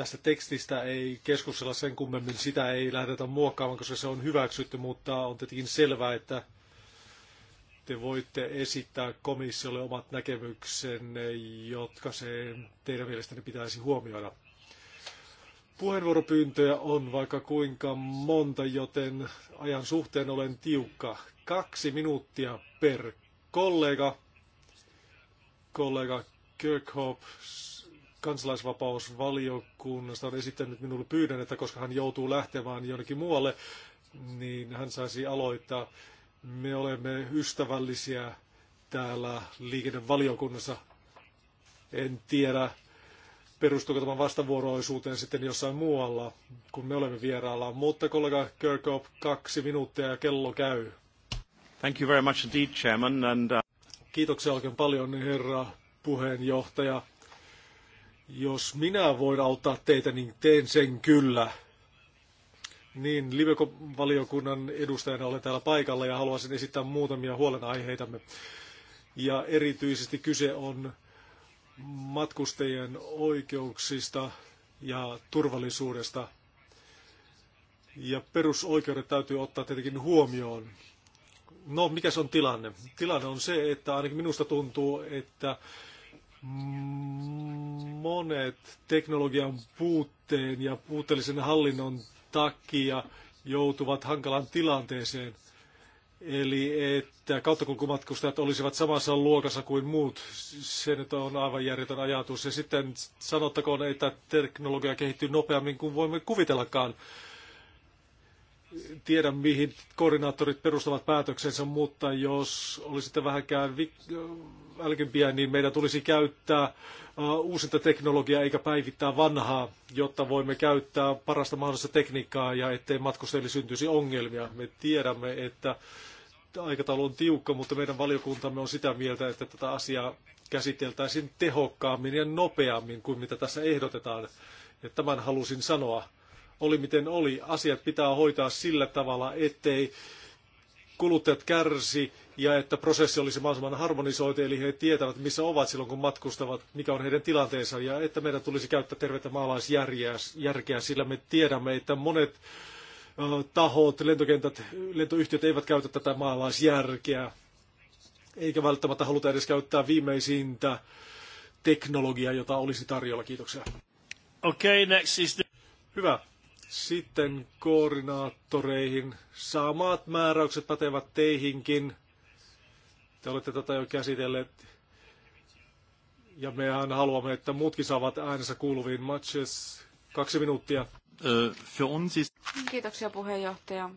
tästä tekstistä ei keskustella sen kummemmin, sitä ei lähdetä muokkaamaan, koska se on hyväksytty, mutta on tietenkin selvää, että te voitte esittää komissiolle omat näkemyksenne, jotka se teidän mielestänne pitäisi huomioida. Puheenvuoropyyntöjä on vaikka kuinka monta, joten ajan suhteen olen tiukka. Kaksi minuuttia per kollega. Kollega Kirkhope, kansalaisvapausvaliokunnasta on esittänyt minulle pyydän, että koska hän joutuu lähtemään jonnekin muualle, niin hän saisi aloittaa. Me olemme ystävällisiä täällä liikennevaliokunnassa. En tiedä, perustuuko tämän vastavuoroisuuteen sitten jossain muualla, kun me olemme vieraalla. Mutta kollega Kirkhope, kaksi minuuttia ja kello käy. Thank you very much indeed, Chairman. And, uh... Kiitoksia oikein paljon, herra puheenjohtaja. Jos minä voin auttaa teitä, niin teen sen kyllä. Niin, Liveko-valiokunnan edustajana olen täällä paikalla ja haluaisin esittää muutamia huolenaiheitamme. Ja erityisesti kyse on matkustajien oikeuksista ja turvallisuudesta. Ja perusoikeudet täytyy ottaa tietenkin huomioon. No, mikä se on tilanne? Tilanne on se, että ainakin minusta tuntuu, että monet teknologian puutteen ja puutteellisen hallinnon takia joutuvat hankalan tilanteeseen. Eli että kauttakulkumatkustajat olisivat samassa luokassa kuin muut, se nyt on aivan järjetön ajatus. Ja sitten sanottakoon, että teknologia kehittyy nopeammin kuin voimme kuvitellakaan tiedä, mihin koordinaattorit perustavat päätöksensä, mutta jos olisitte vähänkään älkempiä, niin meidän tulisi käyttää äh, uusinta teknologiaa eikä päivittää vanhaa, jotta voimme käyttää parasta mahdollista tekniikkaa ja ettei matkustajille syntyisi ongelmia. Me tiedämme, että aikataulu on tiukka, mutta meidän valiokuntamme on sitä mieltä, että tätä asiaa käsiteltäisiin tehokkaammin ja nopeammin kuin mitä tässä ehdotetaan. Ja tämän halusin sanoa. Oli miten oli, asiat pitää hoitaa sillä tavalla, ettei kuluttajat kärsi ja että prosessi olisi mahdollisimman harmonisoitu, eli he tietävät, missä ovat silloin, kun matkustavat, mikä on heidän tilanteensa, ja että meidän tulisi käyttää tervettä maalaisjärkeä, sillä me tiedämme, että monet tahot, lentokentät, lentoyhtiöt eivät käytä tätä maalaisjärkeä, eikä välttämättä haluta edes käyttää viimeisintä teknologiaa, jota olisi tarjolla. Kiitoksia. Okay, next is the... Hyvä. Sitten koordinaattoreihin. Samat määräykset pätevät teihinkin. Te olette tätä jo käsitelleet. Ja mehän haluamme, että muutkin saavat äänensä kuuluviin. Matches, kaksi minuuttia. Kiitoksia puheenjohtaja.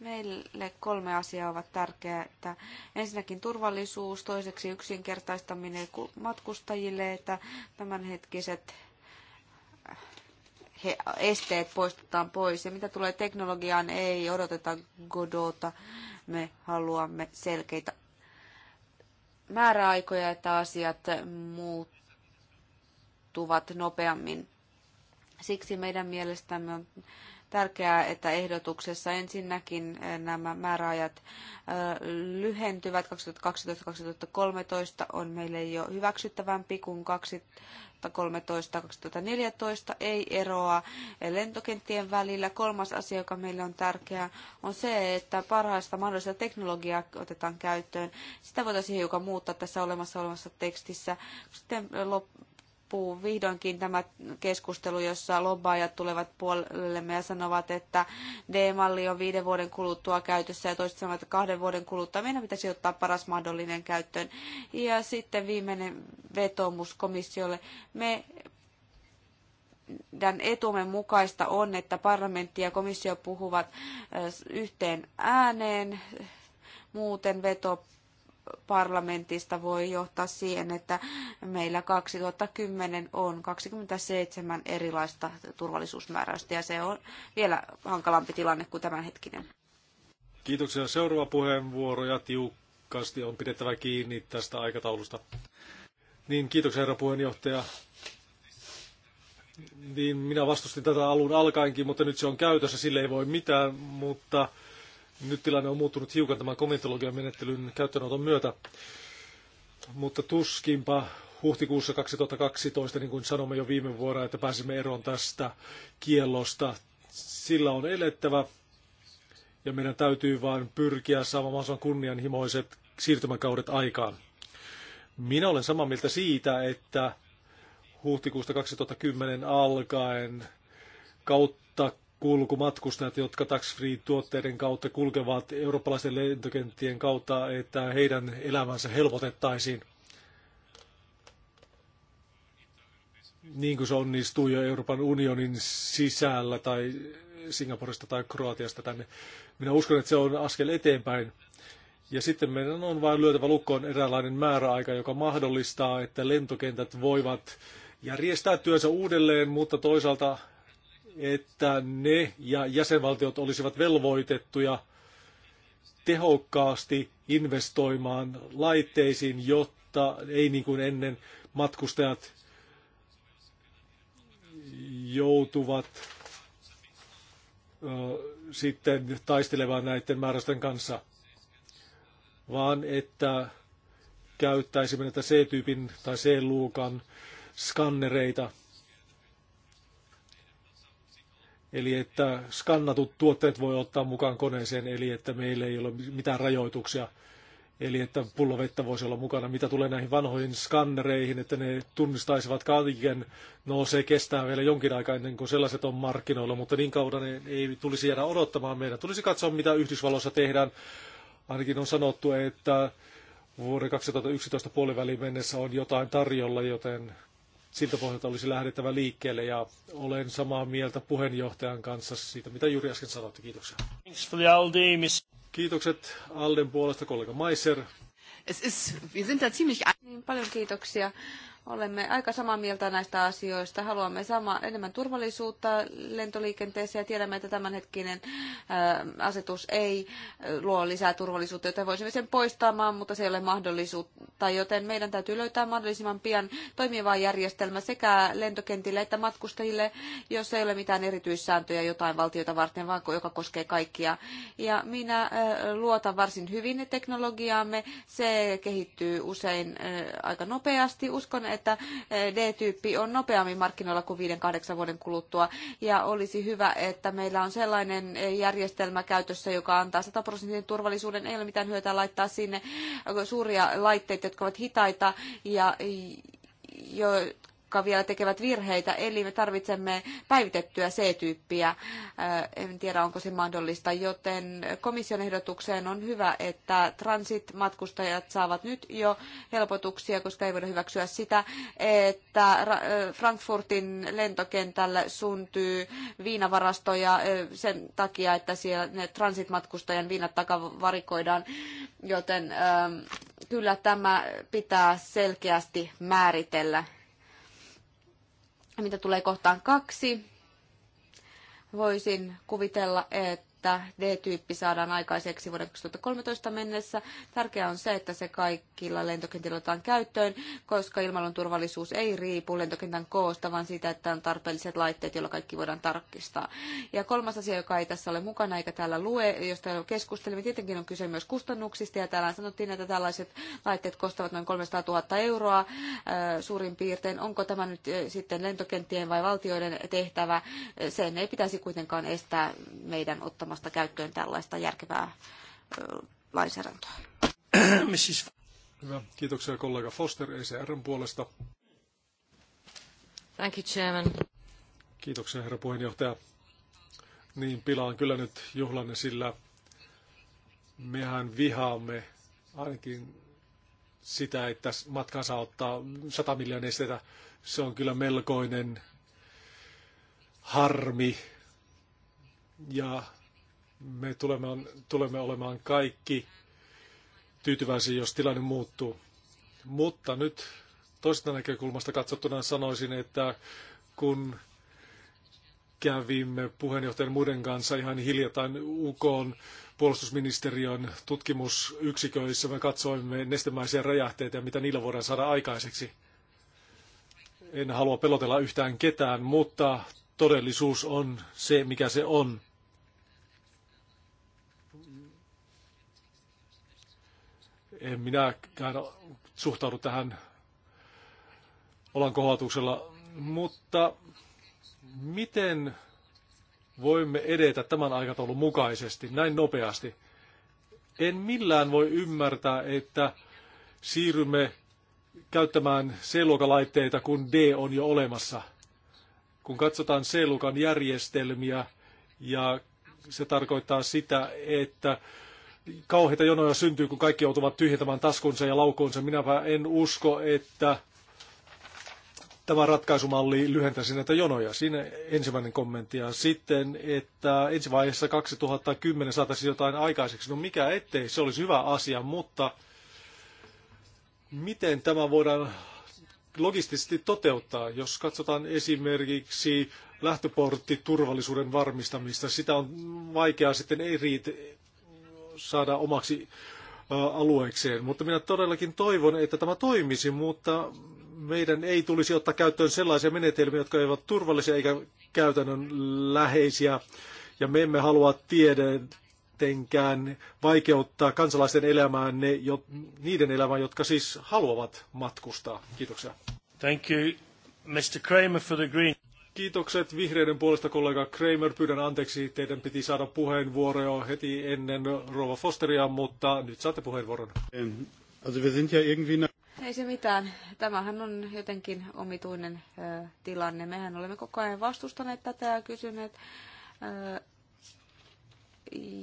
Meille kolme asiaa ovat tärkeää. Että ensinnäkin turvallisuus, toiseksi yksinkertaistaminen matkustajille, että tämänhetkiset he, esteet poistetaan pois. Ja mitä tulee teknologiaan, ei odoteta Godota. Me haluamme selkeitä määräaikoja, että asiat muuttuvat nopeammin. Siksi meidän mielestämme on tärkeää, että ehdotuksessa ensinnäkin eh, nämä määräajat eh, lyhentyvät. 2012-2013 on meille jo hyväksyttävämpi kuin 2013-2014 ei eroa lentokenttien välillä. Kolmas asia, joka meille on tärkeää, on se, että parhaista mahdollista teknologiaa otetaan käyttöön. Sitä voitaisiin hiukan muuttaa tässä olemassa olevassa tekstissä. Sitten loppuu vihdoinkin tämä keskustelu, jossa lobbaajat tulevat puolellemme ja sanovat, että D-malli on viiden vuoden kuluttua käytössä ja toiset sanovat, että kahden vuoden kuluttua meidän pitäisi ottaa paras mahdollinen käyttöön. Ja sitten viimeinen vetomus komissiolle. Me meidän etumme mukaista on, että parlamentti ja komissio puhuvat yhteen ääneen, muuten veto parlamentista voi johtaa siihen, että meillä 2010 on 27 erilaista turvallisuusmääräystä ja se on vielä hankalampi tilanne kuin tämänhetkinen. Kiitoksia. Seuraava puheenvuoro ja tiukasti on pidettävä kiinni tästä aikataulusta. Niin, kiitoksia herra puheenjohtaja. Niin, minä vastustin tätä alun alkaenkin, mutta nyt se on käytössä, sille ei voi mitään, mutta nyt tilanne on muuttunut hiukan tämän komentologian menettelyn käyttöönoton myötä, mutta tuskinpa huhtikuussa 2012, niin kuin sanomme jo viime vuonna, että pääsimme eroon tästä kiellosta. Sillä on elettävä ja meidän täytyy vain pyrkiä saamaan mahdollisimman kunnianhimoiset siirtymäkaudet aikaan. Minä olen samaa mieltä siitä, että huhtikuusta 2010 alkaen kautta kulkumatkustajat, jotka tax-free-tuotteiden kautta kulkevat eurooppalaisten lentokenttien kautta, että heidän elämänsä helpotettaisiin. Niin kuin se onnistuu jo Euroopan unionin sisällä tai Singaporesta tai Kroatiasta tänne. Minä uskon, että se on askel eteenpäin. Ja sitten meidän on vain lyötävä lukkoon eräänlainen määräaika, joka mahdollistaa, että lentokentät voivat järjestää työnsä uudelleen, mutta toisaalta että ne ja jäsenvaltiot olisivat velvoitettuja tehokkaasti investoimaan laitteisiin, jotta ei niin kuin ennen matkustajat joutuvat ö, sitten taistelemaan näiden määrästen kanssa, vaan että käyttäisimme näitä C-tyypin tai c luukan skannereita – Eli että skannatut tuotteet voi ottaa mukaan koneeseen, eli että meillä ei ole mitään rajoituksia. Eli että pullovettä voisi olla mukana. Mitä tulee näihin vanhoihin skannereihin, että ne tunnistaisivat kaiken. No se kestää vielä jonkin aikaa ennen kuin sellaiset on markkinoilla, mutta niin kauan ne ei tulisi jäädä odottamaan meidän. Tulisi katsoa, mitä Yhdysvalloissa tehdään. Ainakin on sanottu, että vuoden 2011 puoliväliin mennessä on jotain tarjolla, joten siltä pohjalta olisi lähdettävä liikkeelle ja olen samaa mieltä puheenjohtajan kanssa siitä, mitä juuri äsken sanoitte. Kiitoksia. Kiitokset Alden puolesta kollega Maiser. Es ist, wir sind da ziemlich... Niin, paljon kiitoksia. Olemme aika samaa mieltä näistä asioista. Haluamme sama, enemmän turvallisuutta lentoliikenteessä ja tiedämme, että tämänhetkinen äh, asetus ei äh, luo lisää turvallisuutta, joten voisimme sen poistamaan, mutta se ei ole mahdollisuutta, joten meidän täytyy löytää mahdollisimman pian toimiva järjestelmä sekä lentokentille että matkustajille, jos ei ole mitään erityissääntöjä jotain valtiota varten, vaan joka koskee kaikkia. Ja minä äh, luotan varsin hyvin teknologiaamme. Se kehittyy usein aika nopeasti. Uskon, että eh, D-tyyppi on nopeammin markkinoilla kuin 5-8 vuoden kuluttua. Ja olisi hyvä, että meillä on sellainen eh, järjestelmä käytössä, joka antaa 100 prosentin turvallisuuden. Ei ole mitään hyötyä laittaa sinne suuria laitteita, jotka ovat hitaita ja eh, jo, jotka vielä tekevät virheitä, eli me tarvitsemme päivitettyä C-tyyppiä. Äh, en tiedä, onko se mahdollista, joten komission ehdotukseen on hyvä, että transit-matkustajat saavat nyt jo helpotuksia, koska ei voida hyväksyä sitä, että äh, Frankfurtin lentokentällä syntyy viinavarastoja äh, sen takia, että siellä ne transit-matkustajan viinat takavarikoidaan, joten ähm, kyllä tämä pitää selkeästi määritellä mitä tulee kohtaan kaksi, voisin kuvitella, että että D-tyyppi saadaan aikaiseksi vuoden 2013 mennessä. Tärkeää on se, että se kaikilla lentokentillä otetaan käyttöön, koska ilmailun turvallisuus ei riipu lentokentän koosta, vaan siitä, että on tarpeelliset laitteet, joilla kaikki voidaan tarkistaa. Ja kolmas asia, joka ei tässä ole mukana eikä täällä lue, josta keskustelimme, tietenkin on kyse myös kustannuksista, ja täällä sanottiin, että tällaiset laitteet kostavat noin 300 000 euroa äh, suurin piirtein. Onko tämä nyt äh, sitten lentokenttien vai valtioiden tehtävä? Sen ei pitäisi kuitenkaan estää meidän ottamaan ottamasta käyttöön tällaista järkevää lainsäädäntöä. [COUGHS] Hyvä. Kiitoksia kollega Foster ECRn puolesta. Thank you, Chairman. Kiitoksia, herra puheenjohtaja. Niin, pilaan kyllä nyt juhlanne, sillä mehän vihaamme ainakin sitä, että matkaan saa ottaa 100 miljoonaa esteitä. Se on kyllä melkoinen harmi. Ja me tulemme, tulemme olemaan kaikki tyytyväisiä, jos tilanne muuttuu. Mutta nyt toisesta näkökulmasta katsottuna sanoisin, että kun kävimme puheenjohtajan muiden kanssa ihan hiljattain UK puolustusministeriön tutkimusyksiköissä. Me katsoimme nestemäisiä räjähteitä ja mitä niillä voidaan saada aikaiseksi. En halua pelotella yhtään ketään, mutta todellisuus on se, mikä se on. en minäkään suhtaudu tähän olan kohautuksella, mutta miten voimme edetä tämän aikataulun mukaisesti näin nopeasti? En millään voi ymmärtää, että siirrymme käyttämään C-luokalaitteita, kun D on jo olemassa. Kun katsotaan C-luokan järjestelmiä, ja se tarkoittaa sitä, että kauheita jonoja syntyy, kun kaikki joutuvat tyhjentämään taskunsa ja laukuunsa. Minäpä en usko, että tämä ratkaisumalli lyhentäisi näitä jonoja. Siinä ensimmäinen kommentti. Ja sitten, että ensi vaiheessa 2010 saataisiin jotain aikaiseksi. No mikä ettei, se olisi hyvä asia, mutta miten tämä voidaan logistisesti toteuttaa, jos katsotaan esimerkiksi lähtöportti turvallisuuden varmistamista. Sitä on vaikea sitten eri saada omaksi alueekseen. Mutta minä todellakin toivon, että tämä toimisi, mutta meidän ei tulisi ottaa käyttöön sellaisia menetelmiä, jotka eivät turvallisia eikä käytännön läheisiä. Ja me emme halua tietenkään vaikeuttaa kansalaisten elämää, ne, jo, niiden elämää, jotka siis haluavat matkustaa. Kiitoksia. Thank you, Mr. Kramer for the green. Kiitokset vihreiden puolesta kollega Kramer. Pyydän anteeksi, teidän piti saada puheenvuoro heti ennen Rova Fosteria, mutta nyt saatte puheenvuoron. Ähm, Ei se mitään. Tämähän on jotenkin omituinen ö, tilanne. Mehän olemme koko ajan vastustaneet tätä ja kysyneet ö,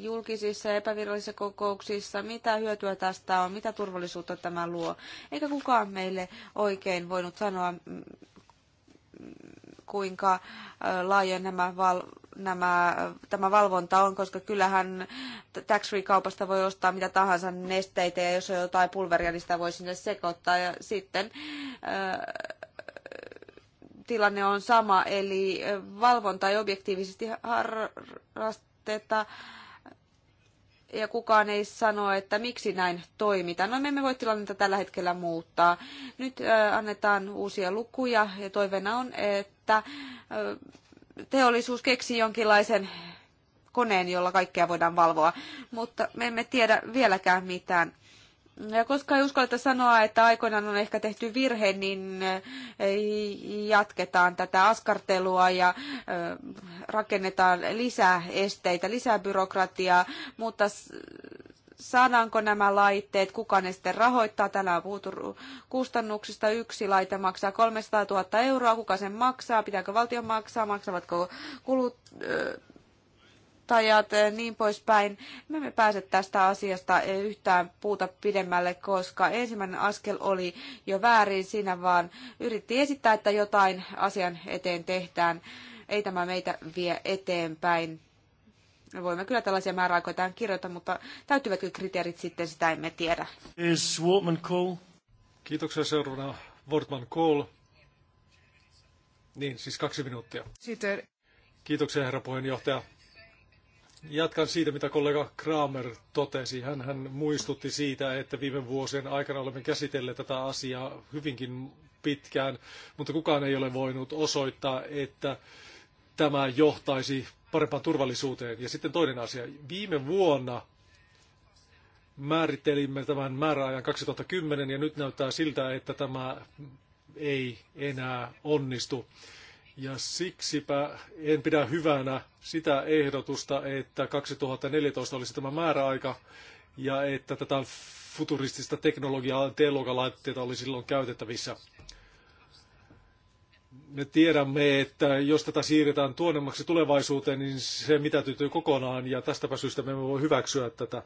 julkisissa ja epävirallisissa kokouksissa, mitä hyötyä tästä on, mitä turvallisuutta tämä luo. Eikä kukaan meille oikein voinut sanoa, kuinka äh, laaja nämä, val, nämä, tämä valvonta on, koska kyllähän tax free kaupasta voi ostaa mitä tahansa nesteitä ja jos on jotain pulveria, niin sitä voi sinne sekoittaa ja sitten äh, tilanne on sama, eli äh, valvonta ei objektiivisesti harrasteta ja kukaan ei sano, että miksi näin toimitaan. No me emme voi tilannetta tällä hetkellä muuttaa. Nyt annetaan uusia lukuja ja toiveena on, että että teollisuus keksi jonkinlaisen koneen, jolla kaikkea voidaan valvoa, mutta me emme tiedä vieläkään mitään. Ja koska ei uskalleta sanoa, että aikoinaan on ehkä tehty virhe, niin jatketaan tätä askartelua ja rakennetaan lisää esteitä, lisää byrokratiaa, mutta saadaanko nämä laitteet, kuka ne sitten rahoittaa. Täällä on puhuttu kustannuksista. Yksi laite maksaa 300 000 euroa. Kuka sen maksaa? Pitääkö valtio maksaa? Maksavatko kuluttajat? Niin poispäin. Me emme pääse tästä asiasta e, yhtään puuta pidemmälle, koska ensimmäinen askel oli jo väärin. Siinä vaan yritti esittää, että jotain asian eteen tehdään. Ei tämä meitä vie eteenpäin me voimme kyllä tällaisia määräaikoja tähän kirjoita, mutta täyttyvätkö kriteerit sitten, sitä emme tiedä. Is Wortman Cole. Kiitoksia seuraavana Wortman Cole. Niin, siis kaksi minuuttia. Sitten. Kiitoksia herra puheenjohtaja. Jatkan siitä, mitä kollega Kramer totesi. Hän, hän muistutti siitä, että viime vuosien aikana olemme käsitelleet tätä asiaa hyvinkin pitkään, mutta kukaan ei ole voinut osoittaa, että tämä johtaisi parempaan turvallisuuteen. Ja sitten toinen asia. Viime vuonna määrittelimme tämän määräajan 2010 ja nyt näyttää siltä, että tämä ei enää onnistu. Ja siksipä en pidä hyvänä sitä ehdotusta, että 2014 olisi tämä määräaika ja että tätä futuristista teknologiaa T-luokan laitteita oli silloin käytettävissä me tiedämme, että jos tätä siirretään tuonemmaksi tulevaisuuteen, niin se mitätytyy kokonaan ja tästäpä syystä me emme voi hyväksyä tätä.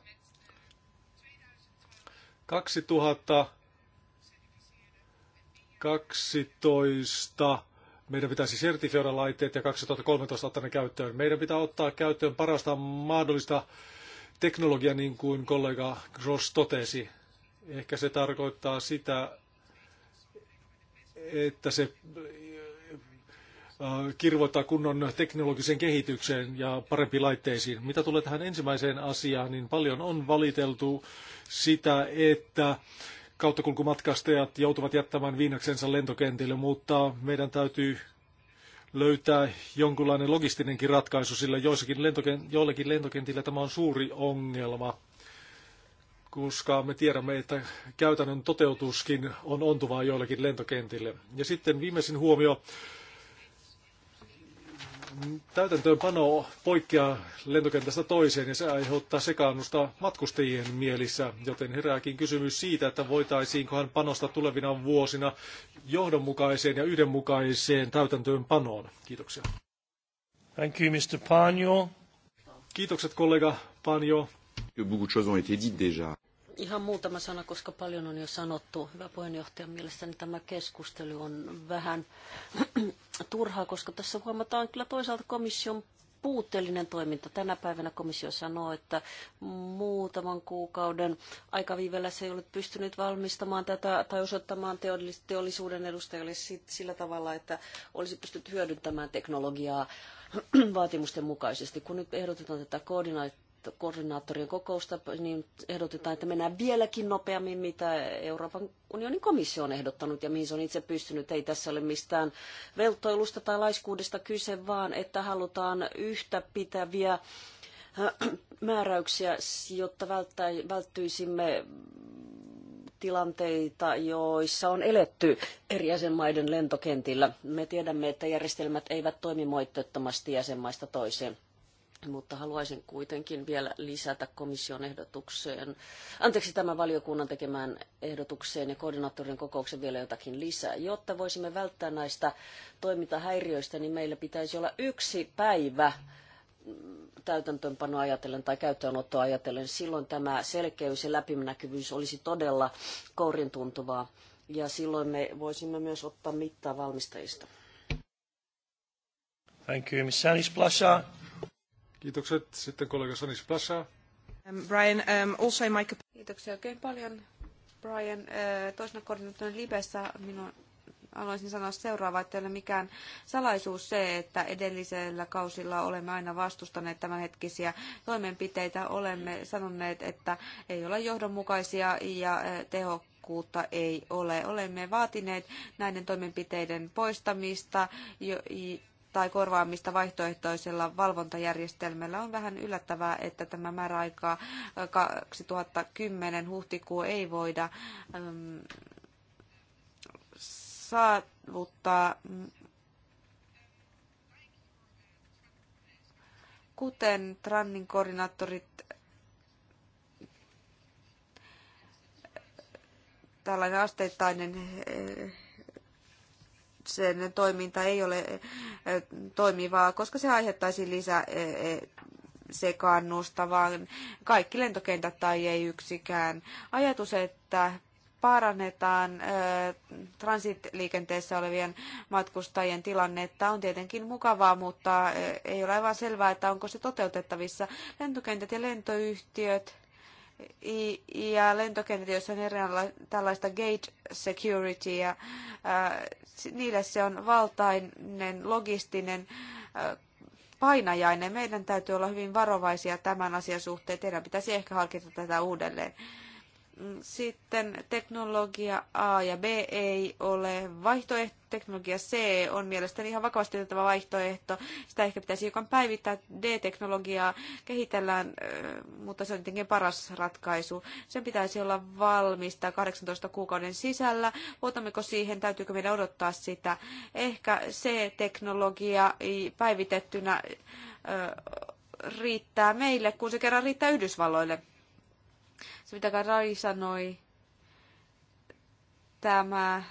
2012 meidän pitäisi sertifioida laitteet ja 2013 ottaa ne käyttöön. Meidän pitää ottaa käyttöön parasta mahdollista teknologiaa, niin kuin kollega Gross totesi. Ehkä se tarkoittaa sitä, että se Äh, kirvoittaa kunnon teknologisen kehitykseen ja parempiin laitteisiin. Mitä tulee tähän ensimmäiseen asiaan, niin paljon on valiteltu sitä, että kauttakulkumatkastajat joutuvat jättämään viinaksensa lentokentille, mutta meidän täytyy löytää jonkunlainen logistinenkin ratkaisu, sillä joissakin lentoken- joillakin lentokentillä tämä on suuri ongelma, koska me tiedämme, että käytännön toteutuskin on ontuvaa joillakin lentokentille. Ja sitten viimeisin huomio täytäntöönpano poikkeaa lentokentästä toiseen ja se aiheuttaa sekaannusta matkustajien mielissä, joten herääkin kysymys siitä, että voitaisiinkohan panosta tulevina vuosina johdonmukaiseen ja yhdenmukaiseen täytäntöönpanoon. Kiitoksia. Thank you, Mr. Panjo. Kiitokset kollega Panjo. Beaucoup de choses ont été dites déjà. Ihan muutama sana, koska paljon on jo sanottu. Hyvä puheenjohtaja, mielestäni tämä keskustelu on vähän [CLEARS THROAT] turhaa, koska tässä huomataan kyllä toisaalta komission puutteellinen toiminta. Tänä päivänä komissio sanoo, että muutaman kuukauden aikaviivellä se ei ole pystynyt valmistamaan tätä tai osoittamaan teollisuuden edustajille sillä tavalla, että olisi pystynyt hyödyntämään teknologiaa [CLEARS THROAT] vaatimusten mukaisesti. Kun nyt ehdotetaan tätä koordinaattorien kokousta, niin ehdotetaan, että mennään vieläkin nopeammin, mitä Euroopan unionin komissio on ehdottanut ja mihin se on itse pystynyt. Ei tässä ole mistään veltoilusta tai laiskuudesta kyse, vaan että halutaan yhtä pitäviä äh, määräyksiä, jotta välttyisimme tilanteita, joissa on eletty eri jäsenmaiden lentokentillä. Me tiedämme, että järjestelmät eivät toimi moitteettomasti jäsenmaista toiseen. Mutta haluaisin kuitenkin vielä lisätä komission ehdotukseen, anteeksi tämän valiokunnan tekemään ehdotukseen ja koordinaattorin kokouksen vielä jotakin lisää. Jotta voisimme välttää näistä toimintahäiriöistä, niin meillä pitäisi olla yksi päivä täytäntöönpanoa ajatellen tai käyttöönottoa ajatellen. Silloin tämä selkeys ja läpinäkyvyys olisi todella kourin Ja silloin me voisimme myös ottaa mittaa valmistajista. Thank you, Sanis Kiitokset. Sitten kollega Sanis Plasa. Um, Brian, um, also my... Kiitoksia oikein paljon. Brian, uh, toisena koordinaattorina Libessä minun haluaisin sanoa seuraavaa, että ei ole mikään salaisuus se, että edellisellä kausilla olemme aina vastustaneet tämänhetkisiä toimenpiteitä. Olemme sanoneet, että ei ole johdonmukaisia ja uh, teho, ei ole. Olemme vaatineet näiden toimenpiteiden poistamista, tai korvaamista vaihtoehtoisella valvontajärjestelmällä. On vähän yllättävää, että tämä määräaika 2010 äh, huhtikuu ei voida saavuttaa. Kuten Trannin koordinaattorit äh, tällainen asteittainen äh, sen toiminta ei ole eh, toimivaa, koska se aiheuttaisi lisää eh, eh, sekaannusta, vaan kaikki lentokentät tai ei yksikään. Ajatus, että parannetaan transitliikenteessä olevien matkustajien tilannetta on tietenkin mukavaa, mutta ei ole aivan selvää, että onko se toteutettavissa. Lentokentät ja lentoyhtiöt ja lentokentät, joissa on erilaista tällaista gate securityä, äh, niille se on valtainen logistinen äh, painajainen. Meidän täytyy olla hyvin varovaisia tämän asian suhteen. Teidän pitäisi ehkä harkita tätä uudelleen. Sitten teknologia A ja B ei ole vaihtoehto. Teknologia C on mielestäni ihan vakavasti otettava vaihtoehto. Sitä ehkä pitäisi hiukan päivittää. D-teknologiaa kehitellään, mutta se on tietenkin paras ratkaisu. Sen pitäisi olla valmista 18 kuukauden sisällä. Luotammeko siihen, täytyykö meidän odottaa sitä? Ehkä C-teknologia päivitettynä riittää meille, kun se kerran riittää Yhdysvalloille. Se mitä Rai sanoi, tämä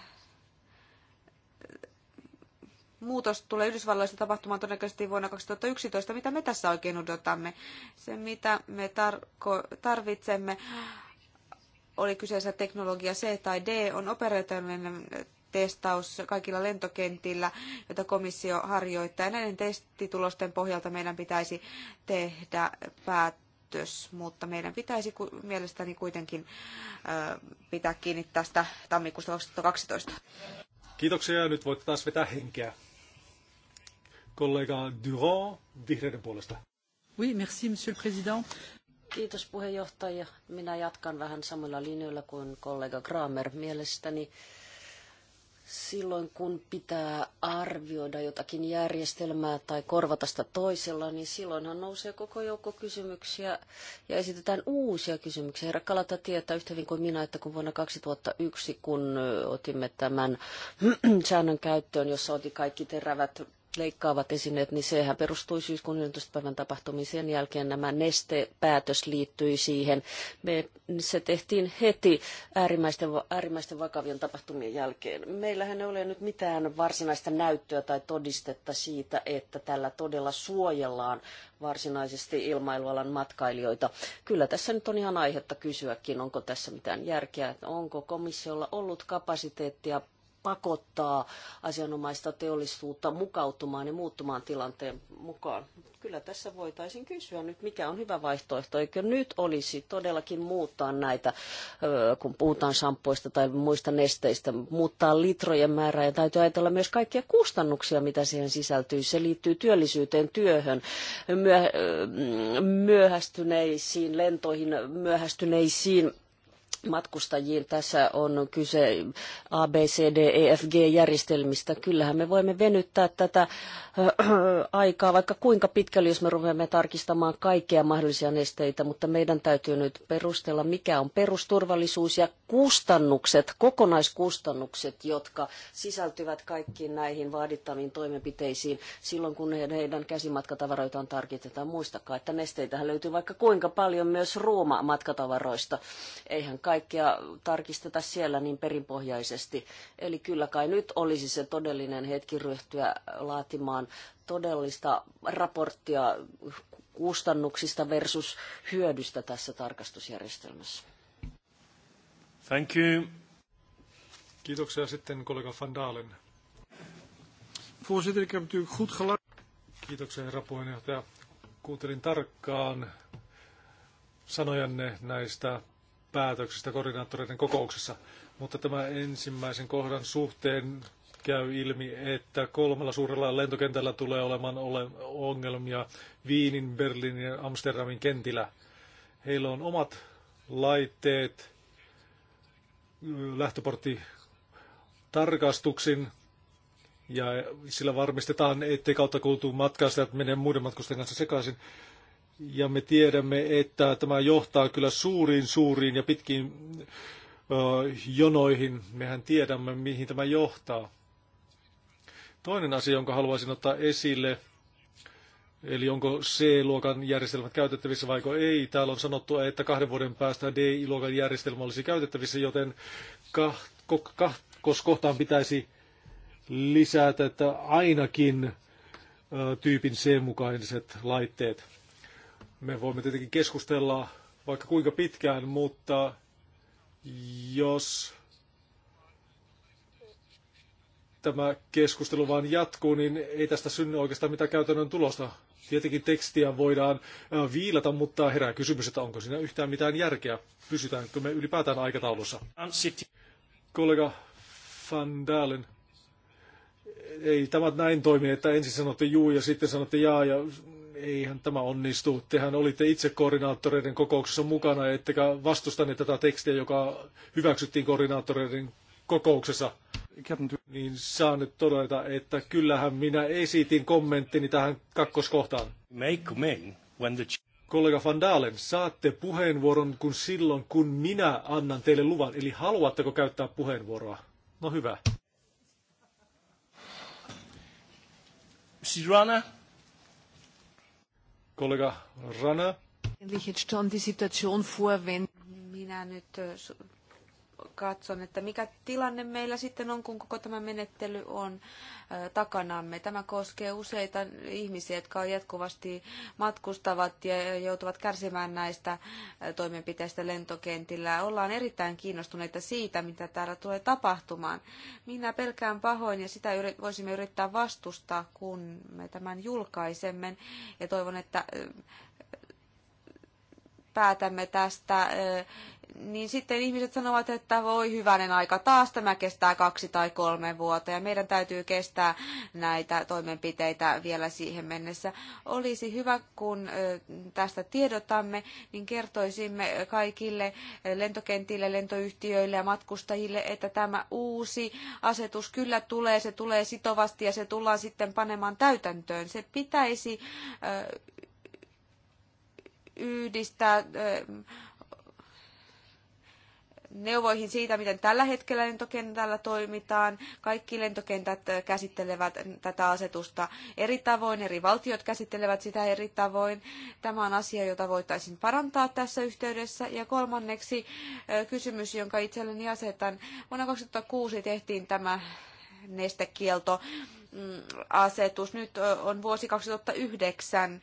muutos tulee Yhdysvalloissa tapahtumaan todennäköisesti vuonna 2011. Mitä me tässä oikein odotamme? Se, mitä me tarko- tarvitsemme, oli kyseessä teknologia C tai D, on operationaalinen testaus kaikilla lentokentillä, jota komissio harjoittaa. Ja näiden testitulosten pohjalta meidän pitäisi tehdä päät- päätös, mutta meidän pitäisi mielestäni kuitenkin pitää kiinni tästä tammikuusta 2012. Kiitoksia ja nyt voitte taas vetää henkeä. Kollega Durand vihreiden puolesta. Oui, merci, monsieur le président. Kiitos puheenjohtaja. Minä jatkan vähän samalla linjoilla kuin kollega Kramer. Mielestäni silloin kun pitää arvioida jotakin järjestelmää tai korvata sitä toisella, niin silloinhan nousee koko joukko kysymyksiä ja esitetään uusia kysymyksiä. Herra Kalata tietää yhtä hyvin kuin minä, että kun vuonna 2001, kun otimme tämän [CLEARS THROAT] säännön käyttöön, jossa otin kaikki terävät leikkaavat esineet, niin sehän perustui syyskuun 11. päivän tapahtumiin. Sen jälkeen nämä nestepäätös liittyi siihen. Me, se tehtiin heti äärimmäisten, äärimmäisten vakavien tapahtumien jälkeen. Meillähän ei ole nyt mitään varsinaista näyttöä tai todistetta siitä, että tällä todella suojellaan varsinaisesti ilmailualan matkailijoita. Kyllä tässä nyt on ihan aihetta kysyäkin, onko tässä mitään järkeä, onko komissiolla ollut kapasiteettia pakottaa asianomaista teollisuutta mukautumaan ja muuttumaan tilanteen mukaan. Kyllä tässä voitaisiin kysyä nyt, mikä on hyvä vaihtoehto. Eikö nyt olisi todellakin muuttaa näitä, kun puhutaan sampoista tai muista nesteistä, muuttaa litrojen määrää ja täytyy ajatella myös kaikkia kustannuksia, mitä siihen sisältyy. Se liittyy työllisyyteen, työhön, myöhästyneisiin lentoihin, myöhästyneisiin matkustajiin. Tässä on kyse ABCDEFG-järjestelmistä. Kyllähän me voimme venyttää tätä äh, äh, aikaa vaikka kuinka pitkälle, jos me rupeamme tarkistamaan kaikkea mahdollisia nesteitä, mutta meidän täytyy nyt perustella, mikä on perusturvallisuus ja kustannukset, kokonaiskustannukset, jotka sisältyvät kaikkiin näihin vaadittaviin toimenpiteisiin silloin, kun heidän käsimatkatavaroitaan tarkitetaan. Muistakaa, että nesteitähän löytyy vaikka kuinka paljon myös ruuma matkatavaroista. Eihän kaikkea tarkisteta siellä niin perinpohjaisesti. Eli kyllä kai nyt olisi se todellinen hetki ryhtyä laatimaan todellista raporttia kustannuksista versus hyödystä tässä tarkastusjärjestelmässä. Thank you. Kiitoksia sitten kollega Van Dalen. Voorzitter, ik heb natuurlijk goed geluisterd. Kiitoksia herra puheenjohtaja. Kuuntelin tarkkaan sanojanne näistä päätöksestä koordinaattoreiden kokouksessa. Mutta tämä ensimmäisen kohdan suhteen käy ilmi, että kolmella suurella lentokentällä tulee olemaan ongelmia Viinin, Berliinin ja Amsterdamin kentillä. Heillä on omat laitteet lähtöportti tarkastuksin ja sillä varmistetaan, ettei kautta kultuu että mene muiden matkustajien kanssa sekaisin. Ja me tiedämme, että tämä johtaa kyllä suuriin, suuriin ja pitkiin ö, jonoihin. Mehän tiedämme, mihin tämä johtaa. Toinen asia, jonka haluaisin ottaa esille, eli onko C-luokan järjestelmät käytettävissä vai ei. Täällä on sanottu, että kahden vuoden päästä DI-luokan järjestelmä olisi käytettävissä, joten kohtaan pitäisi lisätä, että ainakin tyypin C-mukaiset laitteet. Me voimme tietenkin keskustella vaikka kuinka pitkään, mutta jos tämä keskustelu vaan jatkuu, niin ei tästä synny oikeastaan mitään käytännön tulosta. Tietenkin tekstiä voidaan viilata, mutta herää kysymys, että onko siinä yhtään mitään järkeä. Pysytäänkö me ylipäätään aikataulussa? Kollega Van Dalen, ei tämä näin toimi, että ensin sanotte juu ja sitten sanotte jaa ja eihän tämä onnistu. Tehän olitte itse koordinaattoreiden kokouksessa mukana, ettekä vastustaneet tätä tekstiä, joka hyväksyttiin koordinaattoreiden kokouksessa. Niin saan nyt todeta, että kyllähän minä esitin kommenttini tähän kakkoskohtaan. Kollega Van Dalen, saatte puheenvuoron kun silloin, kun minä annan teille luvan. Eli haluatteko käyttää puheenvuoroa? No hyvä. Sirana, Kollega Rana. Minä nyt eh, katson, että mikä tilanne meillä sitten on, kun koko tämä menettely on takanamme. Tämä koskee useita ihmisiä, jotka jatkuvasti matkustavat ja joutuvat kärsimään näistä toimenpiteistä lentokentillä. Ollaan erittäin kiinnostuneita siitä, mitä täällä tulee tapahtumaan. Minä pelkään pahoin ja sitä voisimme yrittää vastustaa, kun me tämän julkaisemme. Ja toivon, että päätämme tästä niin sitten ihmiset sanovat, että voi hyvänen aika taas, tämä kestää kaksi tai kolme vuotta ja meidän täytyy kestää näitä toimenpiteitä vielä siihen mennessä. Olisi hyvä, kun tästä tiedotamme, niin kertoisimme kaikille lentokentille, lentoyhtiöille ja matkustajille, että tämä uusi asetus kyllä tulee, se tulee sitovasti ja se tullaan sitten panemaan täytäntöön. Se pitäisi yhdistää neuvoihin siitä, miten tällä hetkellä lentokentällä toimitaan. Kaikki lentokentät käsittelevät tätä asetusta eri tavoin, eri valtiot käsittelevät sitä eri tavoin. Tämä on asia, jota voitaisiin parantaa tässä yhteydessä. Ja kolmanneksi kysymys, jonka itselleni asetan. Vuonna 2006 tehtiin tämä nestekielto asetus. Nyt on vuosi 2009.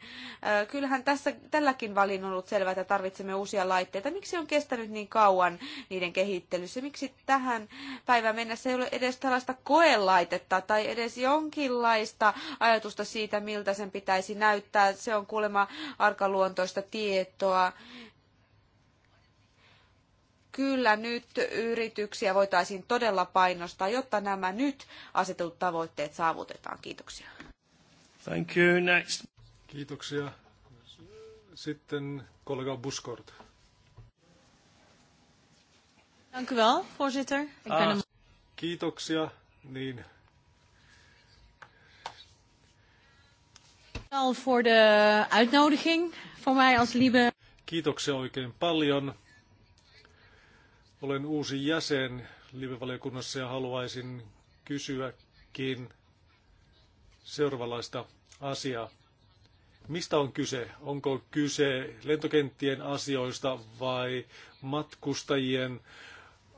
Kyllähän tässä, tälläkin valin on ollut selvää, että tarvitsemme uusia laitteita. Miksi on kestänyt niin kauan niiden kehittelyssä? Miksi tähän päivään mennessä ei ole edes tällaista koelaitetta tai edes jonkinlaista ajatusta siitä, miltä sen pitäisi näyttää? Se on kuulemma arkaluontoista tietoa kyllä nyt yrityksiä voitaisiin todella painostaa, jotta nämä nyt asetetut tavoitteet saavutetaan. Kiitoksia. Thank you. Next. Kiitoksia. Sitten kollega Buskort. Dank u wel, voorzitter. Ik ben ah, kiitoksia. Niin. Al voor de uitnodiging voor mij als Liebe. Kiitoksia oikein paljon olen uusi jäsen live-valiokunnassa ja haluaisin kysyäkin seuraavanlaista asiaa. Mistä on kyse? Onko kyse lentokenttien asioista vai matkustajien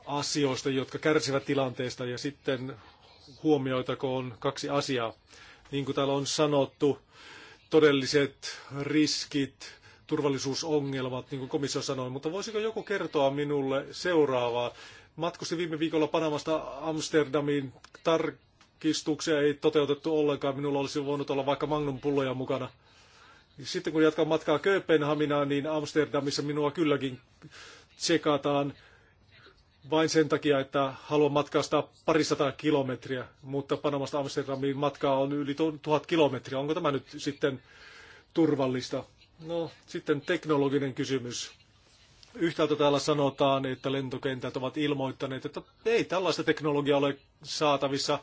asioista, jotka kärsivät tilanteesta? Ja sitten huomioitakoon kaksi asiaa. Niin kuin täällä on sanottu, todelliset riskit turvallisuusongelmat, niin kuin komissio sanoi, mutta voisiko joku kertoa minulle seuraavaa? Matkustin viime viikolla Panamasta Amsterdamiin, tarkistuksia ei toteutettu ollenkaan, minulla olisi voinut olla vaikka Magnum pulloja mukana. Sitten kun jatkan matkaa Kööpenhaminaan, niin Amsterdamissa minua kylläkin tsekataan vain sen takia, että haluan matkaistaa parisataa kilometriä, mutta Panamasta Amsterdamiin matkaa on yli tuhat kilometriä. Onko tämä nyt sitten turvallista? No sitten teknologinen kysymys. Yhtäältä täällä sanotaan, että lentokentät ovat ilmoittaneet, että ei tällaista teknologiaa ole saatavissa,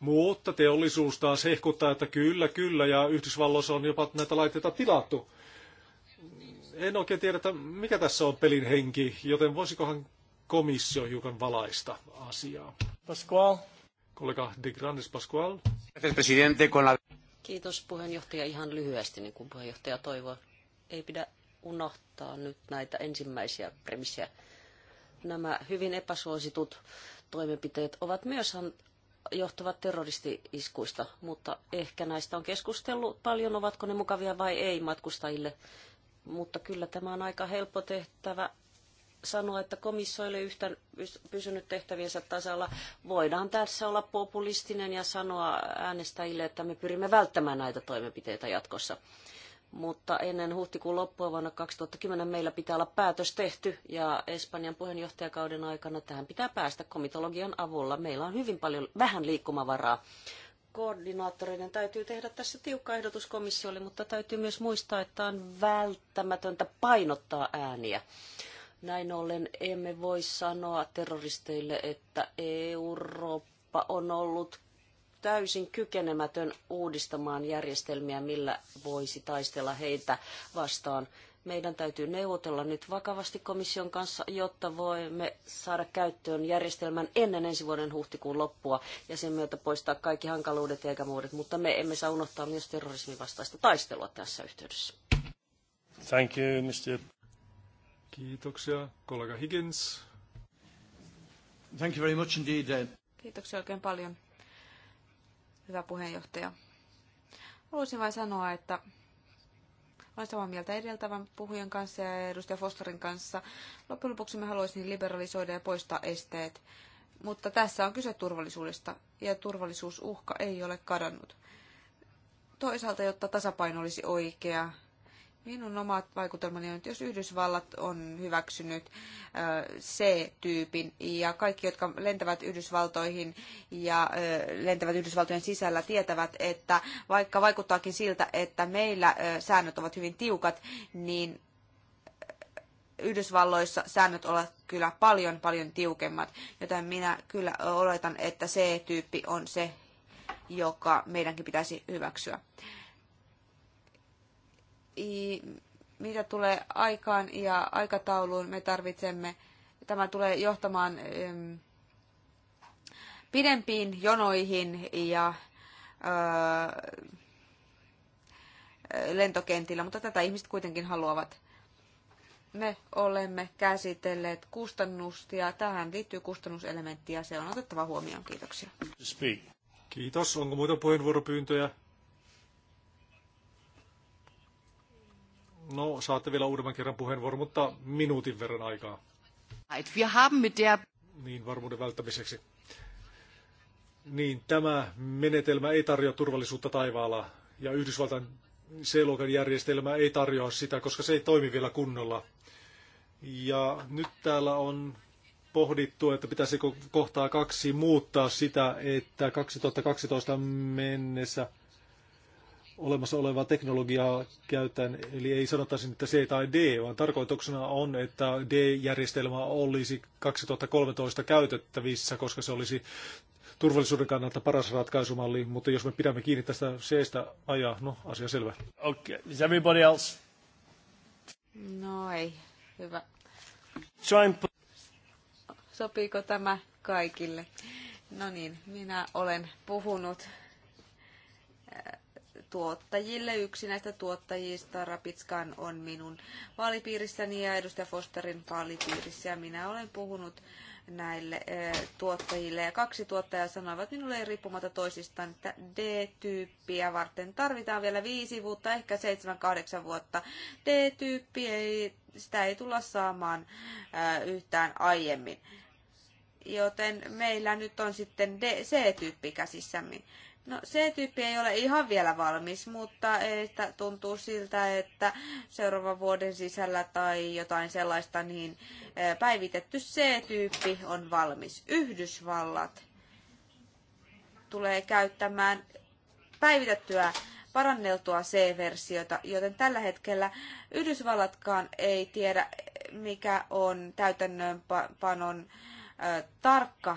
mutta teollisuus taas hehkuttaa, että kyllä, kyllä, ja Yhdysvalloissa on jopa näitä laitteita tilattu. En oikein tiedä, että mikä tässä on pelin henki, joten voisikohan komissio hiukan valaista asiaa. Pascual. Kollega de Grandes Pascual. Kiitos puheenjohtaja ihan lyhyesti, niin kuin puheenjohtaja toivoi ei pidä unohtaa nyt näitä ensimmäisiä premissejä. Nämä hyvin epäsuositut toimenpiteet ovat myös johtuvat terroristi-iskuista, mutta ehkä näistä on keskustellut paljon, ovatko ne mukavia vai ei matkustajille. Mutta kyllä tämä on aika helppo tehtävä sanoa, että komissoille yhtä pysynyt tehtäviensä tasalla. Voidaan tässä olla populistinen ja sanoa äänestäjille, että me pyrimme välttämään näitä toimenpiteitä jatkossa mutta ennen huhtikuun loppua vuonna 2010 meillä pitää olla päätös tehty ja Espanjan puheenjohtajakauden aikana tähän pitää päästä komitologian avulla. Meillä on hyvin paljon vähän liikkumavaraa. Koordinaattoreiden täytyy tehdä tässä tiukka ehdotus komissiolle, mutta täytyy myös muistaa, että on välttämätöntä painottaa ääniä. Näin ollen emme voi sanoa terroristeille, että Eurooppa on ollut täysin kykenemätön uudistamaan järjestelmiä, millä voisi taistella heitä vastaan. Meidän täytyy neuvotella nyt vakavasti komission kanssa, jotta voimme saada käyttöön järjestelmän ennen ensi vuoden huhtikuun loppua ja sen myötä poistaa kaikki hankaluudet ja ikämuudet, mutta me emme saa unohtaa myös terrorismin vastaista taistelua tässä yhteydessä. Thank you, Mr. Kiitoksia, kollega Higgins. Thank you very much indeed. Uh, Kiitoksia oikein paljon hyvä puheenjohtaja. Haluaisin vain sanoa, että olen samaa mieltä edeltävän puhujan kanssa ja edustaja Fosterin kanssa. Loppujen lopuksi me haluaisin liberalisoida ja poistaa esteet. Mutta tässä on kyse turvallisuudesta ja turvallisuusuhka ei ole kadonnut. Toisaalta, jotta tasapaino olisi oikea, Minun omat vaikutelmani on, että jos Yhdysvallat on hyväksynyt C-tyypin ja kaikki, jotka lentävät Yhdysvaltoihin ja lentävät Yhdysvaltojen sisällä, tietävät, että vaikka vaikuttaakin siltä, että meillä säännöt ovat hyvin tiukat, niin Yhdysvalloissa säännöt ovat kyllä paljon, paljon tiukemmat, joten minä kyllä oletan, että C-tyyppi on se, joka meidänkin pitäisi hyväksyä mitä tulee aikaan ja aikatauluun, me tarvitsemme, tämä tulee johtamaan pidempiin jonoihin ja lentokentillä, mutta tätä ihmiset kuitenkin haluavat. Me olemme käsitelleet kustannusta tähän liittyy kustannuselementti ja se on otettava huomioon. Kiitoksia. Kiitos. Onko muita puheenvuoropyyntöjä? No, saatte vielä uudemman kerran puheenvuoron, mutta minuutin verran aikaa. Wir haben mit der... Niin, varmuuden välttämiseksi. Niin, tämä menetelmä ei tarjoa turvallisuutta taivaalla, ja Yhdysvaltain C-luokan järjestelmä ei tarjoa sitä, koska se ei toimi vielä kunnolla. Ja nyt täällä on pohdittu, että pitäisikö kohtaa kaksi muuttaa sitä, että 2012 mennessä – olemassa olevaa teknologiaa käytän, eli ei sanotaisi, että C tai D, vaan tarkoituksena on, että D-järjestelmä olisi 2013 käytettävissä, koska se olisi turvallisuuden kannalta paras ratkaisumalli, mutta jos me pidämme kiinni tästä C-stä ajaa, no asia selvä. Okay, is everybody else? No ei, hyvä. Sopiiko tämä kaikille? No niin, minä olen puhunut äh, tuottajille. Yksi näistä tuottajista, Rapitskan, on minun vaalipiirissäni ja edustaja Fosterin vaalipiirissä. Ja minä olen puhunut näille eh, tuottajille. Ja kaksi tuottajaa sanoivat minulle riippumatta toisistaan, että D-tyyppiä varten tarvitaan vielä viisi vuotta, ehkä seitsemän, kahdeksan vuotta. D-tyyppi ei, sitä ei tulla saamaan eh, yhtään aiemmin. Joten meillä nyt on sitten C-tyyppi käsissämme. No se tyyppi ei ole ihan vielä valmis, mutta että tuntuu siltä, että seuraavan vuoden sisällä tai jotain sellaista, niin eh, päivitetty C-tyyppi on valmis. Yhdysvallat tulee käyttämään päivitettyä paranneltua C-versiota, joten tällä hetkellä Yhdysvallatkaan ei tiedä, mikä on täytännönpanon eh, tarkka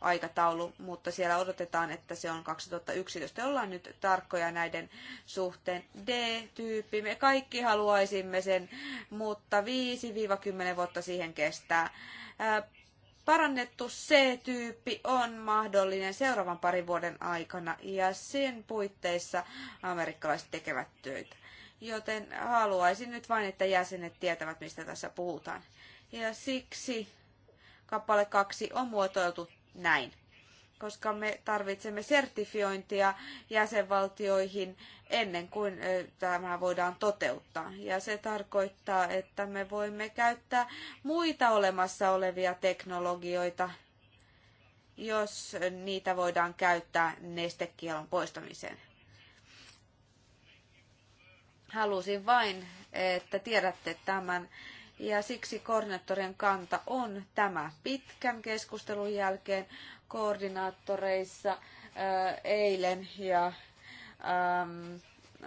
aikataulu, mutta siellä odotetaan, että se on 2011. Ollaan nyt tarkkoja näiden suhteen. D-tyyppi, me kaikki haluaisimme sen, mutta 5-10 vuotta siihen kestää. Parannettu C-tyyppi on mahdollinen seuraavan parin vuoden aikana ja sen puitteissa amerikkalaiset tekevät töitä. Joten haluaisin nyt vain, että jäsenet tietävät, mistä tässä puhutaan. Ja siksi kappale kaksi on muotoiltu näin, koska me tarvitsemme sertifiointia jäsenvaltioihin ennen kuin tämä voidaan toteuttaa. Ja se tarkoittaa, että me voimme käyttää muita olemassa olevia teknologioita, jos niitä voidaan käyttää nestekielon poistamiseen. Halusin vain, että tiedätte tämän ja siksi koordinaattorien kanta on tämä pitkän keskustelun jälkeen koordinaattoreissa äh, eilen ja ähm,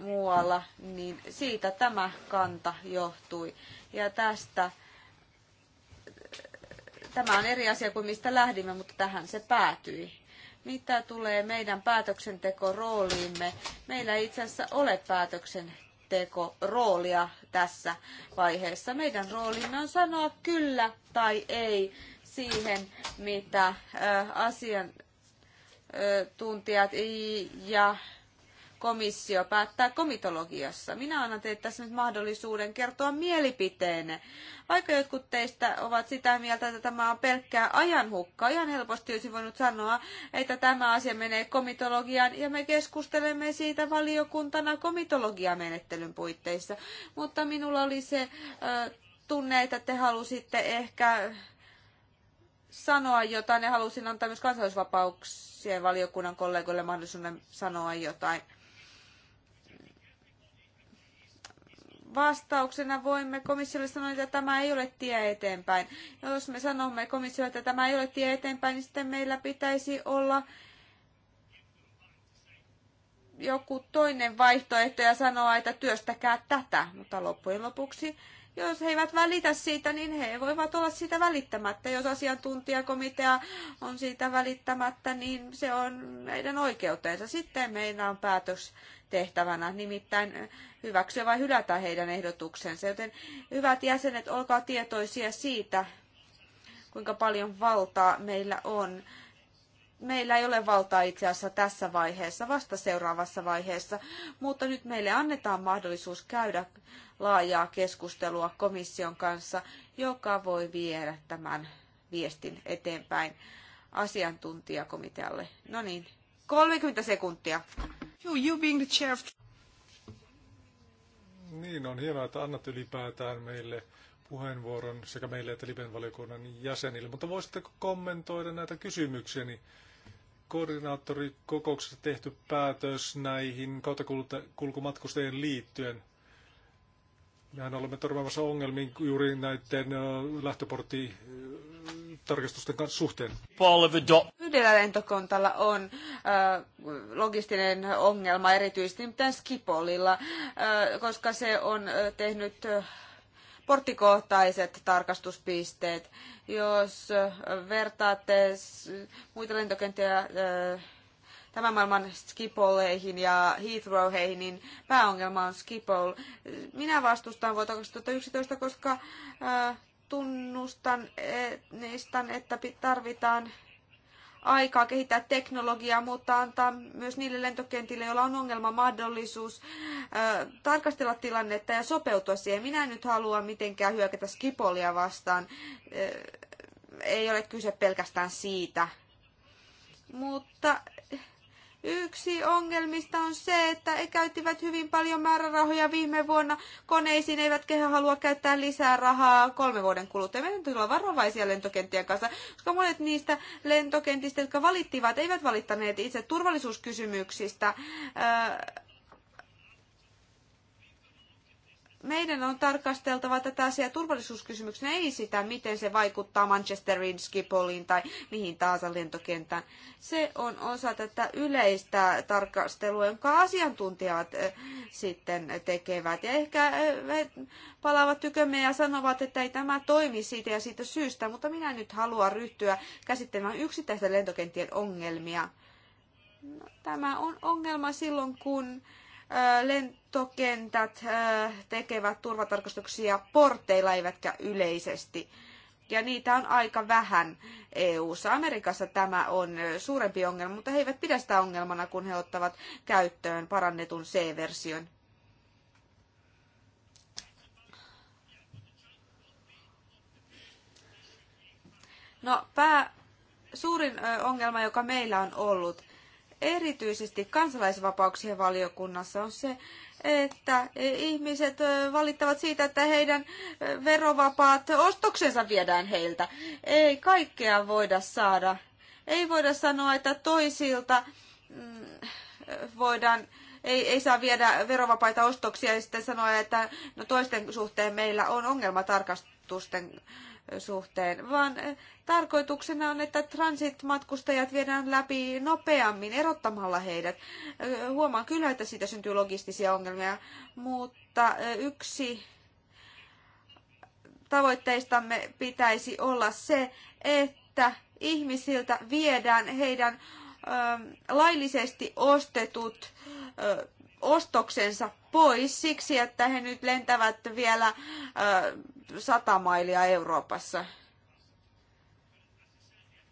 muualla, niin siitä tämä kanta johtui. Ja tästä tämä on eri asia kuin mistä lähdimme, mutta tähän se päätyi. Mitä tulee meidän päätöksentekorooliimme? Meillä ei itse asiassa ole päätöksentekoa haluatteko roolia tässä vaiheessa. Meidän roolimme on sanoa kyllä tai ei siihen, mitä asiantuntijat ja komissio päättää komitologiassa. Minä annan teille tässä nyt mahdollisuuden kertoa mielipiteenne. Vaikka jotkut teistä ovat sitä mieltä, että tämä on pelkkää ajanhukkaa, ihan helposti olisi voinut sanoa, että tämä asia menee komitologiaan ja me keskustelemme siitä valiokuntana komitologiamenettelyn puitteissa. Mutta minulla oli se tunne, että te halusitte ehkä sanoa jotain ja halusin antaa myös kansalaisvapauksien valiokunnan kollegoille mahdollisuuden sanoa jotain. vastauksena voimme komissiolle sanoa, että tämä ei ole tie eteenpäin. Jos me sanomme komissiolle, että tämä ei ole tie eteenpäin, niin sitten meillä pitäisi olla joku toinen vaihtoehto ja sanoa, että työstäkää tätä. Mutta loppujen lopuksi, jos he eivät välitä siitä, niin he voivat olla siitä välittämättä. Jos asiantuntijakomitea on siitä välittämättä, niin se on meidän oikeutensa. Sitten meillä on päätös tehtävänä, nimittäin hyväksyä vai hylätä heidän ehdotuksensa. Joten hyvät jäsenet, olkaa tietoisia siitä, kuinka paljon valtaa meillä on. Meillä ei ole valtaa itse asiassa tässä vaiheessa, vasta seuraavassa vaiheessa, mutta nyt meille annetaan mahdollisuus käydä laajaa keskustelua komission kanssa, joka voi viedä tämän viestin eteenpäin asiantuntijakomitealle. No niin, 30 sekuntia you, you being the chair of... Niin, on hienoa, että annat ylipäätään meille puheenvuoron sekä meille että Liben valiokunnan jäsenille, mutta voisitteko kommentoida näitä kysymyksiä, niin koordinaattorikokouksessa tehty päätös näihin kautakulkumatkustajien liittyen. Mehän olemme törmäämässä ongelmiin juuri näiden lähtöportti tarkastusten kanssa suhteen? Yhdellä lentokontalla on äh, logistinen ongelma, erityisesti tämän Skipolilla, äh, koska se on äh, tehnyt äh, porttikohtaiset tarkastuspisteet. Jos äh, vertaatte muita lentokenttiä äh, tämän maailman skipoleihin ja Heathrowheihin, niin pääongelma on skipol. Minä vastustan vuotta 2011, koska äh, tunnustan, niistan, että tarvitaan aikaa kehittää teknologiaa, mutta antaa myös niille lentokentille, joilla on ongelma, mahdollisuus ö, tarkastella tilannetta ja sopeutua siihen. Minä en nyt halua mitenkään hyökätä Skipolia vastaan. Ö, ei ole kyse pelkästään siitä. Mutta Yksi ongelmista on se, että he käyttivät hyvin paljon määrärahoja viime vuonna koneisiin, eivätkä he halua käyttää lisää rahaa kolme vuoden kuluttua. Meidän tulee varovaisia lentokenttien kanssa, koska monet niistä lentokentistä, jotka valittivat, eivät valittaneet itse turvallisuuskysymyksistä. Öö, meidän on tarkasteltava tätä asiaa turvallisuuskysymyksenä, ei sitä, miten se vaikuttaa Manchesterin, Skipoliin tai mihin tahansa lentokentään. Se on osa tätä yleistä tarkastelua, jonka asiantuntijat eh, sitten tekevät. Ja ehkä eh, he palaavat tykömme ja sanovat, että ei tämä toimi siitä ja siitä syystä, mutta minä nyt haluan ryhtyä käsittelemään yksittäisten lentokenttien ongelmia. No, tämä on ongelma silloin, kun lentokentät tekevät turvatarkastuksia porteilla eivätkä yleisesti. Ja niitä on aika vähän EU-ssa. Amerikassa tämä on suurempi ongelma, mutta he eivät pidä sitä ongelmana, kun he ottavat käyttöön parannetun C-version. No, pää, suurin ongelma, joka meillä on ollut, erityisesti kansalaisvapauksien valiokunnassa on se, että ihmiset valittavat siitä, että heidän verovapaat ostoksensa viedään heiltä. Ei kaikkea voida saada. Ei voida sanoa, että toisilta mm, voidaan ei, ei saa viedä verovapaita ostoksia ja sitten sanoa, että no toisten suhteen meillä on ongelma tarkastusten suhteen, vaan eh, tarkoituksena on, että transitmatkustajat viedään läpi nopeammin erottamalla heidät. Eh, huomaan kyllä, että siitä syntyy logistisia ongelmia, mutta eh, yksi tavoitteistamme pitäisi olla se, että ihmisiltä viedään heidän laillisesti ostetut ostoksensa pois siksi, että he nyt lentävät vielä sata mailia Euroopassa.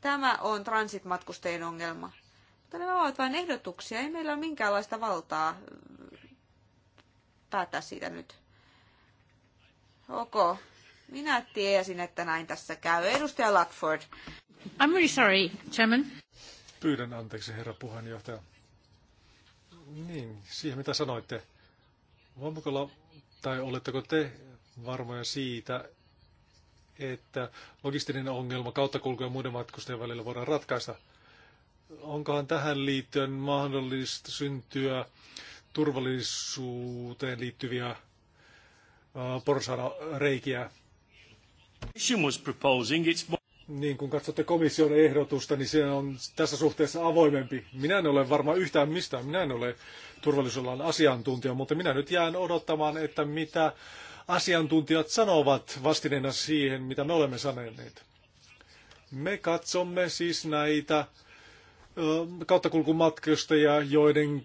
Tämä on transitmatkustajien ongelma. Mutta nämä ovat vain ehdotuksia. Ei meillä ole minkäänlaista valtaa päättää siitä nyt. Okay. Minä tiesin, että näin tässä käy. Edustaja Ludford. I'm really sorry, Chairman. Pyydän anteeksi, herra puheenjohtaja. Niin, siihen mitä sanoitte. Voimmeko tai oletteko te varmoja siitä, että logistinen ongelma kauttakulku ja muiden matkustajien välillä voidaan ratkaista? Onkohan tähän liittyen mahdollista syntyä turvallisuuteen liittyviä porsara reikiä? proposing, it's niin kun katsotte komission ehdotusta, niin se on tässä suhteessa avoimempi. Minä en ole varma yhtään mistään, minä en ole turvallisuusalan asiantuntija, mutta minä nyt jään odottamaan, että mitä asiantuntijat sanovat vastineena siihen, mitä me olemme sanoneet. Me katsomme siis näitä kauttakulkumatkustajia, joiden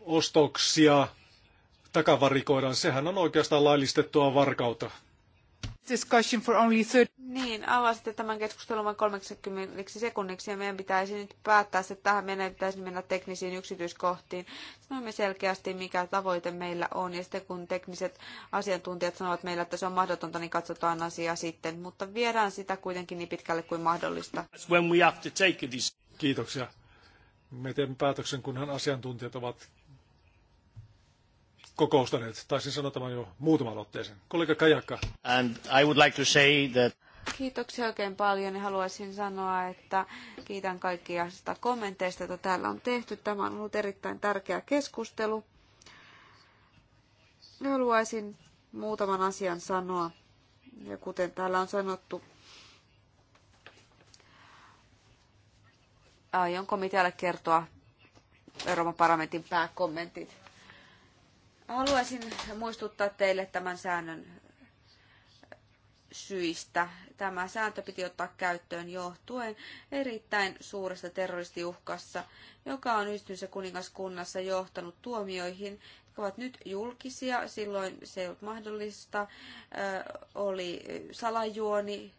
ostoksia takavarikoidaan. Sehän on oikeastaan laillistettua varkautta discussion for only 30... Niin, avasitte tämän keskustelun vain 30 sekunniksi ja meidän pitäisi nyt päättää se tähän. Meidän pitäisi mennä teknisiin yksityiskohtiin. Sanoimme selkeästi, mikä tavoite meillä on ja sitten kun tekniset asiantuntijat sanovat meillä, että se on mahdotonta, niin katsotaan asiaa sitten. Mutta viedään sitä kuitenkin niin pitkälle kuin mahdollista. Kiitoksia. Me teemme päätöksen, kunhan asiantuntijat ovat kokoustaneet. Taisin sanoa tämän jo muutaman otteeseen. Kollega Kajakka. And I would like to say that... Kiitoksia oikein paljon ja haluaisin sanoa, että kiitän kaikkia sitä kommenteista, joita täällä on tehty. Tämä on ollut erittäin tärkeä keskustelu. Haluaisin muutaman asian sanoa. Ja kuten täällä on sanottu, aion komitealle kertoa Euroopan parlamentin pääkommentit. Haluaisin muistuttaa teille tämän säännön syistä. Tämä sääntö piti ottaa käyttöön johtuen erittäin suuresta terroristiuhkassa, joka on yhdistyneessä kuningaskunnassa johtanut tuomioihin, jotka ovat nyt julkisia. Silloin se ei ollut mahdollista. oli salajuoni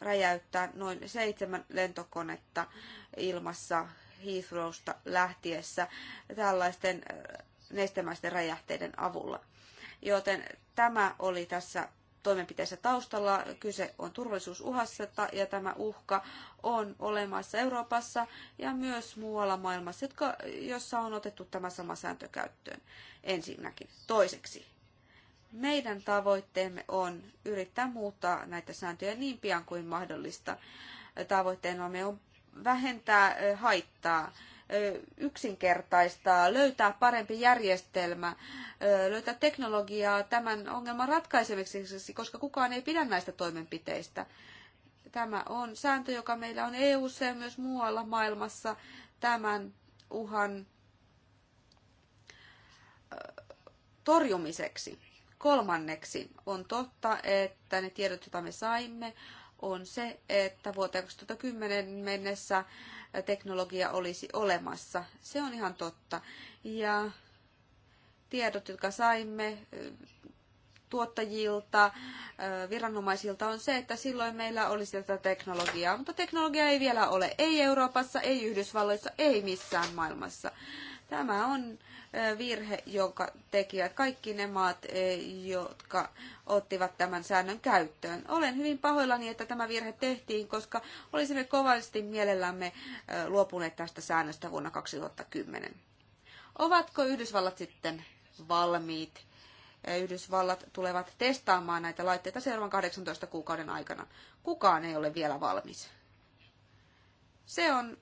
räjäyttää noin seitsemän lentokonetta ilmassa Heathrowsta lähtiessä. Tällaisten nestemäisten räjähteiden avulla. Joten tämä oli tässä toimenpiteessä taustalla. Kyse on turvallisuusuhasta ja tämä uhka on olemassa Euroopassa ja myös muualla maailmassa, jotka, jossa on otettu tämä sama sääntö käyttöön ensinnäkin. Toiseksi, meidän tavoitteemme on yrittää muuttaa näitä sääntöjä niin pian kuin mahdollista. Tavoitteenamme on vähentää haittaa yksinkertaistaa, löytää parempi järjestelmä, löytää teknologiaa tämän ongelman ratkaisemiseksi, koska kukaan ei pidä näistä toimenpiteistä. Tämä on sääntö, joka meillä on EU:ssa ja myös muualla maailmassa tämän uhan torjumiseksi. Kolmanneksi on totta, että ne tiedot, joita me saimme, on se, että vuoteen 2010 mennessä teknologia olisi olemassa. Se on ihan totta. Ja tiedot, jotka saimme tuottajilta, viranomaisilta on se, että silloin meillä olisi tätä teknologiaa, mutta teknologia ei vielä ole, ei Euroopassa, ei Yhdysvalloissa, ei missään maailmassa. Tämä on virhe, jonka tekivät kaikki ne maat, jotka ottivat tämän säännön käyttöön. Olen hyvin pahoillani, että tämä virhe tehtiin, koska olisimme kovasti mielellämme luopuneet tästä säännöstä vuonna 2010. Ovatko Yhdysvallat sitten valmiit? Yhdysvallat tulevat testaamaan näitä laitteita seuraavan 18 kuukauden aikana. Kukaan ei ole vielä valmis. Se on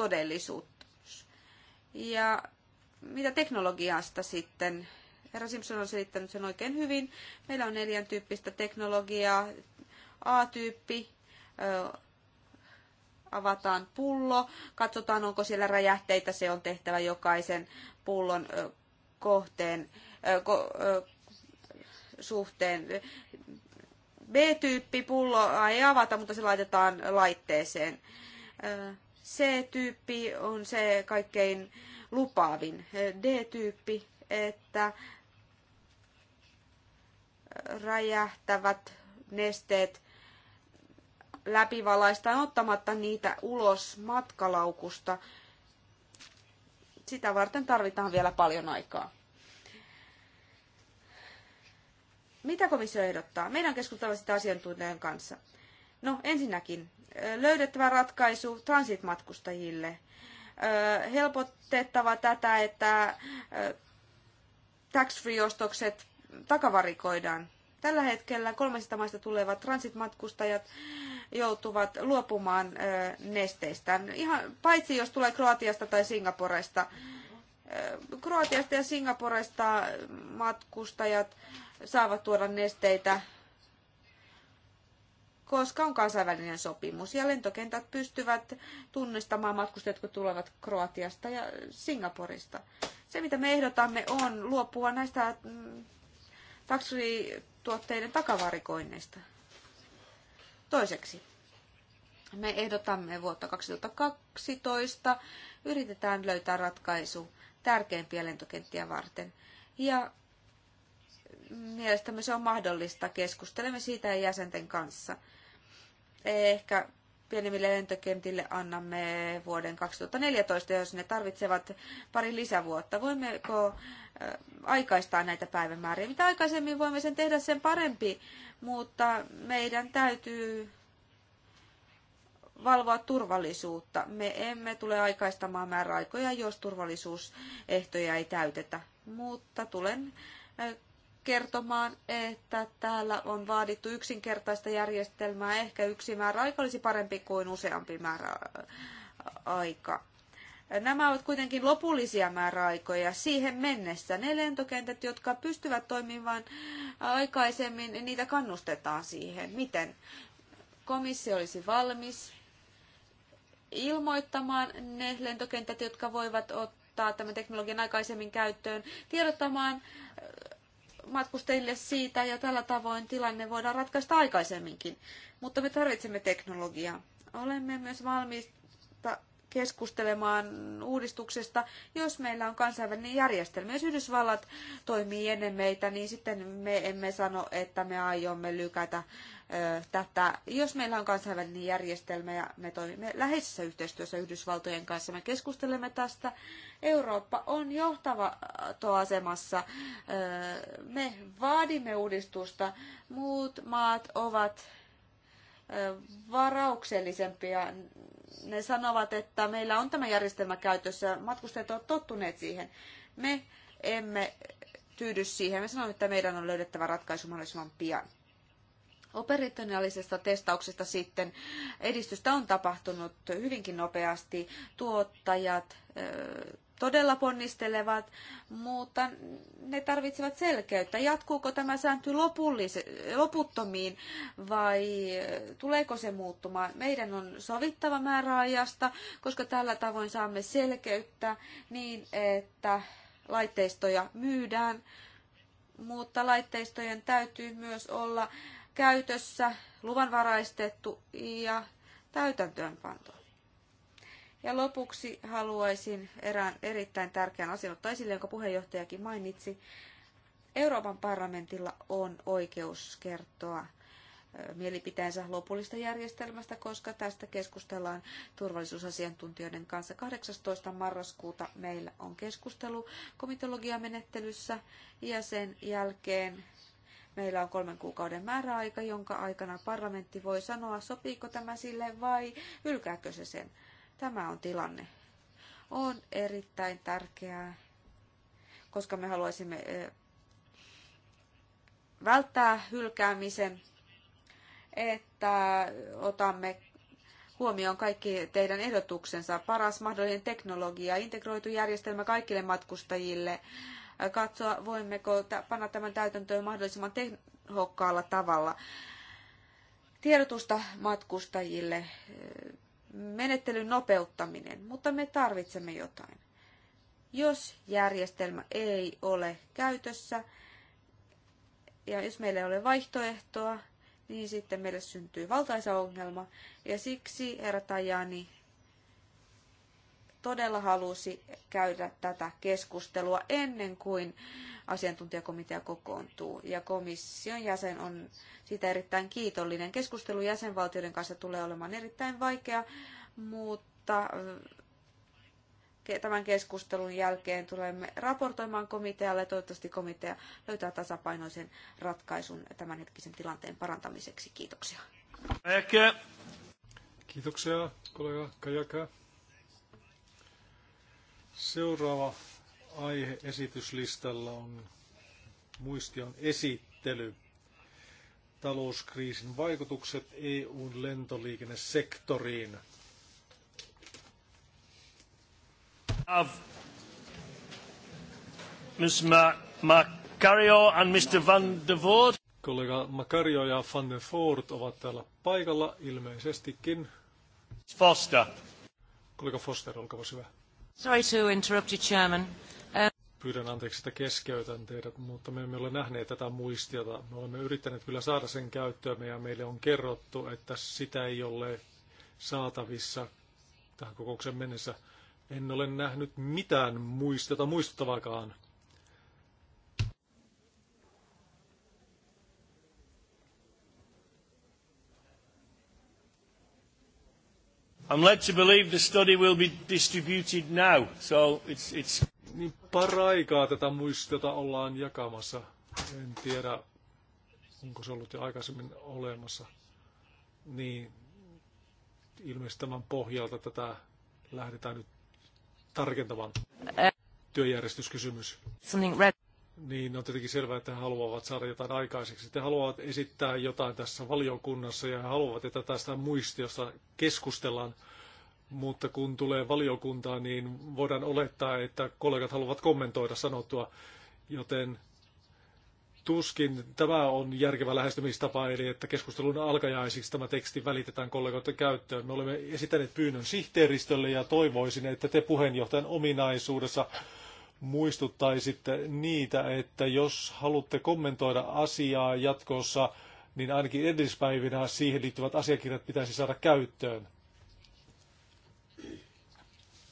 todellisuus. Ja mitä teknologiasta sitten? Herra Simpson on selittänyt sen oikein hyvin. Meillä on neljän tyyppistä teknologiaa. A-tyyppi, avataan pullo, katsotaan onko siellä räjähteitä, se on tehtävä jokaisen pullon kohteen suhteen. B-tyyppi pulloa ei avata, mutta se laitetaan laitteeseen. C-tyyppi on se kaikkein lupaavin. D-tyyppi, että räjähtävät nesteet läpivalaistaan ottamatta niitä ulos matkalaukusta. Sitä varten tarvitaan vielä paljon aikaa. Mitä komissio ehdottaa? Meidän on sitä asiantuntijan kanssa. No ensinnäkin löydettävä ratkaisu transitmatkustajille. Helpotettava tätä, että tax-free-ostokset takavarikoidaan. Tällä hetkellä kolmesta maista tulevat transitmatkustajat joutuvat luopumaan nesteistään, ihan, paitsi jos tulee Kroatiasta tai Singaporesta. Kroatiasta ja Singaporesta matkustajat saavat tuoda nesteitä koska on kansainvälinen sopimus ja lentokentät pystyvät tunnistamaan matkustajat, jotka tulevat Kroatiasta ja Singaporista. Se, mitä me ehdotamme, on luopua näistä mm, taksituotteiden takavarikoinneista. Toiseksi, me ehdotamme vuotta 2012, yritetään löytää ratkaisu tärkeimpiä lentokenttiä varten. Ja mielestämme se on mahdollista. Keskustelemme siitä jäsenten kanssa. Ehkä pienemmille lentokentille annamme vuoden 2014, jos ne tarvitsevat pari lisävuotta. Voimmeko äh, aikaistaa näitä päivämääriä? Mitä aikaisemmin voimme sen tehdä, sen parempi, mutta meidän täytyy valvoa turvallisuutta. Me emme tule aikaistamaan määräaikoja, jos turvallisuusehtoja ei täytetä, mutta tulen äh, kertomaan, että täällä on vaadittu yksinkertaista järjestelmää. Ehkä yksi määräaika olisi parempi kuin useampi määräaika. Nämä ovat kuitenkin lopullisia määräaikoja siihen mennessä. Ne lentokentät, jotka pystyvät toimimaan aikaisemmin, niitä kannustetaan siihen. Miten? Komissio olisi valmis ilmoittamaan ne lentokentät, jotka voivat ottaa tämän teknologian aikaisemmin käyttöön, tiedottamaan matkustajille siitä ja tällä tavoin tilanne voidaan ratkaista aikaisemminkin. Mutta me tarvitsemme teknologiaa. Olemme myös valmiita keskustelemaan uudistuksesta, jos meillä on kansainvälinen järjestelmä. Jos Yhdysvallat toimii ennen meitä, niin sitten me emme sano, että me aiomme lykätä tätä. Jos meillä on kansainvälinen järjestelmä ja me toimimme läheisessä yhteistyössä Yhdysvaltojen kanssa, me keskustelemme tästä. Eurooppa on johtava asemassa. Me vaadimme uudistusta. Muut maat ovat varauksellisempia. Ne sanovat, että meillä on tämä järjestelmä käytössä. Matkustajat ovat tottuneet siihen. Me emme tyydy siihen. Me sanomme, että meidän on löydettävä ratkaisu mahdollisimman pian. Operationaalisesta testauksesta sitten edistystä on tapahtunut hyvinkin nopeasti. Tuottajat todella ponnistelevat, mutta ne tarvitsevat selkeyttä. Jatkuuko tämä sääntö loputtomiin vai tuleeko se muuttumaan? Meidän on sovittava määräajasta, koska tällä tavoin saamme selkeyttä niin, että laitteistoja myydään, mutta laitteistojen täytyy myös olla käytössä, luvanvaraistettu ja täytäntöönpanto. Ja lopuksi haluaisin erään erittäin tärkeän asian ottaa esille, jonka puheenjohtajakin mainitsi. Euroopan parlamentilla on oikeus kertoa mielipiteensä lopullista järjestelmästä, koska tästä keskustellaan turvallisuusasiantuntijoiden kanssa. 18. marraskuuta meillä on keskustelu komitologiamenettelyssä ja sen jälkeen Meillä on kolmen kuukauden määräaika, jonka aikana parlamentti voi sanoa, sopiiko tämä sille vai hylkääkö se sen. Tämä on tilanne. On erittäin tärkeää, koska me haluaisimme välttää hylkäämisen, että otamme huomioon kaikki teidän ehdotuksensa. Paras mahdollinen teknologia, integroitu järjestelmä kaikille matkustajille, katsoa, voimmeko panna tämän täytäntöön mahdollisimman tehokkaalla tavalla. Tiedotusta matkustajille, eh, menettelyn nopeuttaminen, mutta me tarvitsemme jotain. Jos järjestelmä ei ole käytössä ja jos meillä ei ole vaihtoehtoa, niin sitten meille syntyy valtaisa ongelma. Ja siksi, herra Tajani, todella halusi käydä tätä keskustelua ennen kuin asiantuntijakomitea kokoontuu. Ja komission jäsen on siitä erittäin kiitollinen. Keskustelu jäsenvaltioiden kanssa tulee olemaan erittäin vaikea, mutta eh, tämän keskustelun jälkeen tulemme raportoimaan komitealle. Toivottavasti komitea löytää tasapainoisen ratkaisun tämänhetkisen tilanteen parantamiseksi. Kiitoksia. Kiitoksia, kollega Kajaka. Seuraava aihe esityslistalla on muistion esittely. Talouskriisin vaikutukset EUn lentoliikennesektoriin. Of Ms. Macario and Mr. Van de Voort. Kollega Macario ja Van de Voort ovat täällä paikalla ilmeisestikin. Foster. Kollega Foster, olkaa hyvä. Sorry to interrupt you, Chairman. Uh, Pyydän anteeksi, että keskeytän teidät, mutta me emme ole nähneet tätä muistiota. Me olemme yrittäneet kyllä saada sen käyttöömme ja meille on kerrottu, että sitä ei ole saatavissa tähän kokoukseen mennessä. En ole nähnyt mitään muistiota muistuttavaakaan. I'm led to believe the study will be distributed now, so it's... it's... Niin paraikaa tätä muistiota ollaan jakamassa. En tiedä, onko se ollut jo aikaisemmin olemassa. Niin ilmeisesti tämän pohjalta tätä lähdetään nyt tarkentamaan. Työjärjestyskysymys. Something red niin on tietenkin selvää, että he haluavat saada jotain aikaiseksi. He haluavat esittää jotain tässä valiokunnassa ja he haluavat, että tästä muistiosta keskustellaan. Mutta kun tulee valiokuntaan, niin voidaan olettaa, että kollegat haluavat kommentoida sanottua, joten tuskin tämä on järkevä lähestymistapa, eli että keskustelun alkajaisiksi tämä teksti välitetään kollegoiden käyttöön. Me olemme esittäneet pyynnön sihteeristölle ja toivoisin, että te puheenjohtajan ominaisuudessa muistuttaisitte niitä, että jos haluatte kommentoida asiaa jatkossa, niin ainakin edellispäivinä siihen liittyvät asiakirjat pitäisi saada käyttöön,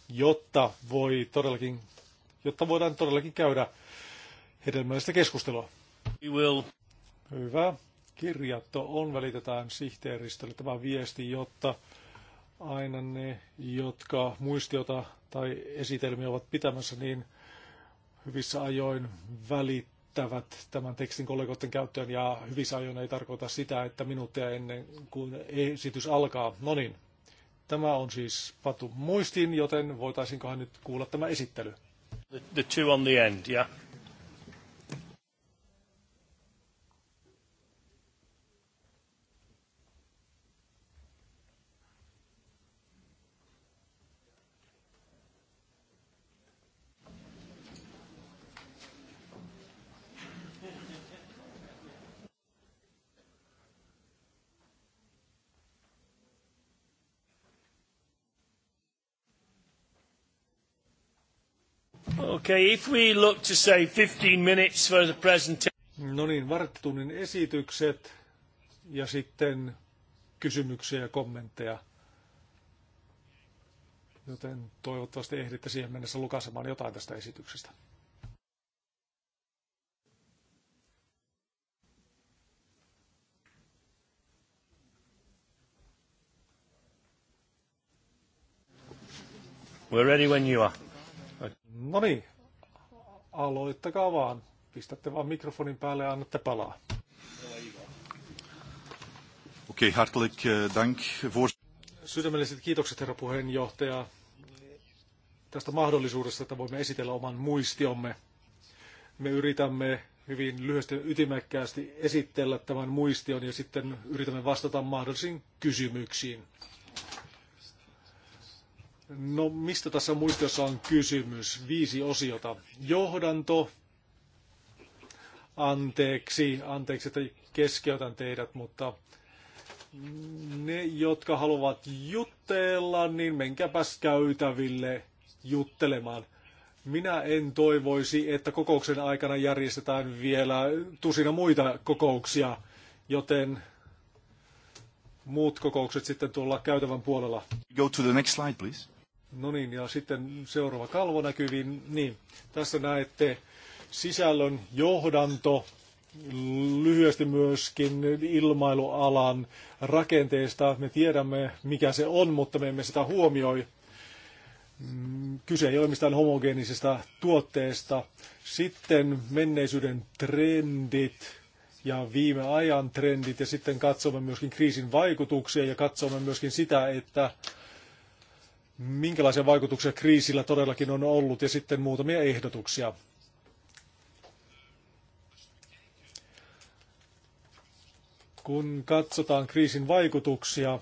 jotta, voi todellakin, jotta voidaan todellakin käydä hedelmällistä keskustelua. We will. Hyvä. Kirjatto on, välitetään sihteeristölle tämä viesti, jotta aina ne, jotka muistiota tai esitelmiä ovat pitämässä, niin – hyvissä ajoin välittävät tämän tekstin kollegoiden käyttöön ja hyvissä ajoin ei tarkoita sitä, että minuuttia ennen kuin esitys alkaa. No niin, tämä on siis patu muistiin, joten voitaisinkohan nyt kuulla tämä esittely. The, the two on the end, yeah. Okay, if we look to say 15 minutes for the presentation. No niin, varttitunnin esitykset ja sitten kysymyksiä ja kommentteja. Joten toivottavasti ehditte siihen mennessä lukasemaan jotain tästä esityksestä. We're ready when you are. No niin, Aloittakaa vaan. Pistätte vaan mikrofonin päälle ja annatte palaa. Okei, okay, hartelijk eh, dank. Voor... Sydämelliset kiitokset, herra puheenjohtaja, tästä mahdollisuudesta, että voimme esitellä oman muistiomme. Me yritämme hyvin lyhyesti ja ytimekkäästi esitellä tämän muistion ja sitten yritämme vastata mahdollisiin kysymyksiin. No mistä tässä muistiossa on kysymys? Viisi osiota. Johdanto. Anteeksi, anteeksi, että keskeytän teidät, mutta ne, jotka haluavat jutella, niin menkääpäs käytäville juttelemaan. Minä en toivoisi, että kokouksen aikana järjestetään vielä tusina muita kokouksia, joten muut kokoukset sitten tuolla käytävän puolella. Go to the next slide, please. No niin, ja sitten seuraava kalvo näkyviin. Niin, tässä näette sisällön johdanto, lyhyesti myöskin ilmailualan rakenteesta. Me tiedämme, mikä se on, mutta me emme sitä huomioi. Kyse ei ole mistään homogeenisesta tuotteesta. Sitten menneisyyden trendit ja viime ajan trendit ja sitten katsomme myöskin kriisin vaikutuksia ja katsomme myöskin sitä, että minkälaisia vaikutuksia kriisillä todellakin on ollut ja sitten muutamia ehdotuksia. Kun katsotaan kriisin vaikutuksia,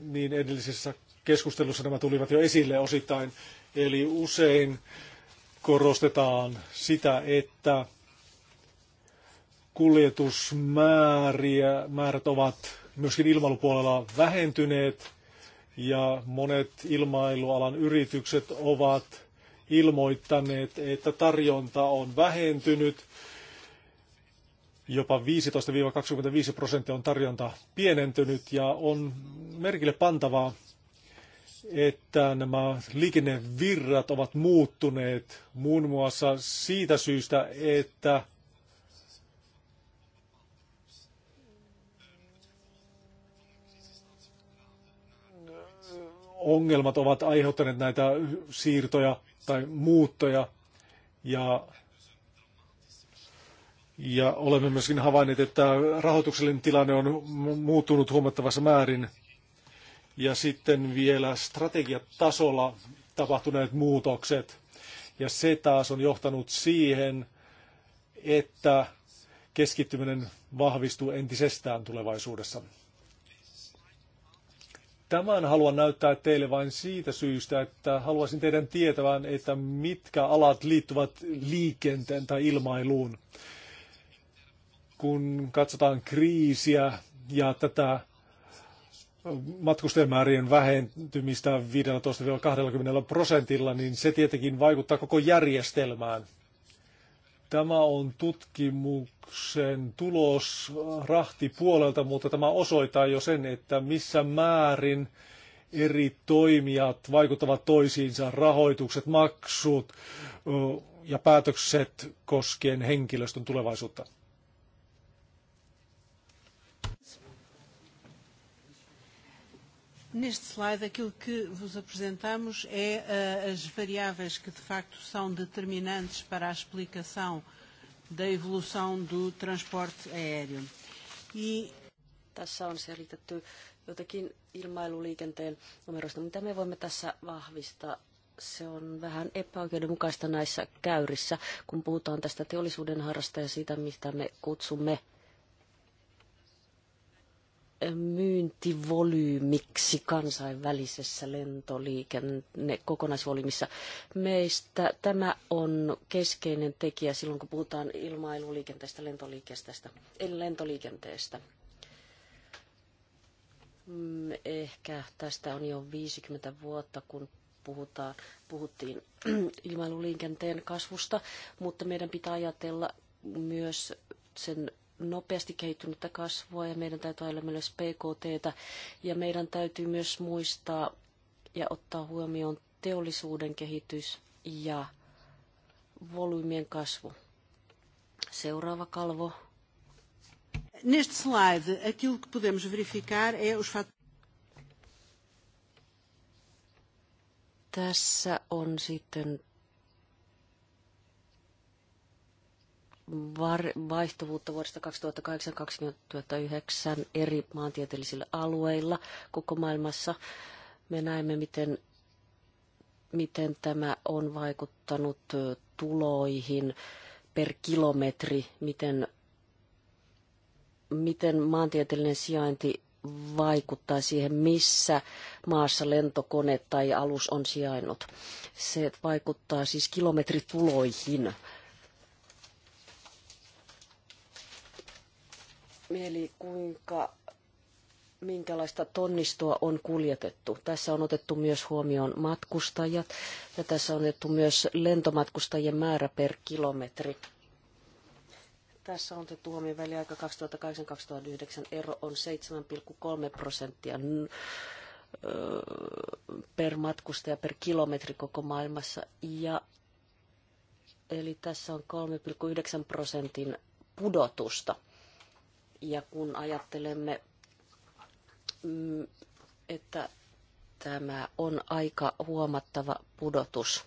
niin edellisessä keskustelussa nämä tulivat jo esille osittain. Eli usein korostetaan sitä, että kuljetusmäärät ovat myöskin ilmailupuolella vähentyneet ja monet ilmailualan yritykset ovat ilmoittaneet, että tarjonta on vähentynyt. Jopa 15-25 prosenttia on tarjonta pienentynyt ja on merkille pantavaa, että nämä liikennevirrat ovat muuttuneet muun muassa siitä syystä, että ongelmat ovat aiheuttaneet näitä siirtoja tai muuttoja ja, ja olemme myöskin havainneet, että rahoituksellinen tilanne on muuttunut huomattavassa määrin ja sitten vielä strategiatasolla tapahtuneet muutokset. Ja se taas on johtanut siihen, että keskittyminen vahvistuu entisestään tulevaisuudessa. Tämän haluan näyttää teille vain siitä syystä, että haluaisin teidän tietävän, että mitkä alat liittyvät liikenteen tai ilmailuun. Kun katsotaan kriisiä ja tätä matkustajamäärien vähentymistä 15-20 prosentilla, niin se tietenkin vaikuttaa koko järjestelmään – Tämä on tutkimuksen tulos rahtipuolelta, mutta tämä osoittaa jo sen, että missä määrin eri toimijat vaikuttavat toisiinsa, rahoitukset, maksut ja päätökset koskien henkilöstön tulevaisuutta. Neste slide, aquilo que vos apresentamos é uh, as variáveis que, de facto, são determinantes para a explicação da evolução do transporte aéreo. E... Tässä on selitetty jotakin ilmailuliikenteen numeroista. mitä me voimme tässä vahvistaa. Se on vähän epäoikeudenmukaista näissä käyrissä, kun puhutaan tästä teollisuuden harrasta ja siitä, mitä me kutsumme myyntivolyymiksi kansainvälisessä lentoliikenne kokonaisvolyymissa. Meistä tämä on keskeinen tekijä silloin, kun puhutaan ilmailuliikenteestä, lentoliikenteestä, eli lentoliikenteestä. Mm, ehkä tästä on jo 50 vuotta, kun puhutaan, puhuttiin [CLEARS THROAT] ilmailuliikenteen kasvusta, mutta meidän pitää ajatella myös sen nopeasti kehittynyttä kasvua ja meidän täytyy ajatella myös tä ja meidän täytyy myös muistaa ja ottaa huomioon teollisuuden kehitys ja volyymien kasvu. Seuraava kalvo. Neste slide, aquilo que podemos verificar é os fatores. Tässä on sitten vaihtuvuutta vuodesta 2008-2009 eri maantieteellisillä alueilla koko maailmassa. Me näemme, miten, miten tämä on vaikuttanut tuloihin per kilometri, miten, miten maantieteellinen sijainti vaikuttaa siihen, missä maassa lentokone tai alus on sijainnut. Se vaikuttaa siis kilometrituloihin Eli kuinka, minkälaista tonnistoa on kuljetettu. Tässä on otettu myös huomioon matkustajat ja tässä on otettu myös lentomatkustajien määrä per kilometri. Tässä on otettu huomioon väliaika 2008-2009. Ero on 7,3 prosenttia per matkustaja per kilometri koko maailmassa. Ja, eli tässä on 3,9 prosentin pudotusta – ja kun ajattelemme, mm, että tämä on aika huomattava pudotus.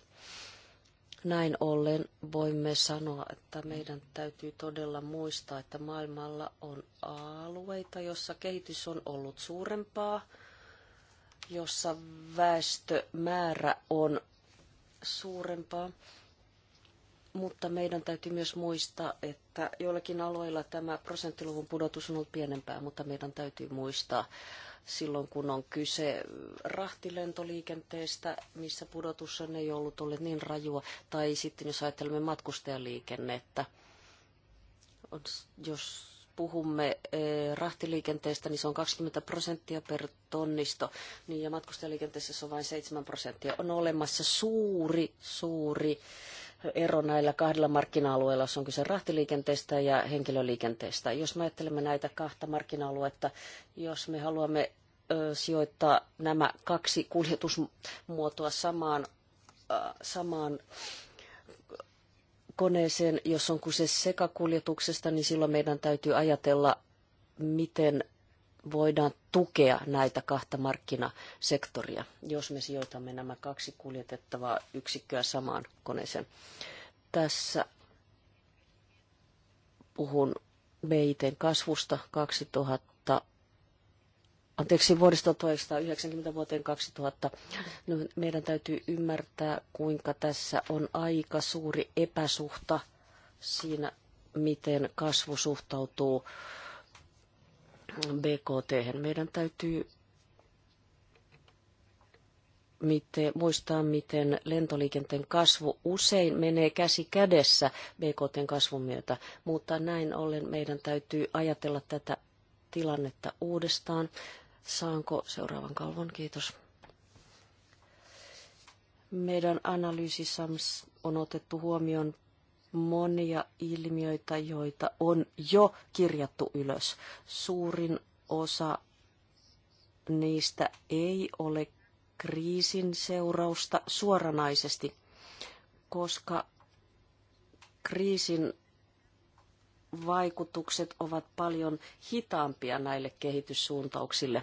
Näin ollen voimme sanoa, että meidän täytyy todella muistaa, että maailmalla on alueita, jossa kehitys on ollut suurempaa, jossa väestömäärä on suurempaa mutta meidän täytyy myös muistaa, että joillakin aloilla tämä prosenttiluvun pudotus on ollut pienempää, mutta meidän täytyy muistaa silloin, kun on kyse rahtilentoliikenteestä, missä pudotus on ei ollut ollut niin rajua, tai sitten jos ajattelemme matkustajaliikennettä, jos puhumme eh, rahtiliikenteestä, niin se on 20 prosenttia per tonnisto, niin ja matkustajaliikenteessä se on vain 7 prosenttia. On olemassa suuri, suuri ero näillä kahdella markkina-alueella, jos on kyse rahtiliikenteestä ja henkilöliikenteestä. Jos me ajattelemme näitä kahta markkina-aluetta, jos me haluamme sijoittaa nämä kaksi kuljetusmuotoa samaan, samaan koneeseen, jos on kyse sekakuljetuksesta, niin silloin meidän täytyy ajatella, miten voidaan tukea näitä kahta markkinasektoria, jos me sijoitamme nämä kaksi kuljetettavaa yksikköä samaan koneeseen. Tässä puhun meiten kasvusta 2000, anteeksi, vuodesta 1990 vuoteen 2000. No, meidän täytyy ymmärtää, kuinka tässä on aika suuri epäsuhta siinä, miten kasvu suhtautuu BKT. Meidän täytyy miten, muistaa, miten lentoliikenteen kasvu usein menee käsi kädessä BKTn kasvun myötä, mutta näin ollen meidän täytyy ajatella tätä tilannetta uudestaan. Saanko seuraavan kalvon? Kiitos. Meidän analyysissä on otettu huomioon monia ilmiöitä, joita on jo kirjattu ylös. Suurin osa niistä ei ole kriisin seurausta suoranaisesti, koska kriisin vaikutukset ovat paljon hitaampia näille kehityssuuntauksille.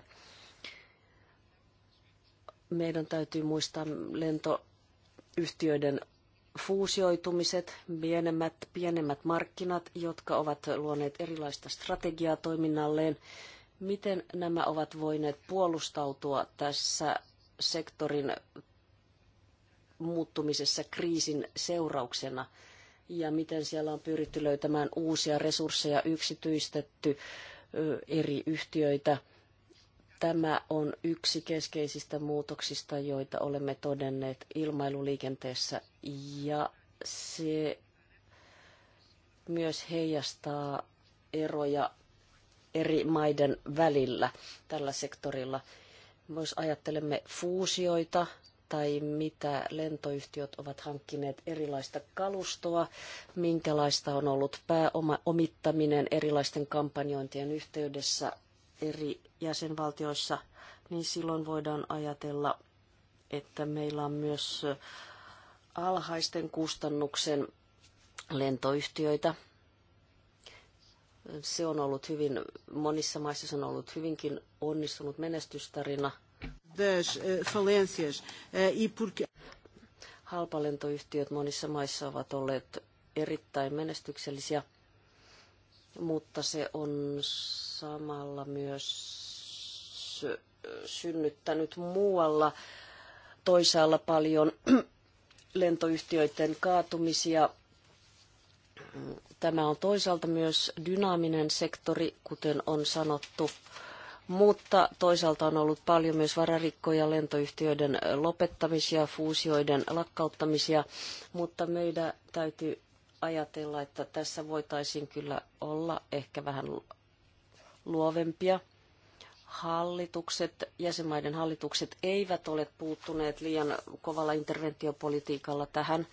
Meidän täytyy muistaa lentoyhtiöiden fuusioitumiset, pienemmät, pienemmät markkinat, jotka ovat luoneet erilaista strategiaa toiminnalleen. Miten nämä ovat voineet puolustautua tässä sektorin muuttumisessa kriisin seurauksena? Ja miten siellä on pyritty löytämään uusia resursseja, yksityistetty eri yhtiöitä – Tämä on yksi keskeisistä muutoksista, joita olemme todenneet ilmailuliikenteessä ja se myös heijastaa eroja eri maiden välillä tällä sektorilla. Jos ajattelemme fuusioita tai mitä lentoyhtiöt ovat hankkineet erilaista kalustoa, minkälaista on ollut pääomittaminen erilaisten kampanjointien yhteydessä eri jäsenvaltioissa, niin silloin voidaan ajatella, että meillä on myös alhaisten kustannuksen lentoyhtiöitä. Se on ollut hyvin, monissa maissa se on ollut hyvinkin onnistunut menestystarina. Eh, eh, e Halpalentoyhtiöt monissa maissa ovat olleet erittäin menestyksellisiä – mutta se on samalla myös synnyttänyt muualla toisaalla paljon [CLEARS THROAT] lentoyhtiöiden kaatumisia. Tämä on toisaalta myös dynaaminen sektori, kuten on sanottu, mutta toisaalta on ollut paljon myös vararikkoja lentoyhtiöiden lopettamisia, fuusioiden lakkauttamisia, mutta meidän täytyy ajatella, että tässä voitaisiin kyllä olla ehkä vähän luovempia. Hallitukset, jäsenmaiden hallitukset eivät ole puuttuneet liian kovalla interventiopolitiikalla tähän.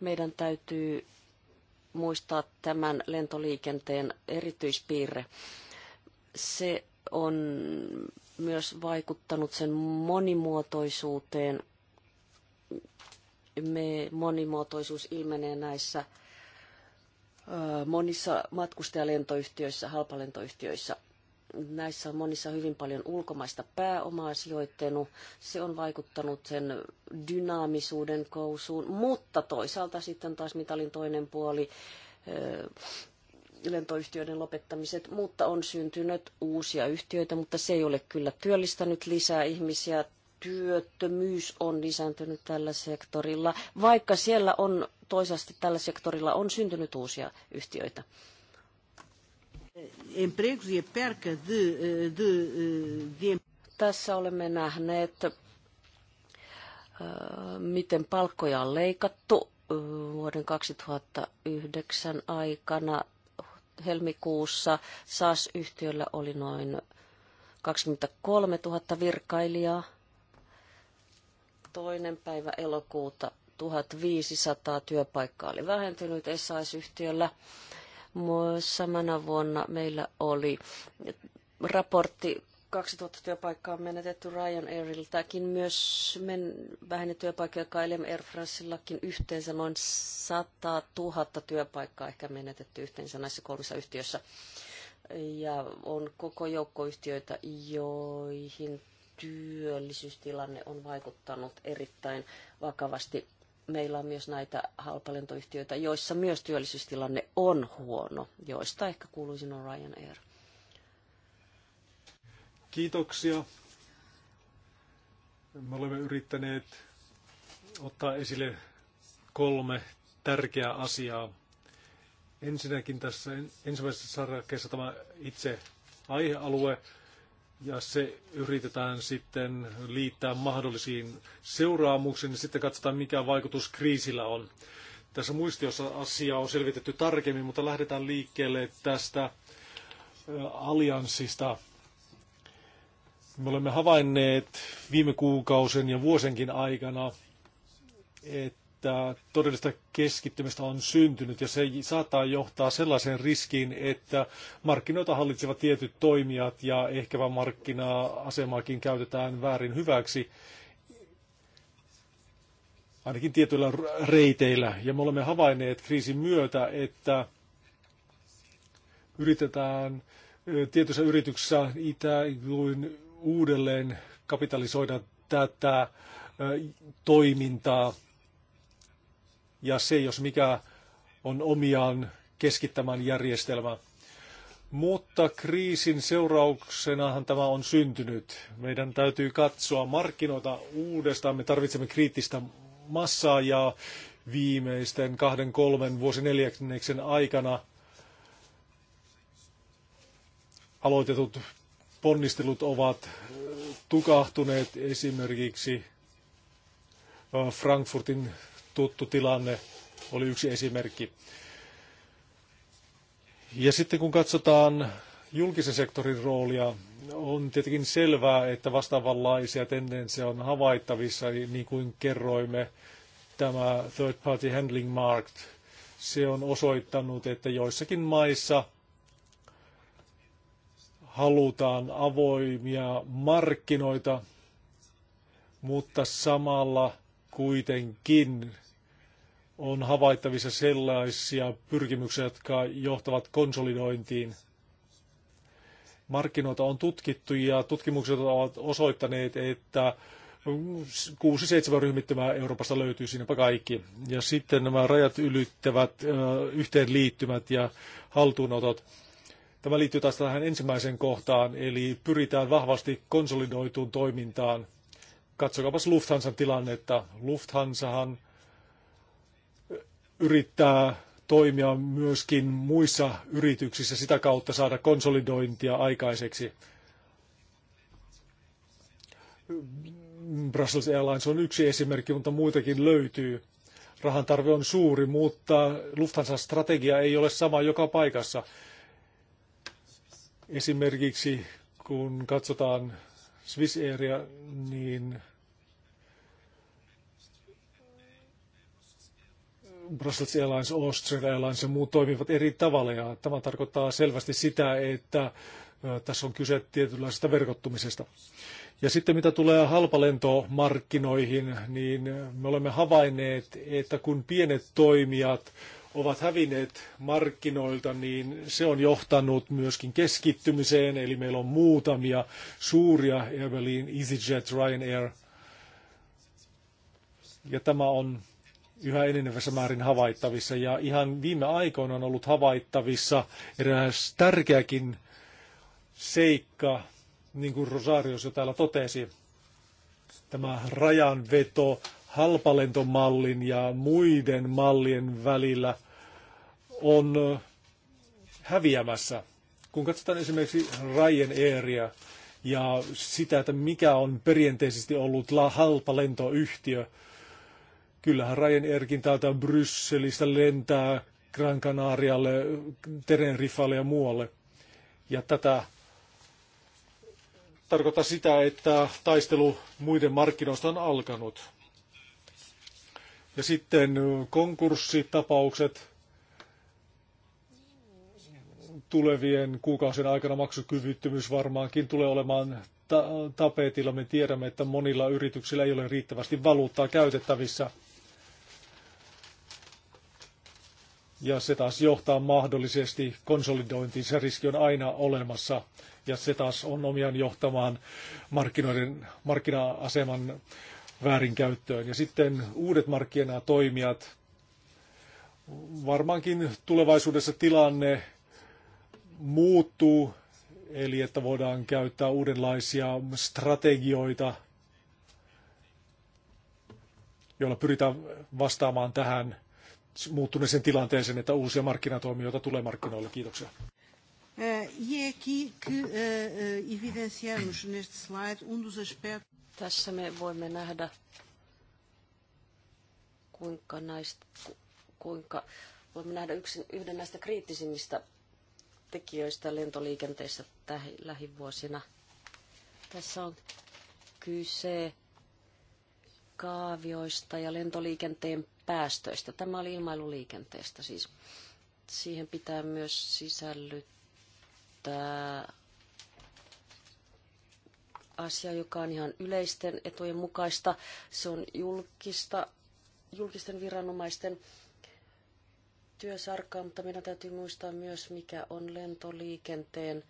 Meidän täytyy muistaa tämän lentoliikenteen erityispiirre. Se on myös vaikuttanut sen monimuotoisuuteen. Me monimuotoisuus ilmenee näissä monissa matkustajalentoyhtiöissä, halpalentoyhtiöissä. Näissä on monissa hyvin paljon ulkomaista pääomaa sijoittanut. Se on vaikuttanut sen dynaamisuuden kousuun, mutta toisaalta sitten taas mitalin toinen puoli, lentoyhtiöiden lopettamiset, mutta on syntynyt uusia yhtiöitä, mutta se ei ole kyllä työllistänyt lisää ihmisiä. Työttömyys on lisääntynyt tällä sektorilla, vaikka siellä on Toisaalta tällä sektorilla on syntynyt uusia yhtiöitä. E Tässä olemme nähneet, miten palkkoja on leikattu vuoden 2009 aikana. Helmikuussa SAS-yhtiöllä oli noin 23 000 virkailijaa. Toinen päivä elokuuta 1500 työpaikkaa oli vähentynyt SAIS-yhtiöllä. Samana vuonna meillä oli raportti 2000 työpaikkaa on menetetty Ryan Airiltäkin myös men, vähennetty työpaikkoja KLM Air Francellakin yhteensä noin 100 000 työpaikkaa ehkä menetetty yhteensä näissä kolmessa yhtiössä. Ja on koko joukko yhtiöitä, joihin työllisyystilanne on vaikuttanut erittäin vakavasti meillä on myös näitä halpalentoyhtiöitä, joissa myös työllisyystilanne on huono, joista ehkä kuuluisin on Ryanair. Kiitoksia. Me olemme yrittäneet ottaa esille kolme tärkeää asiaa. Ensinnäkin tässä ensimmäisessä sarjakkeessa tämä itse aihealue, ja se yritetään sitten liittää mahdollisiin seuraamuksiin ja niin sitten katsotaan, mikä vaikutus kriisillä on. Tässä muistiossa asiaa on selvitetty tarkemmin, mutta lähdetään liikkeelle tästä allianssista. Me olemme havainneet viime kuukausen ja vuosenkin aikana, että että todellista keskittymistä on syntynyt ja se saattaa johtaa sellaiseen riskiin, että markkinoita hallitsevat tietyt toimijat ja ehkäpä markkina-asemaakin käytetään väärin hyväksi ainakin tietyillä reiteillä. Ja me olemme havainneet kriisin myötä, että yritetään tietyissä yrityksissä ikään kuin uudelleen kapitalisoida tätä toimintaa ja se, jos mikä on omiaan keskittämään järjestelmää. Mutta kriisin seurauksenahan tämä on syntynyt. Meidän täytyy katsoa markkinoita uudestaan. Me tarvitsemme kriittistä massaa ja viimeisten kahden, kolmen, vuosineljänneksen aikana aloitetut ponnistelut ovat tukahtuneet esimerkiksi Frankfurtin tuttu tilanne oli yksi esimerkki. Ja sitten kun katsotaan julkisen sektorin roolia, on tietenkin selvää, että vastaavanlaisia tendenssejä on havaittavissa, niin kuin kerroimme, tämä third party handling market, se on osoittanut, että joissakin maissa halutaan avoimia markkinoita, mutta samalla kuitenkin on havaittavissa sellaisia pyrkimyksiä, jotka johtavat konsolidointiin. Markkinoita on tutkittu ja tutkimukset ovat osoittaneet, että kuusi, seitsemän ryhmittymää Euroopasta löytyy siinäpä kaikki. Ja sitten nämä rajat ylittävät yhteenliittymät ja haltuunotot. Tämä liittyy taas tähän ensimmäiseen kohtaan, eli pyritään vahvasti konsolidoituun toimintaan – Katsokaapas Lufthansan tilannetta. Lufthansahan yrittää toimia myöskin muissa yrityksissä sitä kautta saada konsolidointia aikaiseksi. Brussels Airlines on yksi esimerkki, mutta muitakin löytyy. Rahan tarve on suuri, mutta Lufthansa-strategia ei ole sama joka paikassa. Esimerkiksi kun katsotaan Swiss Airia, niin Brussels Airlines, Austrian Airlines ja muut toimivat eri tavalla. Ja tämä tarkoittaa selvästi sitä, että tässä on kyse tietynlaisesta verkottumisesta. Ja sitten mitä tulee halpalentomarkkinoihin, niin me olemme havainneet, että kun pienet toimijat ovat hävinneet markkinoilta, niin se on johtanut myöskin keskittymiseen. Eli meillä on muutamia suuria Air Berlin, EasyJet, Ryanair. Ja tämä on yhä enenevässä määrin havaittavissa. Ja ihan viime aikoina on ollut havaittavissa eräs tärkeäkin seikka, niin kuin Rosarios jo täällä totesi, tämä rajanveto halpalentomallin ja muiden mallien välillä on häviämässä. Kun katsotaan esimerkiksi Ryanairia ja sitä, että mikä on perinteisesti ollut halpa lentoyhtiö, Kyllähän Erkin täältä Brysselistä lentää Gran Canarialle, Teneriffalle ja muualle. Ja tätä tarkoittaa sitä, että taistelu muiden markkinoista on alkanut. Ja sitten konkurssitapaukset tulevien kuukausien aikana maksukyvyttömyys varmaankin tulee olemaan ta- tapetilla. Me tiedämme, että monilla yrityksillä ei ole riittävästi valuuttaa käytettävissä – Ja se taas johtaa mahdollisesti konsolidointiin. Se riski on aina olemassa. Ja se taas on omiaan johtamaan markkinoiden, markkina-aseman väärinkäyttöön. Ja sitten uudet markkinatoimijat. Varmaankin tulevaisuudessa tilanne muuttuu, eli että voidaan käyttää uudenlaisia strategioita, joilla pyritään vastaamaan tähän muuttuneeseen tilanteeseen, että uusia markkinatoimijoita tulee markkinoille. Kiitoksia. Eh, e eh, eh, um Tässä me voimme nähdä, kuinka, näistä, kuinka voimme nähdä yksin, yhden näistä kriittisimmistä tekijöistä lentoliikenteessä täh, lähivuosina. Tässä on kyse kaavioista ja lentoliikenteen päästöistä. Tämä oli ilmailuliikenteestä siis. Siihen pitää myös sisällyttää asia, joka on ihan yleisten etujen mukaista. Se on julkista, julkisten viranomaisten työsarkaa, mutta meidän täytyy muistaa myös, mikä on lentoliikenteen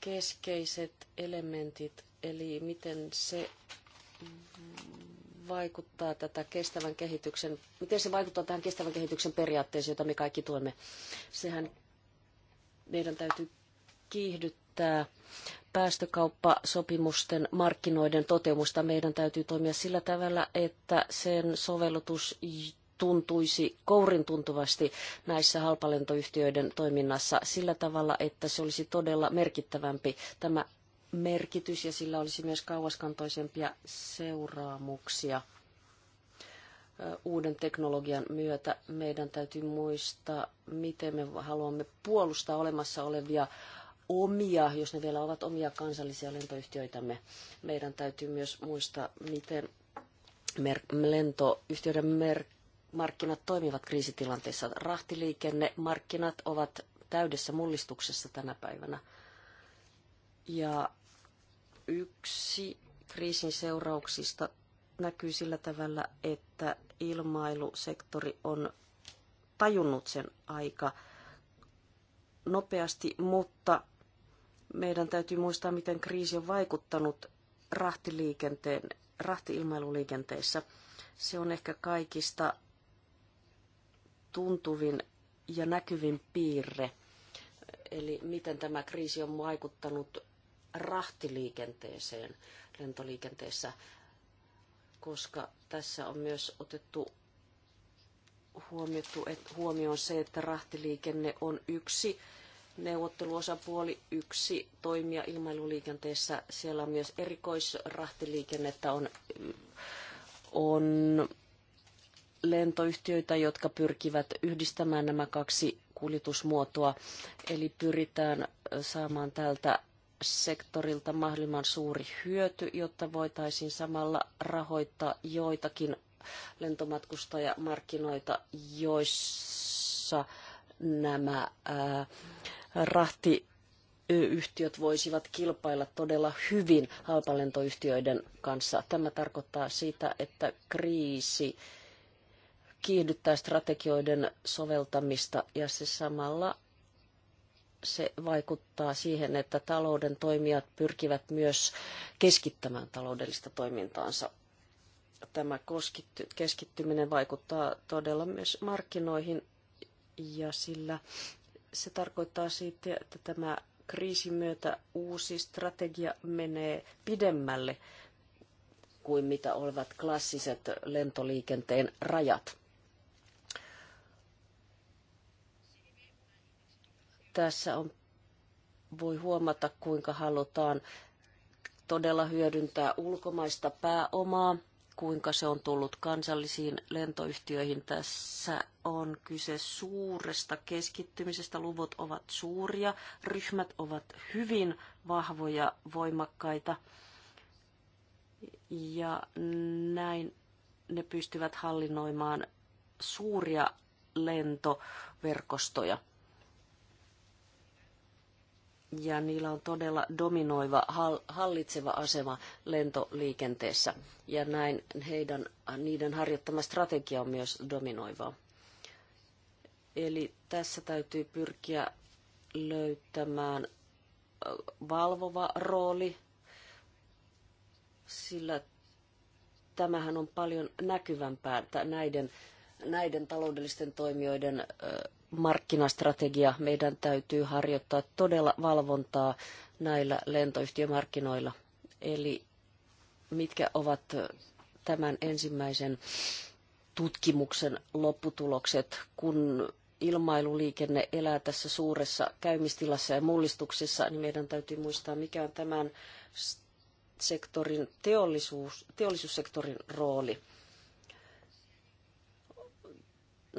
keskeiset elementit, eli miten se vaikuttaa tätä kestävän kehityksen, miten se vaikuttaa tähän kestävän kehityksen periaatteeseen, jota me kaikki tuemme. Sehän meidän täytyy kiihdyttää päästökauppasopimusten markkinoiden toteumusta Meidän täytyy toimia sillä tavalla, että sen sovellutus tuntuisi kourin tuntuvasti näissä halpalentoyhtiöiden toiminnassa sillä tavalla, että se olisi todella merkittävämpi. Tämä merkitys ja sillä olisi myös kauaskantoisempia seuraamuksia. Uuden teknologian myötä meidän täytyy muistaa, miten me haluamme puolustaa olemassa olevia omia, jos ne vielä ovat omia kansallisia lentoyhtiöitämme. Meidän täytyy myös muistaa, miten mer- lentoyhtiöiden mer- markkinat toimivat kriisitilanteissa. Rahtiliikennemarkkinat ovat täydessä mullistuksessa tänä päivänä. Ja Yksi kriisin seurauksista näkyy sillä tavalla, että ilmailusektori on tajunnut sen aika nopeasti, mutta meidän täytyy muistaa, miten kriisi on vaikuttanut rahtiliikenteen, rahtiilmailuliikenteessä. Se on ehkä kaikista tuntuvin ja näkyvin piirre. Eli miten tämä kriisi on vaikuttanut rahtiliikenteeseen lentoliikenteessä, koska tässä on myös otettu huomioitu, että huomioon se, että rahtiliikenne on yksi neuvotteluosapuoli, yksi toimija ilmailuliikenteessä. Siellä on myös erikoisrahtiliikennettä, on, on lentoyhtiöitä, jotka pyrkivät yhdistämään nämä kaksi kuljetusmuotoa. Eli pyritään saamaan tältä sektorilta mahdollisimman suuri hyöty, jotta voitaisiin samalla rahoittaa joitakin lentomatkustajamarkkinoita, joissa nämä ää, yhtiöt voisivat kilpailla todella hyvin halpalentoyhtiöiden kanssa. Tämä tarkoittaa sitä, että kriisi kiihdyttää strategioiden soveltamista ja se samalla se vaikuttaa siihen, että talouden toimijat pyrkivät myös keskittämään taloudellista toimintaansa. Tämä keskittyminen vaikuttaa todella myös markkinoihin ja sillä se tarkoittaa siitä, että tämä kriisin myötä uusi strategia menee pidemmälle kuin mitä olivat klassiset lentoliikenteen rajat. Tässä on, voi huomata, kuinka halutaan todella hyödyntää ulkomaista pääomaa, kuinka se on tullut kansallisiin lentoyhtiöihin. Tässä on kyse suuresta keskittymisestä. Luvut ovat suuria, ryhmät ovat hyvin vahvoja, voimakkaita ja näin ne pystyvät hallinnoimaan suuria lentoverkostoja ja niillä on todella dominoiva, hallitseva asema lentoliikenteessä. Ja näin heidän, niiden harjoittama strategia on myös dominoivaa. Eli tässä täytyy pyrkiä löytämään valvova rooli, sillä tämähän on paljon näkyvämpää näiden, näiden taloudellisten toimijoiden markkinastrategia. Meidän täytyy harjoittaa todella valvontaa näillä lentoyhtiömarkkinoilla. Eli mitkä ovat tämän ensimmäisen tutkimuksen lopputulokset, kun ilmailuliikenne elää tässä suuressa käymistilassa ja mullistuksessa, niin meidän täytyy muistaa, mikä on tämän sektorin teollisuus, teollisuussektorin rooli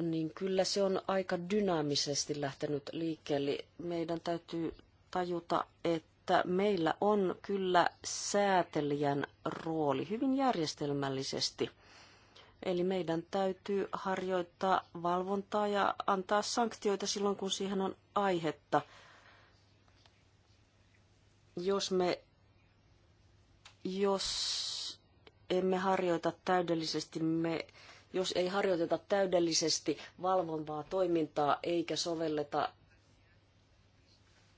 niin kyllä se on aika dynaamisesti lähtenyt liikkeelle. Meidän täytyy tajuta, että meillä on kyllä säätelijän rooli hyvin järjestelmällisesti. Eli meidän täytyy harjoittaa valvontaa ja antaa sanktioita silloin, kun siihen on aihetta. Jos me jos emme harjoita täydellisesti, me jos ei harjoiteta täydellisesti valvontaa toimintaa eikä sovelleta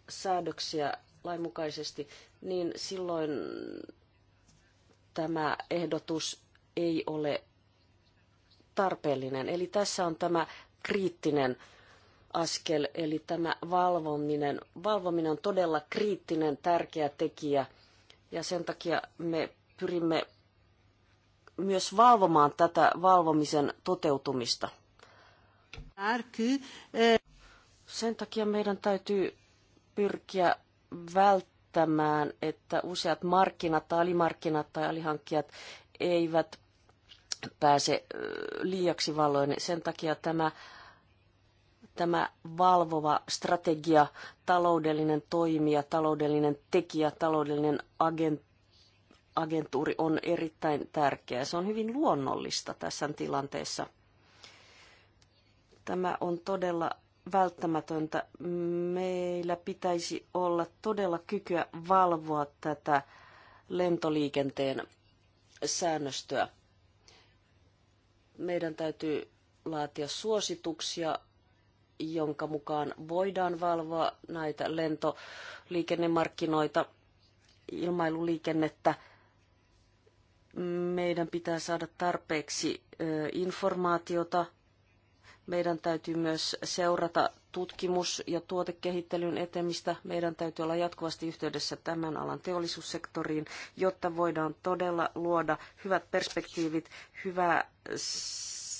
säädöksiä lainmukaisesti, niin silloin tämä ehdotus ei ole tarpeellinen. Eli tässä on tämä kriittinen askel, eli tämä valvominen. Valvominen on todella kriittinen, tärkeä tekijä, ja sen takia me pyrimme myös valvomaan tätä valvomisen toteutumista. Eh, Sen takia meidän täytyy pyrkiä välttämään, että useat markkinat tai alimarkkinat tai alihankkijat eivät pääse eh, liiaksi valloin. Sen takia tämä, tämä valvova strategia, taloudellinen toimija, taloudellinen tekijä, taloudellinen agent, agentuuri on erittäin tärkeä. Se on hyvin luonnollista tässä tilanteessa. Tämä on todella välttämätöntä. Meillä pitäisi olla todella kykyä valvoa tätä lentoliikenteen säännöstöä. Meidän täytyy laatia suosituksia, jonka mukaan voidaan valvoa näitä lentoliikennemarkkinoita, ilmailuliikennettä – meidän pitää saada tarpeeksi informaatiota. Meidän täytyy myös seurata tutkimus- ja tuotekehittelyn etemistä. Meidän täytyy olla jatkuvasti yhteydessä tämän alan teollisuussektoriin, jotta voidaan todella luoda hyvät perspektiivit, hyvää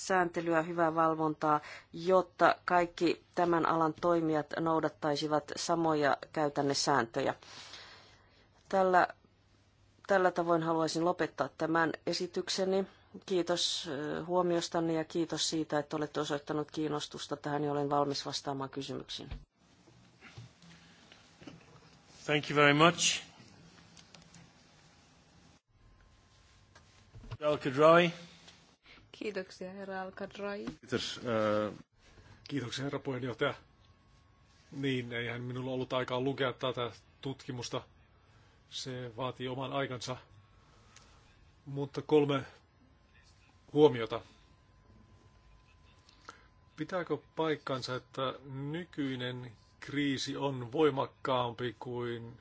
sääntelyä, hyvää valvontaa, jotta kaikki tämän alan toimijat noudattaisivat samoja käytännesääntöjä. Tällä Tällä tavoin haluaisin lopettaa tämän esitykseni. Kiitos huomiostanne ja kiitos siitä, että olette osoittanut kiinnostusta tähän ja olen valmis vastaamaan kysymyksiin. Thank you very much. Alcadroy. Kiitoksia, herra Alcadroy. Kiitos. kiitoksia, herra puheenjohtaja. Niin, eihän minulla ollut aikaa lukea tätä tutkimusta se vaatii oman aikansa, mutta kolme huomiota. Pitääkö paikkansa, että nykyinen kriisi on voimakkaampi kuin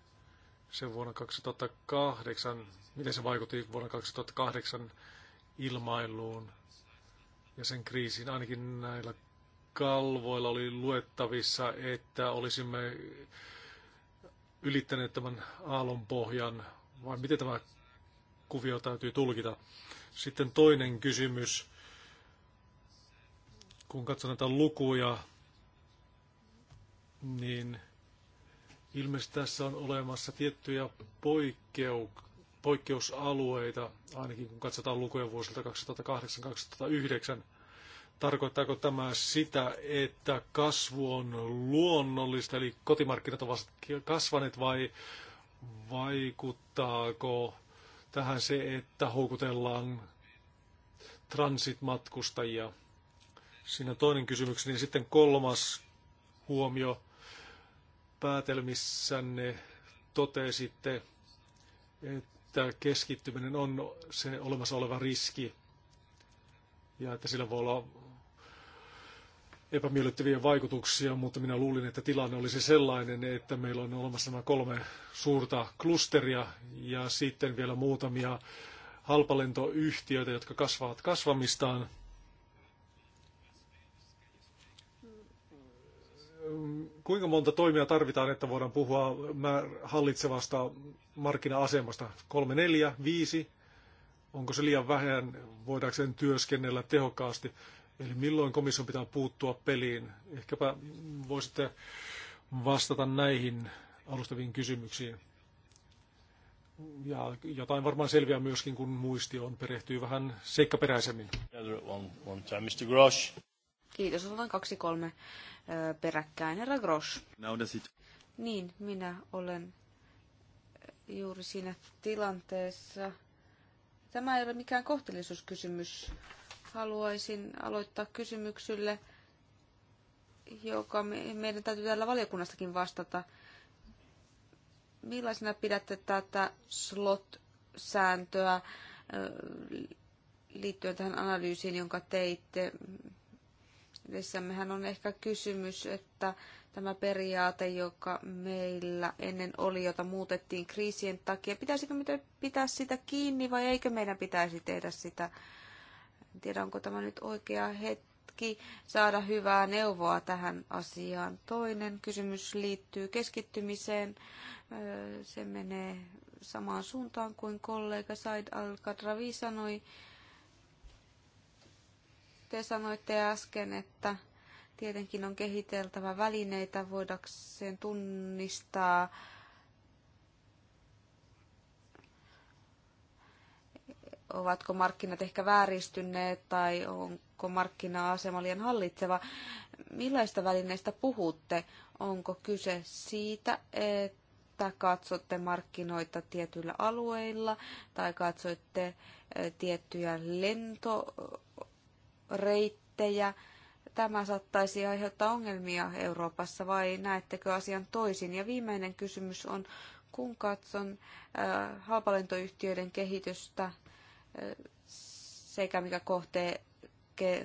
se vuonna 2008, miten se vaikutti vuonna 2008 ilmailuun ja sen kriisiin. Ainakin näillä kalvoilla oli luettavissa, että olisimme ylittäneet tämän aallon pohjan, vai miten tämä kuvio täytyy tulkita? Sitten toinen kysymys, kun katson näitä lukuja, niin ilmeisesti tässä on olemassa tiettyjä poikkeu, poikkeusalueita, ainakin kun katsotaan lukuja vuosilta 2008-2009. Tarkoittaako tämä sitä, että kasvu on luonnollista, eli kotimarkkinat ovat kasvaneet vai vaikuttaako tähän se, että houkutellaan transitmatkustajia? Siinä toinen niin Sitten kolmas huomio. Päätelmissänne totesitte, että keskittyminen on se olemassa oleva riski ja että sillä voi olla epämiellyttäviä vaikutuksia, mutta minä luulin, että tilanne olisi sellainen, että meillä on olemassa nämä kolme suurta klusteria ja sitten vielä muutamia halpalentoyhtiöitä, jotka kasvavat kasvamistaan. Kuinka monta toimia tarvitaan, että voidaan puhua hallitsevasta markkina-asemasta? Kolme, neljä, viisi? Onko se liian vähän? Voidaanko sen työskennellä tehokkaasti? Eli milloin komission pitää puuttua peliin? Ehkäpä voisitte vastata näihin alustaviin kysymyksiin. Ja jotain varmaan selviää myöskin, kun muisti on perehtyy vähän seikkaperäisemmin. Kiitos, otetaan kaksi kolme peräkkäin. Herra Grosch. Niin, minä olen juuri siinä tilanteessa. Tämä ei ole mikään kohtelisuuskysymys haluaisin aloittaa kysymyksille, joka meidän täytyy täällä valiokunnastakin vastata. Millaisena pidätte tätä slot-sääntöä liittyen tähän analyysiin, jonka teitte? Edessämmehän on ehkä kysymys, että tämä periaate, joka meillä ennen oli, jota muutettiin kriisien takia, pitäisikö meidän pitää sitä kiinni vai eikö meidän pitäisi tehdä sitä? En tiedä, onko tämä nyt oikea hetki saada hyvää neuvoa tähän asiaan. Toinen kysymys liittyy keskittymiseen. Se menee samaan suuntaan kuin kollega Said Al-Kadravi sanoi. Te sanoitte äsken, että tietenkin on kehiteltävä välineitä voidakseen tunnistaa ovatko markkinat ehkä vääristyneet tai onko markkina-asema liian hallitseva. Millaista välineistä puhutte? Onko kyse siitä, että katsotte markkinoita tietyillä alueilla tai katsoitte tiettyjä lentoreittejä? Tämä saattaisi aiheuttaa ongelmia Euroopassa vai näettekö asian toisin? Ja viimeinen kysymys on, kun katson halpalentoyhtiöiden kehitystä sekä mikä kohtee,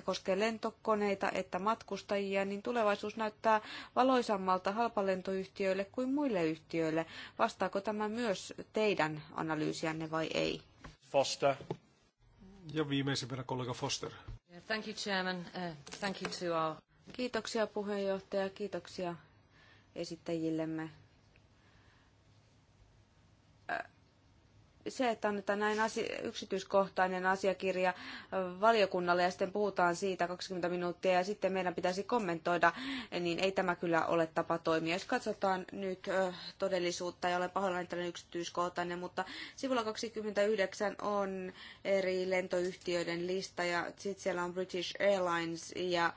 koskee lentokoneita että matkustajia, niin tulevaisuus näyttää valoisammalta halpalentoyhtiöille kuin muille yhtiöille. Vastaako tämä myös teidän analyysianne vai ei? Foster. Ja viimeisimpänä kollega Foster. Thank you, Chairman. Uh, thank you to our... Kiitoksia puheenjohtaja, kiitoksia esittäjillemme se, että annetaan näin asia, yksityiskohtainen asiakirja valiokunnalle ja sitten puhutaan siitä 20 minuuttia ja sitten meidän pitäisi kommentoida, niin ei tämä kyllä ole tapa toimia. Jos katsotaan nyt todellisuutta, ja olen pahoillani tällainen yksityiskohtainen, mutta sivulla 29 on eri lentoyhtiöiden lista ja sitten siellä on British Airlines ja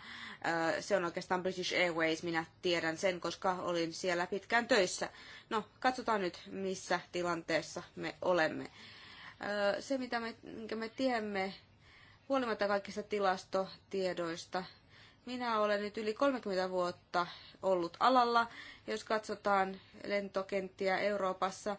se on oikeastaan British Airways, minä tiedän sen, koska olin siellä pitkään töissä No, katsotaan nyt, missä tilanteessa me olemme. Se, mitä me, minkä me tiedämme, huolimatta kaikista tilastotiedoista, minä olen nyt yli 30 vuotta ollut alalla. Jos katsotaan lentokenttiä Euroopassa,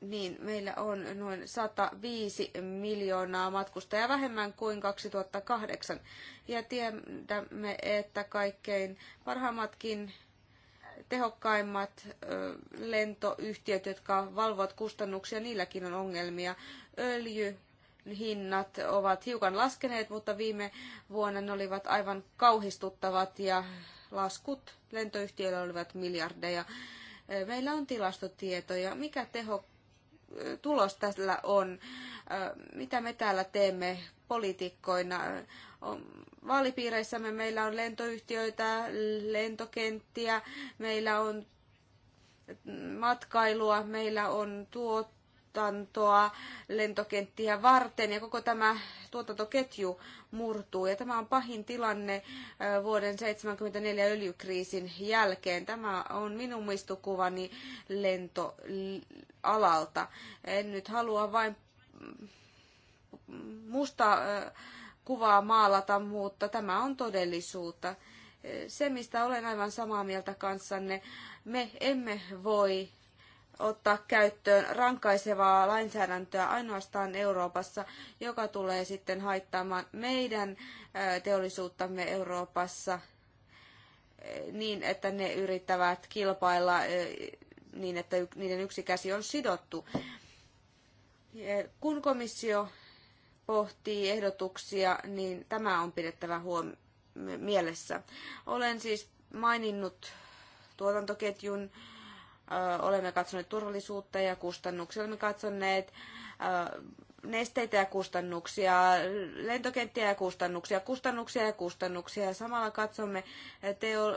niin meillä on noin 105 miljoonaa matkustajaa vähemmän kuin 2008. Ja tiedämme, että kaikkein parhaimmatkin tehokkaimmat lentoyhtiöt, jotka valvovat kustannuksia, niilläkin on ongelmia. Öljy, hinnat ovat hiukan laskeneet, mutta viime vuonna ne olivat aivan kauhistuttavat ja laskut lentoyhtiöillä olivat miljardeja. Meillä on tilastotietoja. Mikä teho, tulos tällä on? Mitä me täällä teemme poliitikkoina. Vaalipiireissämme meillä on lentoyhtiöitä, lentokenttiä, meillä on matkailua, meillä on tuotantoa lentokenttiä varten ja koko tämä tuotantoketju murtuu. Ja tämä on pahin tilanne vuoden 1974 öljykriisin jälkeen. Tämä on minun muistukuvani lentoalalta. En nyt halua vain musta kuvaa maalata, mutta tämä on todellisuutta. Se, mistä olen aivan samaa mieltä kanssanne, me emme voi ottaa käyttöön rankaisevaa lainsäädäntöä ainoastaan Euroopassa, joka tulee sitten haittaamaan meidän teollisuuttamme Euroopassa niin, että ne yrittävät kilpailla niin, että niiden yksi käsi on sidottu. Kun komissio pohtii ehdotuksia, niin tämä on pidettävä huom- mielessä. Olen siis maininnut tuotantoketjun, olemme katsoneet turvallisuutta ja kustannuksia, olemme katsoneet nesteitä ja kustannuksia, lentokenttiä ja kustannuksia, kustannuksia ja kustannuksia. Samalla katsomme teo,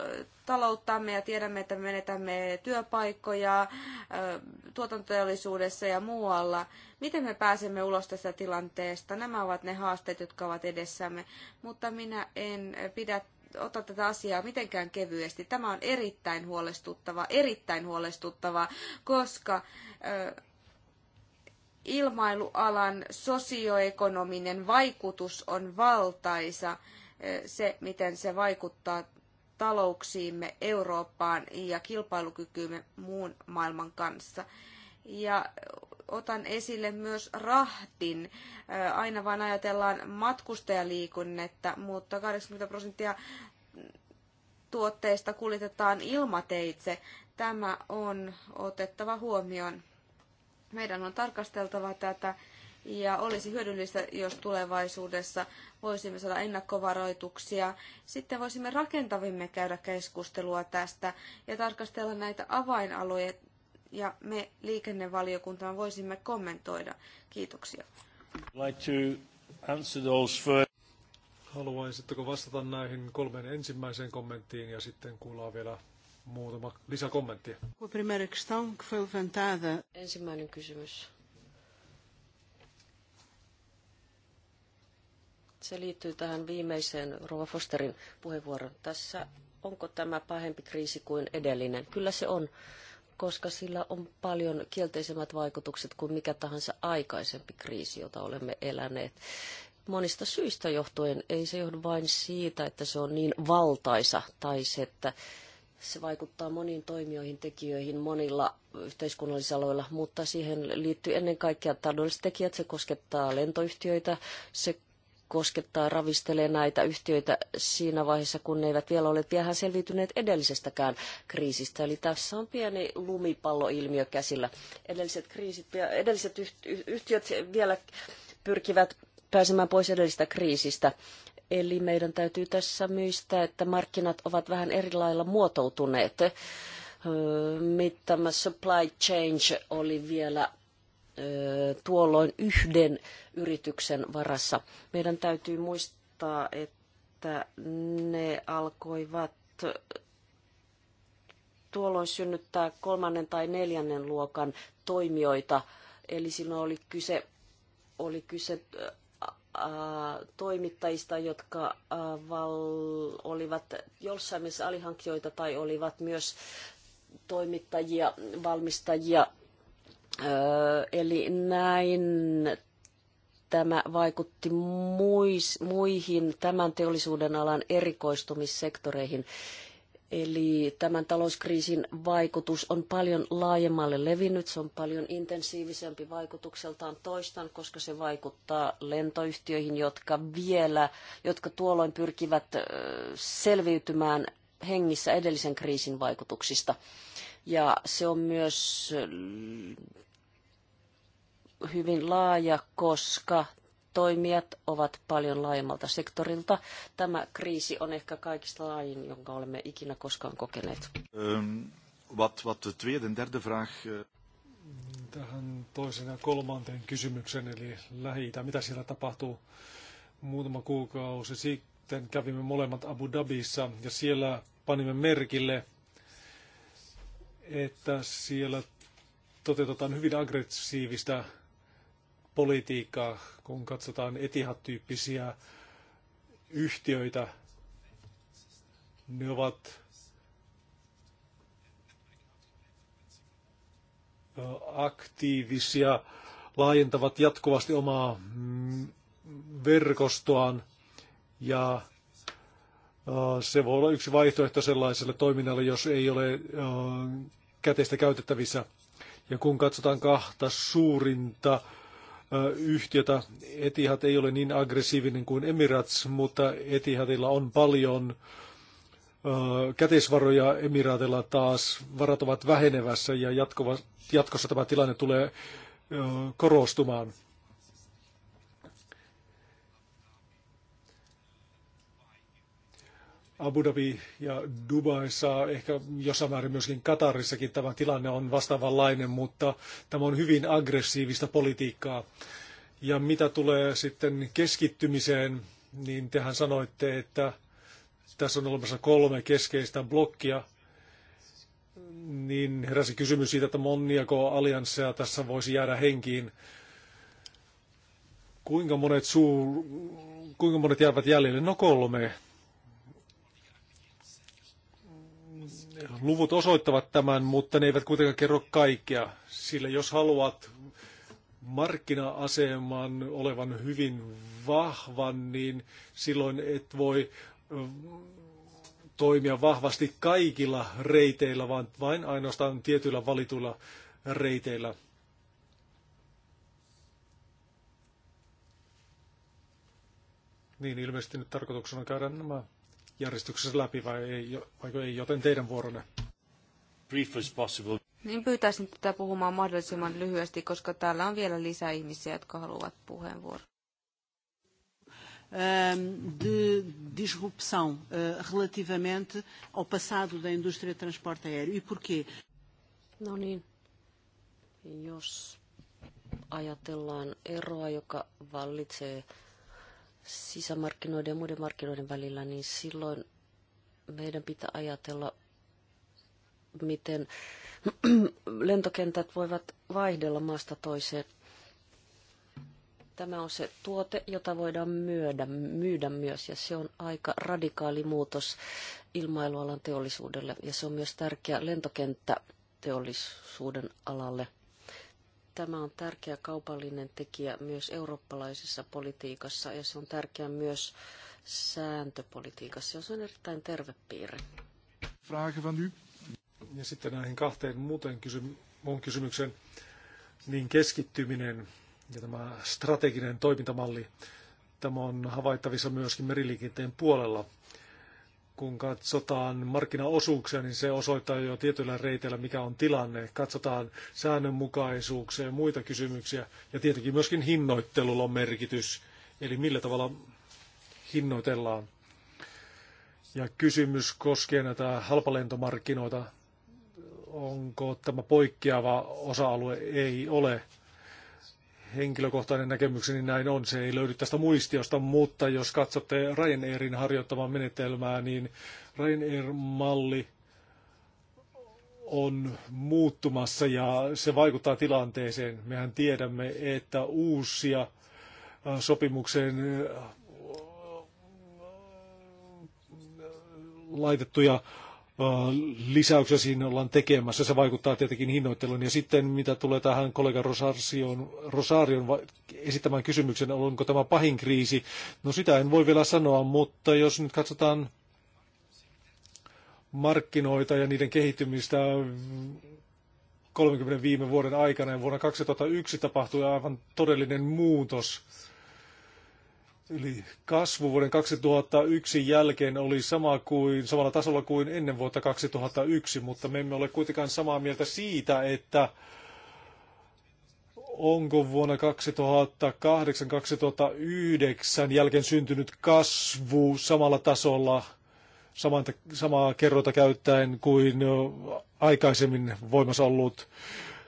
talouttamme ja tiedämme, että menetämme työpaikkoja tuotantoteollisuudessa ja muualla. Miten me pääsemme ulos tästä tilanteesta? Nämä ovat ne haasteet, jotka ovat edessämme, mutta minä en pidä ota tätä asiaa mitenkään kevyesti. Tämä on erittäin huolestuttava, erittäin huolestuttava, koska ilmailualan sosioekonominen vaikutus on valtaisa, eh, se miten se vaikuttaa talouksiimme, Eurooppaan ja kilpailukykyymme muun maailman kanssa. Ja otan esille myös rahtin. Eh, aina vain ajatellaan matkustajaliikunnetta, mutta 80 prosenttia tuotteista kuljetetaan ilmateitse. Tämä on otettava huomioon. Meidän on tarkasteltava tätä ja olisi hyödyllistä, jos tulevaisuudessa voisimme saada ennakkovaroituksia. Sitten voisimme rakentavimme käydä keskustelua tästä ja tarkastella näitä avainaloja ja me liikennevaliokuntana voisimme kommentoida. Kiitoksia. Like Haluaisitteko vastata näihin kolmeen ensimmäiseen kommenttiin ja sitten kuullaan vielä muutama lisäkommentti. Ensimmäinen kysymys. Se liittyy tähän viimeiseen Rova Fosterin puheenvuoroon. Tässä onko tämä pahempi kriisi kuin edellinen? Kyllä se on, koska sillä on paljon kielteisemmät vaikutukset kuin mikä tahansa aikaisempi kriisi, jota olemme eläneet monista syistä johtuen. Ei se johdu vain siitä, että se on niin valtaisa tai se, että se vaikuttaa moniin toimijoihin, tekijöihin monilla yhteiskunnallisilla aloilla, mutta siihen liittyy ennen kaikkea taloudelliset tekijät. Se koskettaa lentoyhtiöitä, se koskettaa, ravistelee näitä yhtiöitä siinä vaiheessa, kun ne eivät vielä ole vielä selviytyneet edellisestäkään kriisistä. Eli tässä on pieni lumipalloilmiö käsillä. Edelliset, kriisit, edelliset yhtiöt vielä pyrkivät pääsemään pois edellisestä kriisistä. Eli meidän täytyy tässä myistää, että markkinat ovat vähän eri lailla muotoutuneet. Tämä supply change oli vielä tuolloin yhden yrityksen varassa. Meidän täytyy muistaa, että ne alkoivat tuolloin synnyttää kolmannen tai neljännen luokan toimijoita. Eli silloin oli kyse, oli kyse Äh, toimittajista, jotka äh, olivat jossain mielessä alihankkijoita tai olivat myös toimittajia, valmistajia. Äh, eli näin tämä vaikutti muis, muihin tämän teollisuuden alan erikoistumissektoreihin. Eli tämän talouskriisin vaikutus on paljon laajemmalle levinnyt, se on paljon intensiivisempi vaikutukseltaan toistan, koska se vaikuttaa lentoyhtiöihin, jotka vielä, jotka tuolloin pyrkivät selviytymään hengissä edellisen kriisin vaikutuksista. Ja se on myös hyvin laaja, koska toimijat ovat paljon laajemmalta sektorilta. Tämä kriisi on ehkä kaikista laajin, jonka olemme ikinä koskaan kokeneet. Ehm, wat, wat de tweede en derde vraag... Eh? Tähän toisen ja kolmanteen kysymyksen, eli lähi -Itä. Mitä siellä tapahtuu? Muutama kuukausi sitten kävimme molemmat Abu Dhabissa ja siellä panimme merkille, että siellä toteutetaan hyvin aggressiivista politiikkaa, kun katsotaan Etihad-tyyppisiä yhtiöitä. Ne ovat aktiivisia, laajentavat jatkuvasti omaa mm, verkostoaan ja se voi olla yksi vaihtoehto sellaiselle toiminnalle, jos ei ole käteistä käytettävissä. Ja kun katsotaan kahta suurinta yhtiötä. Etihad ei ole niin aggressiivinen kuin Emirates, mutta Etihadilla on paljon käteisvaroja Emiraatilla taas varat ovat vähenevässä ja jatkossa tämä tilanne tulee korostumaan. Abu Dhabi ja Dubaissa, ehkä jossain määrin myöskin Katarissakin tämä tilanne on vastaavanlainen, mutta tämä on hyvin aggressiivista politiikkaa. Ja mitä tulee sitten keskittymiseen, niin tehän sanoitte, että tässä on olemassa kolme keskeistä blokkia, niin heräsi kysymys siitä, että monniako alliansseja tässä voisi jäädä henkiin. Kuinka monet, suu, kuinka monet jäävät jäljelle? No kolme. Luvut osoittavat tämän, mutta ne eivät kuitenkaan kerro kaikkea, sillä jos haluat markkina-aseman olevan hyvin vahvan, niin silloin et voi mm, toimia vahvasti kaikilla reiteillä, vaan vain ainoastaan tietyillä valituilla reiteillä. Niin, ilmeisesti nyt tarkoituksena käydä nämä järjestyksessä läpi vai ei, vai ei joten teidän vuoronne. Brief as possible. Niin pyytäisin tätä puhumaan mahdollisimman lyhyesti, koska täällä on vielä lisää ihmisiä, jotka haluavat puheenvuoron. Ehm, de disrupção eh, relativamente ao passado da indústria de transporte aéreo. E porquê? No niin, jos ajatellaan eroa, joka vallitsee sisämarkkinoiden ja muiden markkinoiden välillä, niin silloin meidän pitää ajatella, miten [CLEARS THROAT] lentokentät voivat vaihdella maasta toiseen. Tämä on se tuote, jota voidaan myydä, myydä myös, ja se on aika radikaali muutos ilmailualan teollisuudelle, ja se on myös tärkeä lentokenttä teollisuuden alalle – Tämä on tärkeä kaupallinen tekijä myös eurooppalaisessa politiikassa ja se on tärkeä myös sääntöpolitiikassa ja se on erittäin terve piirre. Ja sitten näihin kahteen muuten kysym- kysymykseen, niin keskittyminen ja tämä strateginen toimintamalli, tämä on havaittavissa myöskin meriliikenteen puolella kun katsotaan markkinaosuuksia, niin se osoittaa jo tietyillä reiteillä, mikä on tilanne. Katsotaan säännönmukaisuuksia ja muita kysymyksiä. Ja tietenkin myöskin hinnoittelulla on merkitys, eli millä tavalla hinnoitellaan. Ja kysymys koskee näitä halpalentomarkkinoita. Onko tämä poikkeava osa-alue? Ei ole henkilökohtainen näkemykseni näin on. Se ei löydy tästä muistiosta, mutta jos katsotte Ryanairin harjoittamaa menetelmää, niin Ryanair-malli on muuttumassa ja se vaikuttaa tilanteeseen. Mehän tiedämme, että uusia sopimukseen laitettuja Äh, lisäyksiä siinä ollaan tekemässä. Se vaikuttaa tietenkin hinnoitteluun. Ja sitten mitä tulee tähän kollega Rosarsion, Rosarion esittämään kysymyksen, onko tämä pahin kriisi? No sitä en voi vielä sanoa, mutta jos nyt katsotaan markkinoita ja niiden kehittymistä 30 viime vuoden aikana ja vuonna 2001 tapahtui aivan todellinen muutos – Eli kasvu vuoden 2001 jälkeen oli sama kuin, samalla tasolla kuin ennen vuotta 2001, mutta me emme ole kuitenkaan samaa mieltä siitä, että onko vuonna 2008-2009 jälkeen syntynyt kasvu samalla tasolla samanta, samaa kerrota käyttäen kuin aikaisemmin voimassa ollut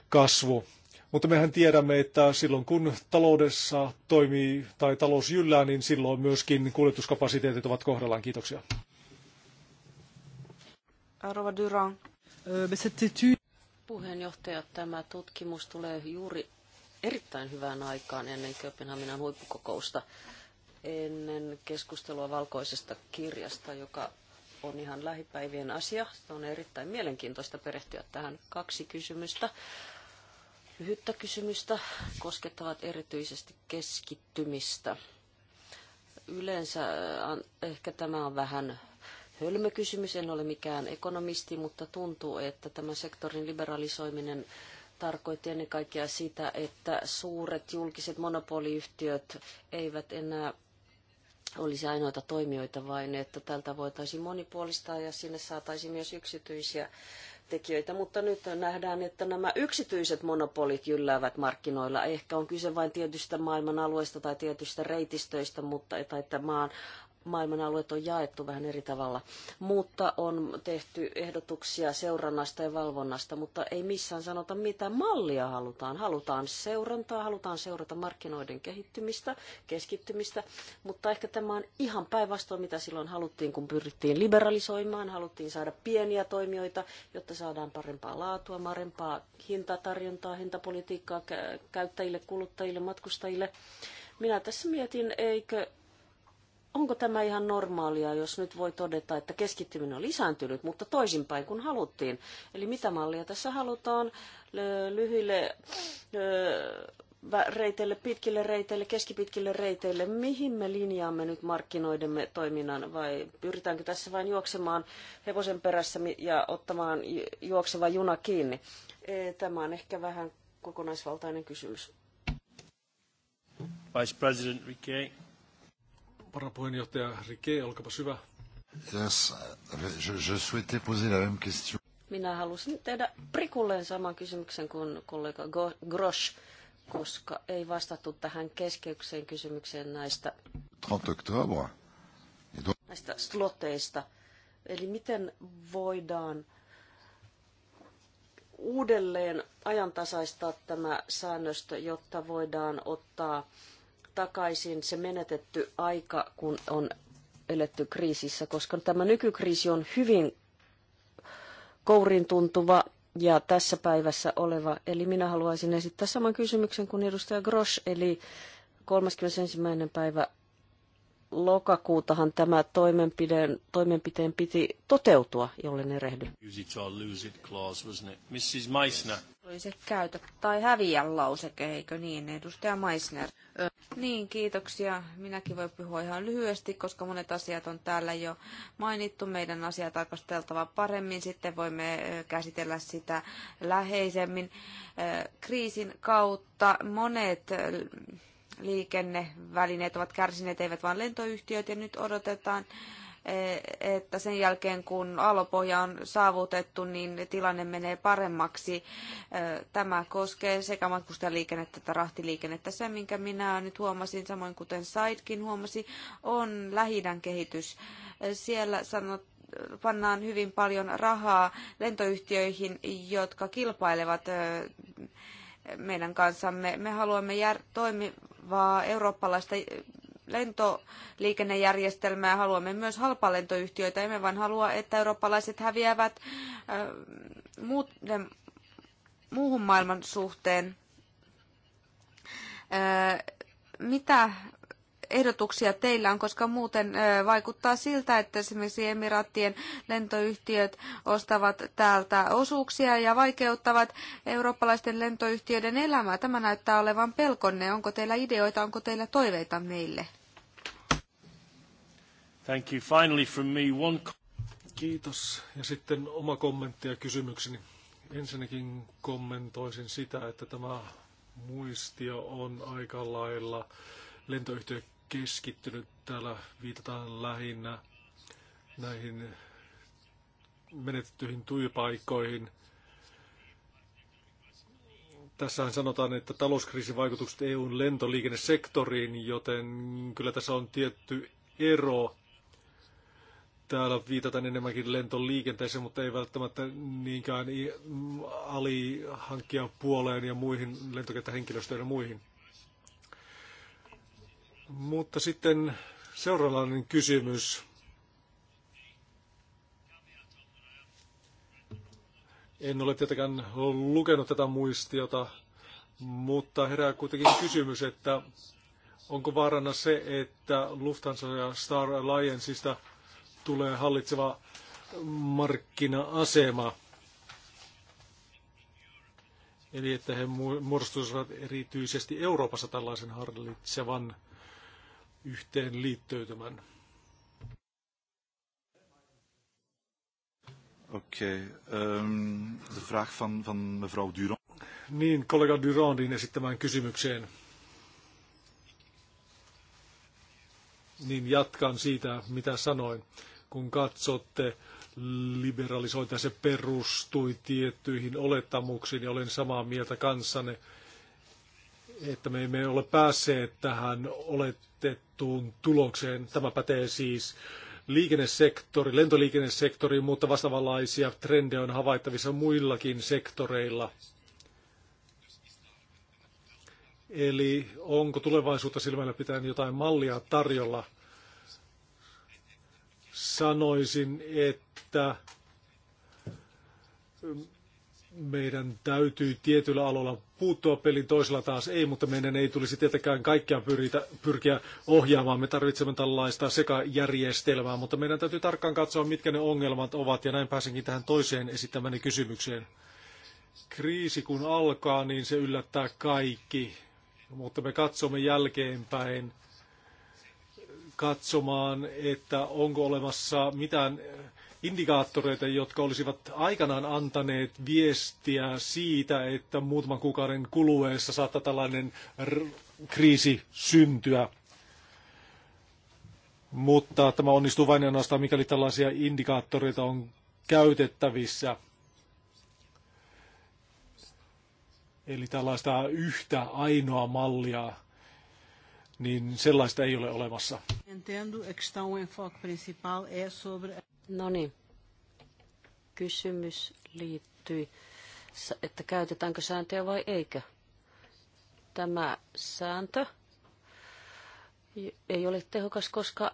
kasvu. Mutta mehän tiedämme, että silloin kun taloudessa toimii tai talous jyllää, niin silloin myöskin kuljetuskapasiteetit ovat kohdallaan. Kiitoksia. Arva Duran. Euh, Puheenjohtaja, tämä tutkimus tulee juuri erittäin hyvään aikaan ennen Kööpenhaminan huippukokousta, ennen keskustelua valkoisesta kirjasta, joka on ihan lähipäivien asia. Se on erittäin mielenkiintoista perehtyä tähän kaksi kysymystä lyhyttä kysymystä koskettavat erityisesti keskittymistä. Yleensä ehkä tämä on vähän hölmökysymys, en ole mikään ekonomisti, mutta tuntuu, että tämä sektorin liberalisoiminen tarkoitti ennen kaikkea sitä, että suuret julkiset monopoliyhtiöt eivät enää olisi ainoita toimijoita, vain että tältä voitaisiin monipuolistaa ja sinne saataisiin myös yksityisiä tekijöitä, mutta nyt nähdään, että nämä yksityiset monopolit jylläävät markkinoilla. Ehkä on kyse vain tietystä maailman alueesta tai tietystä reitistöistä mutta, tai että maan maailman alueet on jaettu vähän eri tavalla, mutta on tehty ehdotuksia seurannasta ja valvonnasta, mutta ei missään sanota, mitä mallia halutaan. Halutaan seurantaa, halutaan seurata markkinoiden kehittymistä, keskittymistä, mutta ehkä tämä on ihan päinvastoin, mitä silloin haluttiin, kun pyrittiin liberalisoimaan, haluttiin saada pieniä toimijoita, jotta saadaan parempaa laatua, parempaa hintatarjontaa, hintapolitiikkaa käyttäjille, kuluttajille, matkustajille. Minä tässä mietin, eikö onko tämä ihan normaalia, jos nyt voi todeta, että keskittyminen on lisääntynyt, mutta toisinpäin kuin haluttiin? Eli mitä mallia tässä halutaan lyhyille reiteille, pitkille reiteille, keskipitkille reiteille, mihin me linjaamme nyt markkinoidemme toiminnan vai pyritäänkö tässä vain juoksemaan hevosen perässä ja ottamaan juokseva juna kiinni? E, tämä on ehkä vähän kokonaisvaltainen kysymys. Vice President Riquet. Varapuheenjohtaja Rike, olkapa Yes, je, je souhaitais poser la même question. Minä halusin tehdä prikulleen saman kysymyksen kuin kollega Grosch, koska ei vastattu tähän keskeykseen kysymykseen näistä, 30 octobre. näistä sloteista. Eli miten voidaan uudelleen ajantasaistaa tämä säännöstö, jotta voidaan ottaa takaisin se menetetty aika, kun on eletty kriisissä, koska tämä nykykriisi on hyvin kourin ja tässä päivässä oleva. Eli minä haluaisin esittää saman kysymyksen kuin edustaja Grosch, eli 31. päivä lokakuutahan tämä toimenpiteen, toimenpiteen piti toteutua, jolle ne rehdy. Oli se käytä tai häviä lauseke, eikö niin, edustaja Meissner? Niin, kiitoksia. Minäkin voin puhua ihan lyhyesti, koska monet asiat on täällä jo mainittu. Meidän asiat tarkasteltava paremmin, sitten voimme käsitellä sitä läheisemmin. Kriisin kautta monet liikennevälineet ovat kärsineet, eivät vain lentoyhtiöt, ja nyt odotetaan E, että sen jälkeen kun alopohja on saavutettu, niin tilanne menee paremmaksi. E, tämä koskee sekä matkustajaliikennettä että rahtiliikennettä. Se, minkä minä nyt huomasin, samoin kuten saitkin huomasi, on lähidän kehitys. E, siellä sanot, pannaan hyvin paljon rahaa lentoyhtiöihin, jotka kilpailevat meidän kanssamme. Me haluamme jär- toimivaa eurooppalaista lentoliikennejärjestelmää, haluamme myös halpalentoyhtiöitä, emme vain halua, että eurooppalaiset häviävät muuhun maailman suhteen. Mitä ehdotuksia teillä on, koska muuten vaikuttaa siltä, että esimerkiksi emiraattien lentoyhtiöt ostavat täältä osuuksia ja vaikeuttavat eurooppalaisten lentoyhtiöiden elämää. Tämä näyttää olevan pelkonne. Onko teillä ideoita, onko teillä toiveita meille? Thank you. Finally from me one... Kiitos. Ja sitten oma kommentti ja kysymykseni. Ensinnäkin kommentoisin sitä, että tämä muistio on aika lailla lentoyhtiö keskittynyt. Täällä viitataan lähinnä näihin menetettyihin työpaikkoihin. Tässähän sanotaan, että talouskriisin vaikutukset EUn lentoliikennesektoriin, joten kyllä tässä on tietty ero. Täällä viitataan enemmänkin lentoliikenteeseen, mutta ei välttämättä niinkään alihankkijan puoleen ja muihin lentokenttähenkilöstöön ja muihin. Mutta sitten seuraavainen kysymys. En ole tietenkään lukenut tätä muistiota, mutta herää kuitenkin kysymys, että onko vaarana se, että Lufthansa ja Star Allianceista tulee hallitseva markkina-asema? Eli että he muodostuisivat erityisesti Euroopassa tällaisen hallitsevan yhteen liitteytymän. Okei. Okay. Um, vraag van, van mevrouw Durand. Niin, kollega Durandin esittämään kysymykseen. Niin jatkan siitä, mitä sanoin. Kun katsotte, liberalisointia se perustui tiettyihin olettamuksiin ja niin olen samaa mieltä kanssanne että me emme ole päässeet tähän oletettuun tulokseen. Tämä pätee siis liikennesektori, lentoliikennesektoriin, mutta vastaavanlaisia trendejä on havaittavissa muillakin sektoreilla. Eli onko tulevaisuutta silmällä pitäen jotain mallia tarjolla? Sanoisin, että meidän täytyy tietyillä aloilla puuttua pelin, toisella taas ei, mutta meidän ei tulisi tietenkään kaikkea pyritä, pyrkiä ohjaamaan. Me tarvitsemme tällaista sekajärjestelmää, mutta meidän täytyy tarkkaan katsoa, mitkä ne ongelmat ovat, ja näin pääsenkin tähän toiseen esittämäni kysymykseen. Kriisi kun alkaa, niin se yllättää kaikki, mutta me katsomme jälkeenpäin katsomaan, että onko olemassa mitään indikaattoreita, jotka olisivat aikanaan antaneet viestiä siitä, että muutaman kuukauden kuluessa saattaa tällainen kriisi syntyä. Mutta tämä onnistuu vain ainoastaan, mikäli tällaisia indikaattoreita on käytettävissä. Eli tällaista yhtä ainoa mallia niin sellaista ei ole olemassa. Entendo, No niin. Kysymys liittyi, että käytetäänkö sääntöjä vai eikö. Tämä sääntö ei ole tehokas, koska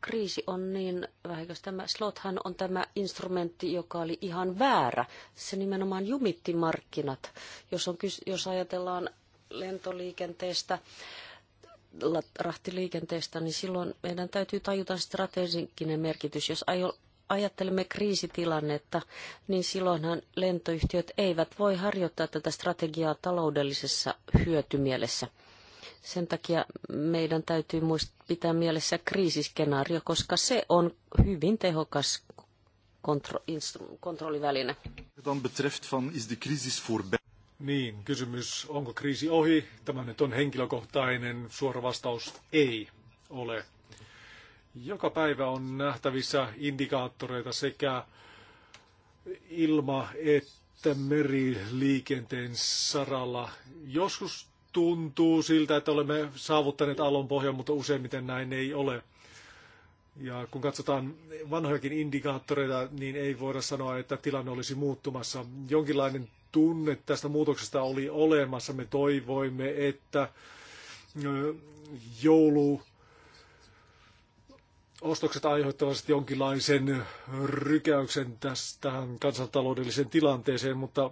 kriisi on niin vähäkös. Tämä slothan on tämä instrumentti, joka oli ihan väärä. Se nimenomaan jumitti markkinat. Jos, on, jos ajatellaan lentoliikenteestä, rahtiliikenteestä, niin silloin meidän täytyy tajuta strateginen merkitys. Jos ajattelemme kriisitilannetta, niin silloinhan lentoyhtiöt eivät voi harjoittaa tätä strategiaa taloudellisessa hyötymielessä. Sen takia meidän täytyy muist- pitää mielessä kriisiskenaario, koska se on hyvin tehokas kontro- kontrolliväline. Niin, kysymys, onko kriisi ohi? Tämä nyt on henkilökohtainen suora vastaus, ei ole. Joka päivä on nähtävissä indikaattoreita sekä ilma- että meriliikenteen saralla. Joskus tuntuu siltä, että olemme saavuttaneet alon pohjan, mutta useimmiten näin ei ole. Ja kun katsotaan vanhojakin indikaattoreita, niin ei voida sanoa, että tilanne olisi muuttumassa. Jonkinlainen tunne tästä muutoksesta oli olemassa. Me toivoimme, että joulu ostokset aiheuttavat jonkinlaisen rykäyksen tähän kansantaloudelliseen tilanteeseen, mutta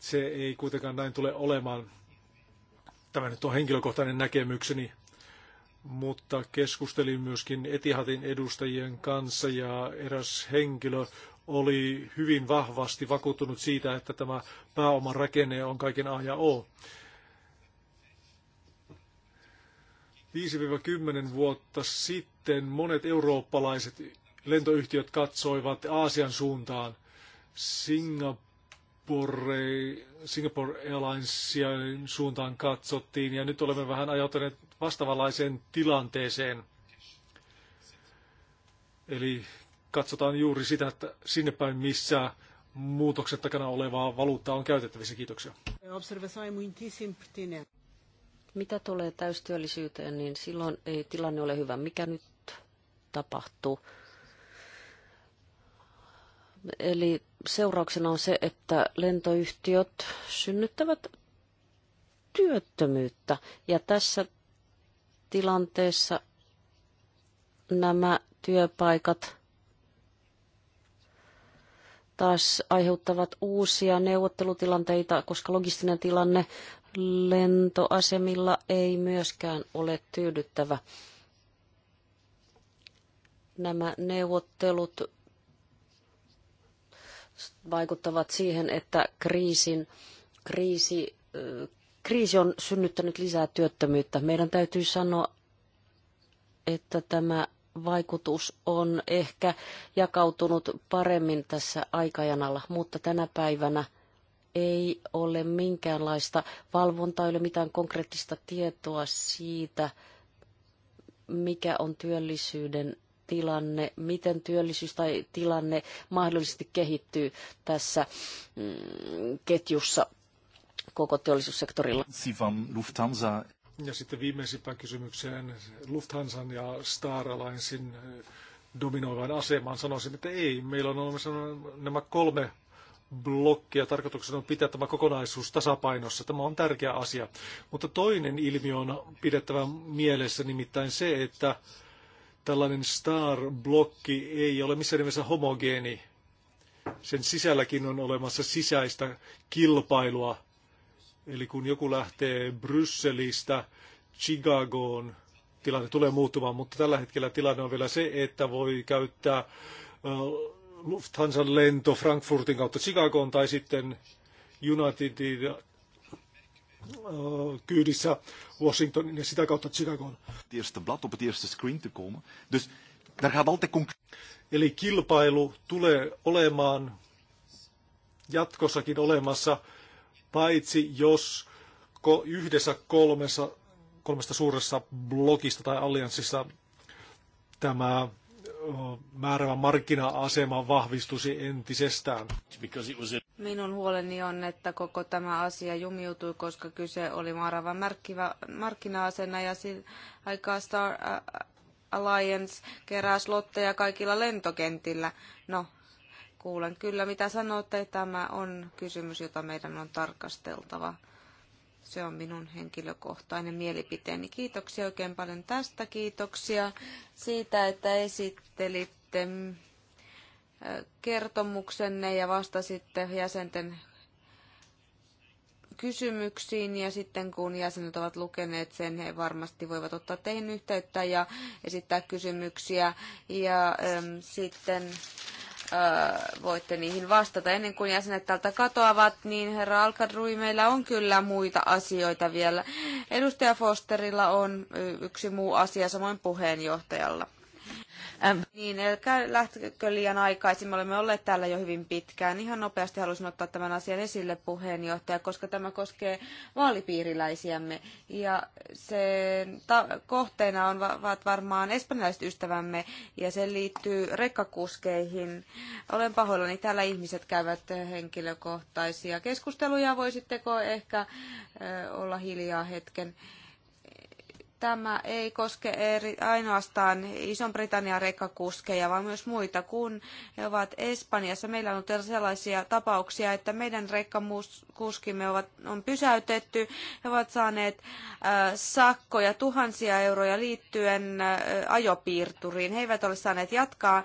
se ei kuitenkaan näin tule olemaan. Tämä nyt on henkilökohtainen näkemykseni, mutta keskustelin myöskin Etihatin edustajien kanssa ja eräs henkilö oli hyvin vahvasti vakuuttunut siitä, että tämä pääoman rakenne on kaiken A ja O. 5-10 vuotta sitten sitten monet eurooppalaiset lentoyhtiöt katsoivat Aasian suuntaan. Singapore, Singapore Airlinesin suuntaan katsottiin ja nyt olemme vähän ajautuneet vastaavanlaiseen tilanteeseen. Eli katsotaan juuri sitä, että sinne päin missä muutoksen takana olevaa valuuttaa on käytettävissä. Kiitoksia. Mitä tulee täystyöllisyyteen, niin silloin ei tilanne ole hyvä. Mikä nyt tapahtuu. Eli seurauksena on se, että lentoyhtiöt synnyttävät työttömyyttä. Ja tässä tilanteessa nämä työpaikat taas aiheuttavat uusia neuvottelutilanteita, koska logistinen tilanne lentoasemilla ei myöskään ole tyydyttävä. Nämä neuvottelut vaikuttavat siihen, että kriisin, kriisi, kriisi on synnyttänyt lisää työttömyyttä. Meidän täytyy sanoa, että tämä vaikutus on ehkä jakautunut paremmin tässä aikajanalla, mutta tänä päivänä ei ole minkäänlaista valvontaa, ei ole mitään konkreettista tietoa siitä, mikä on työllisyyden tilanne, miten työllisyys tai tilanne mahdollisesti kehittyy tässä mm, ketjussa koko teollisuussektorilla. Lufthansa. Ja sitten viimeisimpään kysymykseen Lufthansan ja Star Alliancein eh, dominoivaan asemaan sanoisin, että ei. Meillä on olemassa nämä kolme blokkia. Tarkoituksena on pitää tämä kokonaisuus tasapainossa. Tämä on tärkeä asia. Mutta toinen ilmiö on pidettävä mielessä nimittäin se, että Tällainen star-blokki ei ole missään nimessä homogeeni. Sen sisälläkin on olemassa sisäistä kilpailua. Eli kun joku lähtee Brysselistä Chicagoon, tilanne tulee muuttumaan, mutta tällä hetkellä tilanne on vielä se, että voi käyttää äh, Lufthansan lento Frankfurtin kautta Chicagoon tai sitten Unitedin Eh, kyydissä Washingtonin ja sitä kautta Chicagoon. Eerste blad op het eerste screen te komen. Dus daar gaat altijd Eli kilpailu tulee olemaan jatkossakin olemassa, paitsi jos yhdessä kolmessa, kolmesta suuressa blogista tai allianssissa tämä eh, määrävä markkina-asema vahvistusi entisestään. Because it was a Minun huoleni on, että koko tämä asia jumiutui, koska kyse oli maaravan markkina-asena ja aikaa Star Alliance kerää slotteja kaikilla lentokentillä. No, kuulen kyllä, mitä sanotte. Tämä on kysymys, jota meidän on tarkasteltava. Se on minun henkilökohtainen mielipiteeni. Kiitoksia oikein paljon tästä. Kiitoksia siitä, että esittelitte kertomuksenne ja vastasitte jäsenten kysymyksiin ja sitten kun jäsenet ovat lukeneet sen, he varmasti voivat ottaa teihin yhteyttä ja esittää kysymyksiä ja äm, sitten äh, voitte niihin vastata. Ennen kuin jäsenet täältä katoavat, niin herra Alkadrui, meillä on kyllä muita asioita vielä. Edustaja Fosterilla on äh, yksi muu asia, samoin puheenjohtajalla. Ähm, niin, älkää lähtekö liian aikaisin. Me olemme olleet täällä jo hyvin pitkään. Ihan nopeasti halusin ottaa tämän asian esille puheenjohtaja, koska tämä koskee vaalipiiriläisiämme. Ja sen kohteena on va- varmaan espanjalaiset ystävämme ja se liittyy rekkakuskeihin. Olen pahoillani, täällä ihmiset käyvät henkilökohtaisia keskusteluja. Voisitteko ehkä olla hiljaa hetken? tämä ei koske eri, ainoastaan Ison-Britannian rekkakuskeja, vaan myös muita, kun he ovat Espanjassa. Meillä on ollut sellaisia tapauksia, että meidän rekkakuskimme ovat, on pysäytetty. He ovat saaneet äh, sakkoja tuhansia euroja liittyen äh, ajopiirturiin. He eivät ole saaneet jatkaa äh,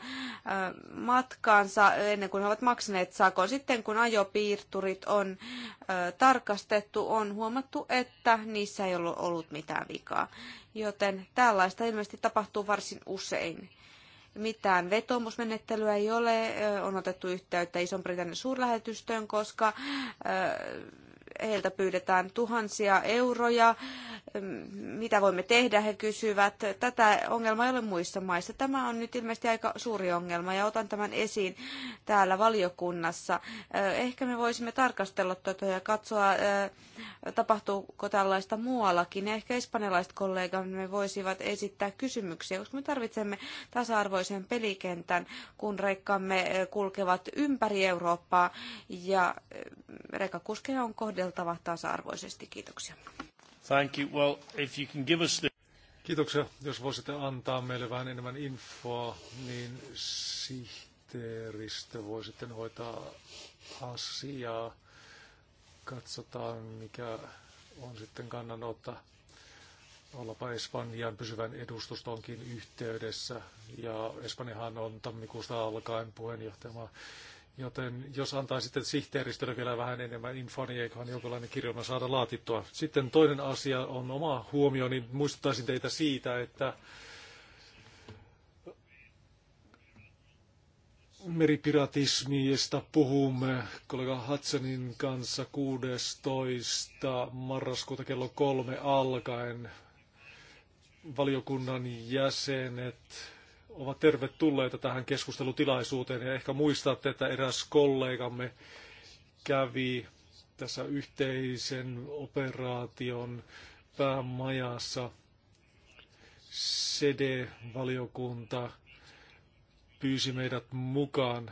matkaansa ennen kuin he ovat maksaneet sakon. Sitten kun ajopiirturit on tarkastettu, on huomattu, että niissä ei ole ollut mitään vikaa. Joten tällaista ilmeisesti tapahtuu varsin usein. Mitään vetomusmenettelyä ei ole. On otettu yhteyttä Ison-Britannian suurlähetystöön, koska heiltä pyydetään tuhansia euroja. Mitä voimme tehdä, he kysyvät. Tätä ongelmaa ei ole muissa maissa. Tämä on nyt ilmeisesti aika suuri ongelma ja otan tämän esiin täällä valiokunnassa. Ehkä me voisimme tarkastella tätä ja katsoa, tapahtuuko tällaista muuallakin. Ehkä espanjalaiset kollegamme voisivat esittää kysymyksiä, koska me tarvitsemme tasa-arvoisen pelikentän, kun rekkamme kulkevat ympäri Eurooppaa ja rekakuskeja on kohdeltu kohdeltava tasa-arvoisesti. Kiitoksia. Thank you. Well, if you can give us the... Kiitoksia. Jos voisitte antaa meille vähän enemmän infoa, niin sihteeristö voi sitten hoitaa asiaa. Katsotaan, mikä on sitten kannanotta ollapa Espanjan pysyvän edustustonkin yhteydessä. Ja Espanjahan on tammikuusta alkaen puheenjohtajamaa. Joten jos antaisitte sihteeristölle vielä vähän enemmän infoa, niin eiköhän jonkinlainen kirjoma saada laatittua. Sitten toinen asia on oma huomioni. Niin muistuttaisin teitä siitä, että meripiratismista puhumme kollega Hudsonin kanssa 16. marraskuuta kello kolme alkaen. Valiokunnan jäsenet ovat tervetulleita tähän keskustelutilaisuuteen. Ja ehkä muistatte, että eräs kollegamme kävi tässä yhteisen operaation päämajassa. SEDE-valiokunta pyysi meidät mukaan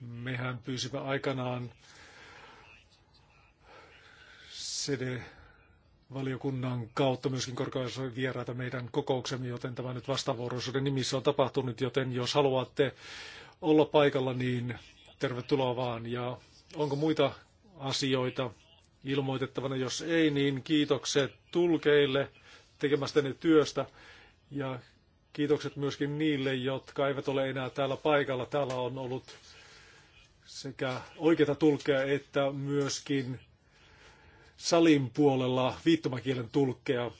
mehän pyysimme aikanaan CD valiokunnan kautta myöskin korkeudessa vieraita meidän kokouksemme, joten tämä nyt vastavuoroisuuden nimissä on tapahtunut, joten jos haluatte olla paikalla, niin tervetuloa vaan. Ja onko muita asioita ilmoitettavana? Jos ei, niin kiitokset tulkeille tekemästäne työstä ja kiitokset myöskin niille, jotka eivät ole enää täällä paikalla. Täällä on ollut sekä oikeita tulkkeja että myöskin salin puolella viittomakielen tulkkeja.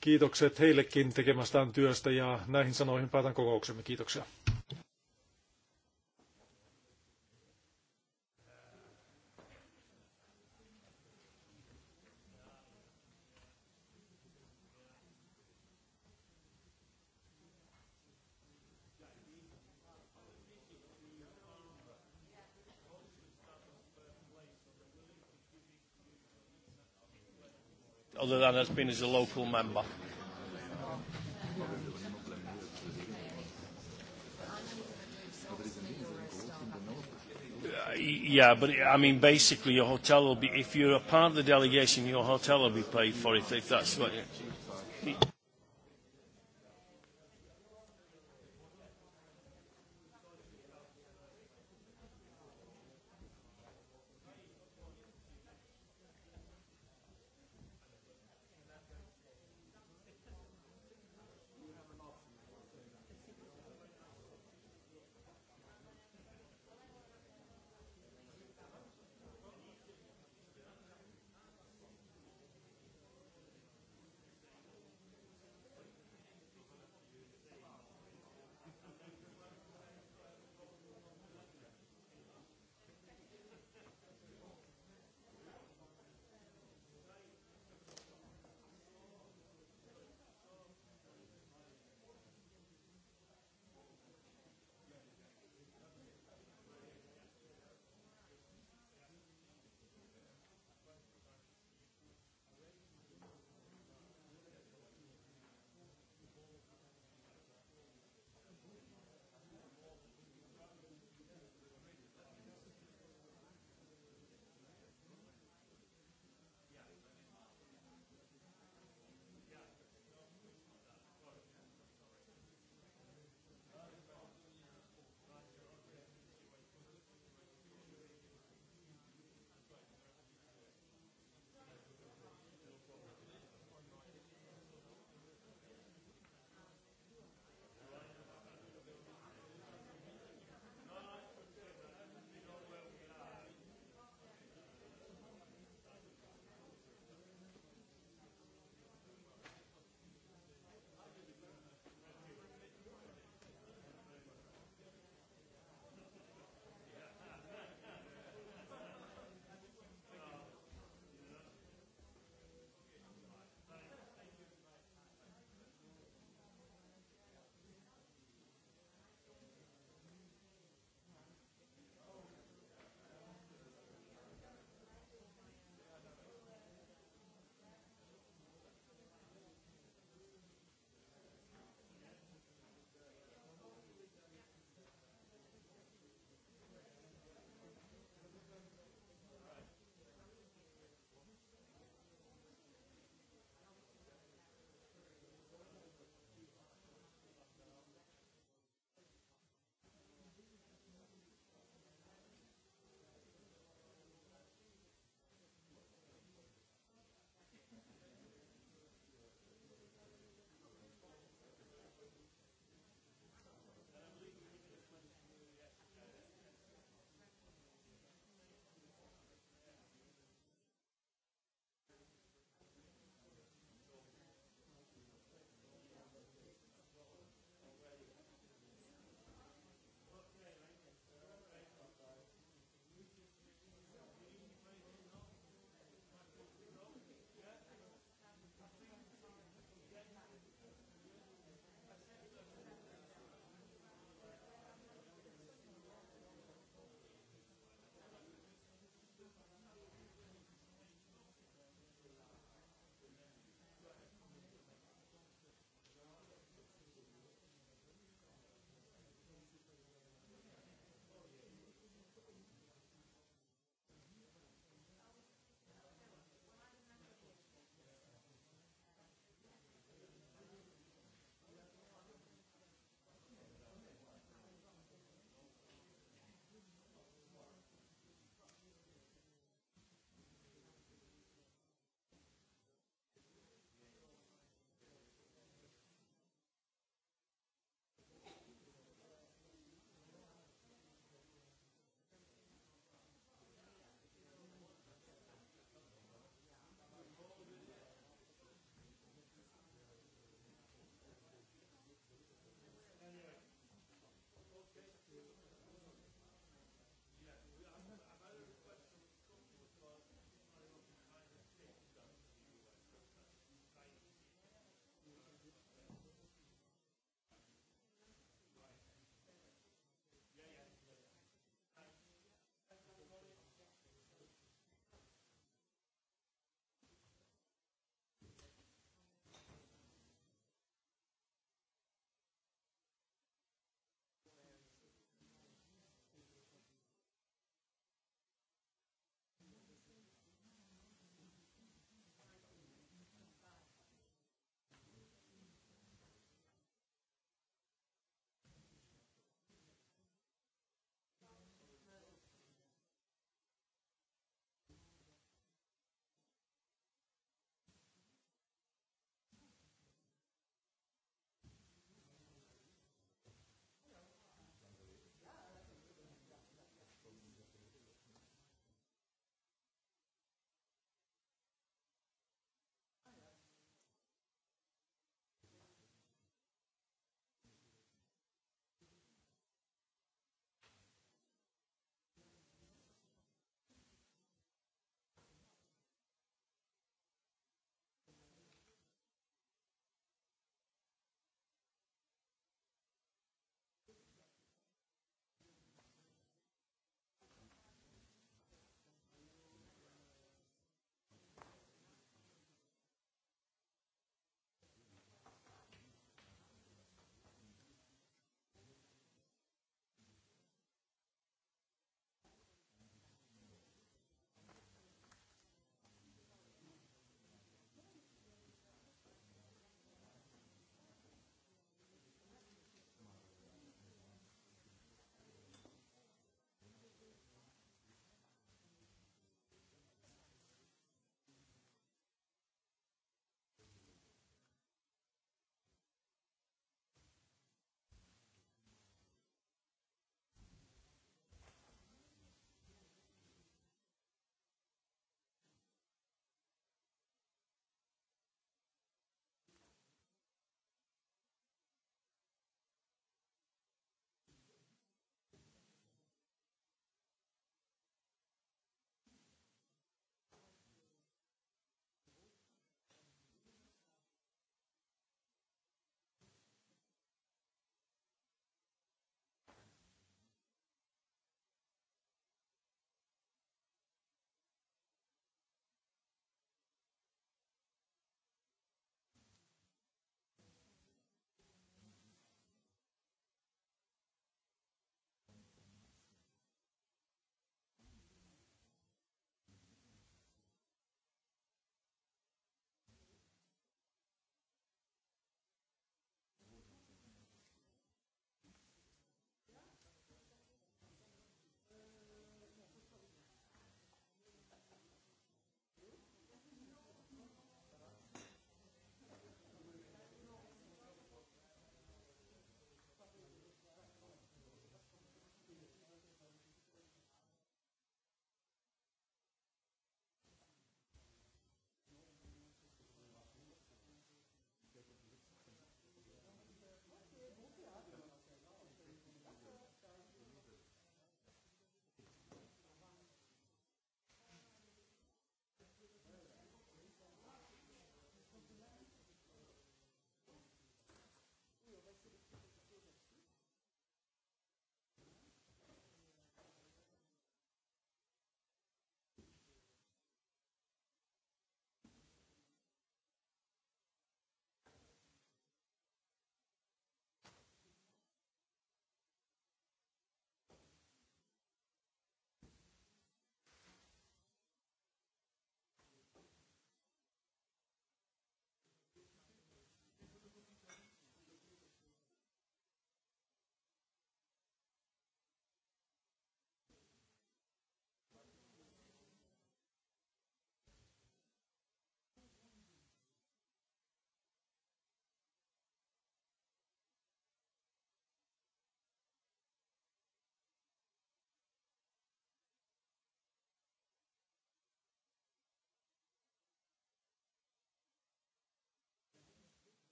Kiitokset heillekin tekemästään työstä ja näihin sanoihin päätän kokouksemme. Kiitoksia. other than has been as a local member. Uh, yeah, but I mean, basically, your hotel will be, if you're a part of the delegation, your hotel will be paid for if, if that's what. You,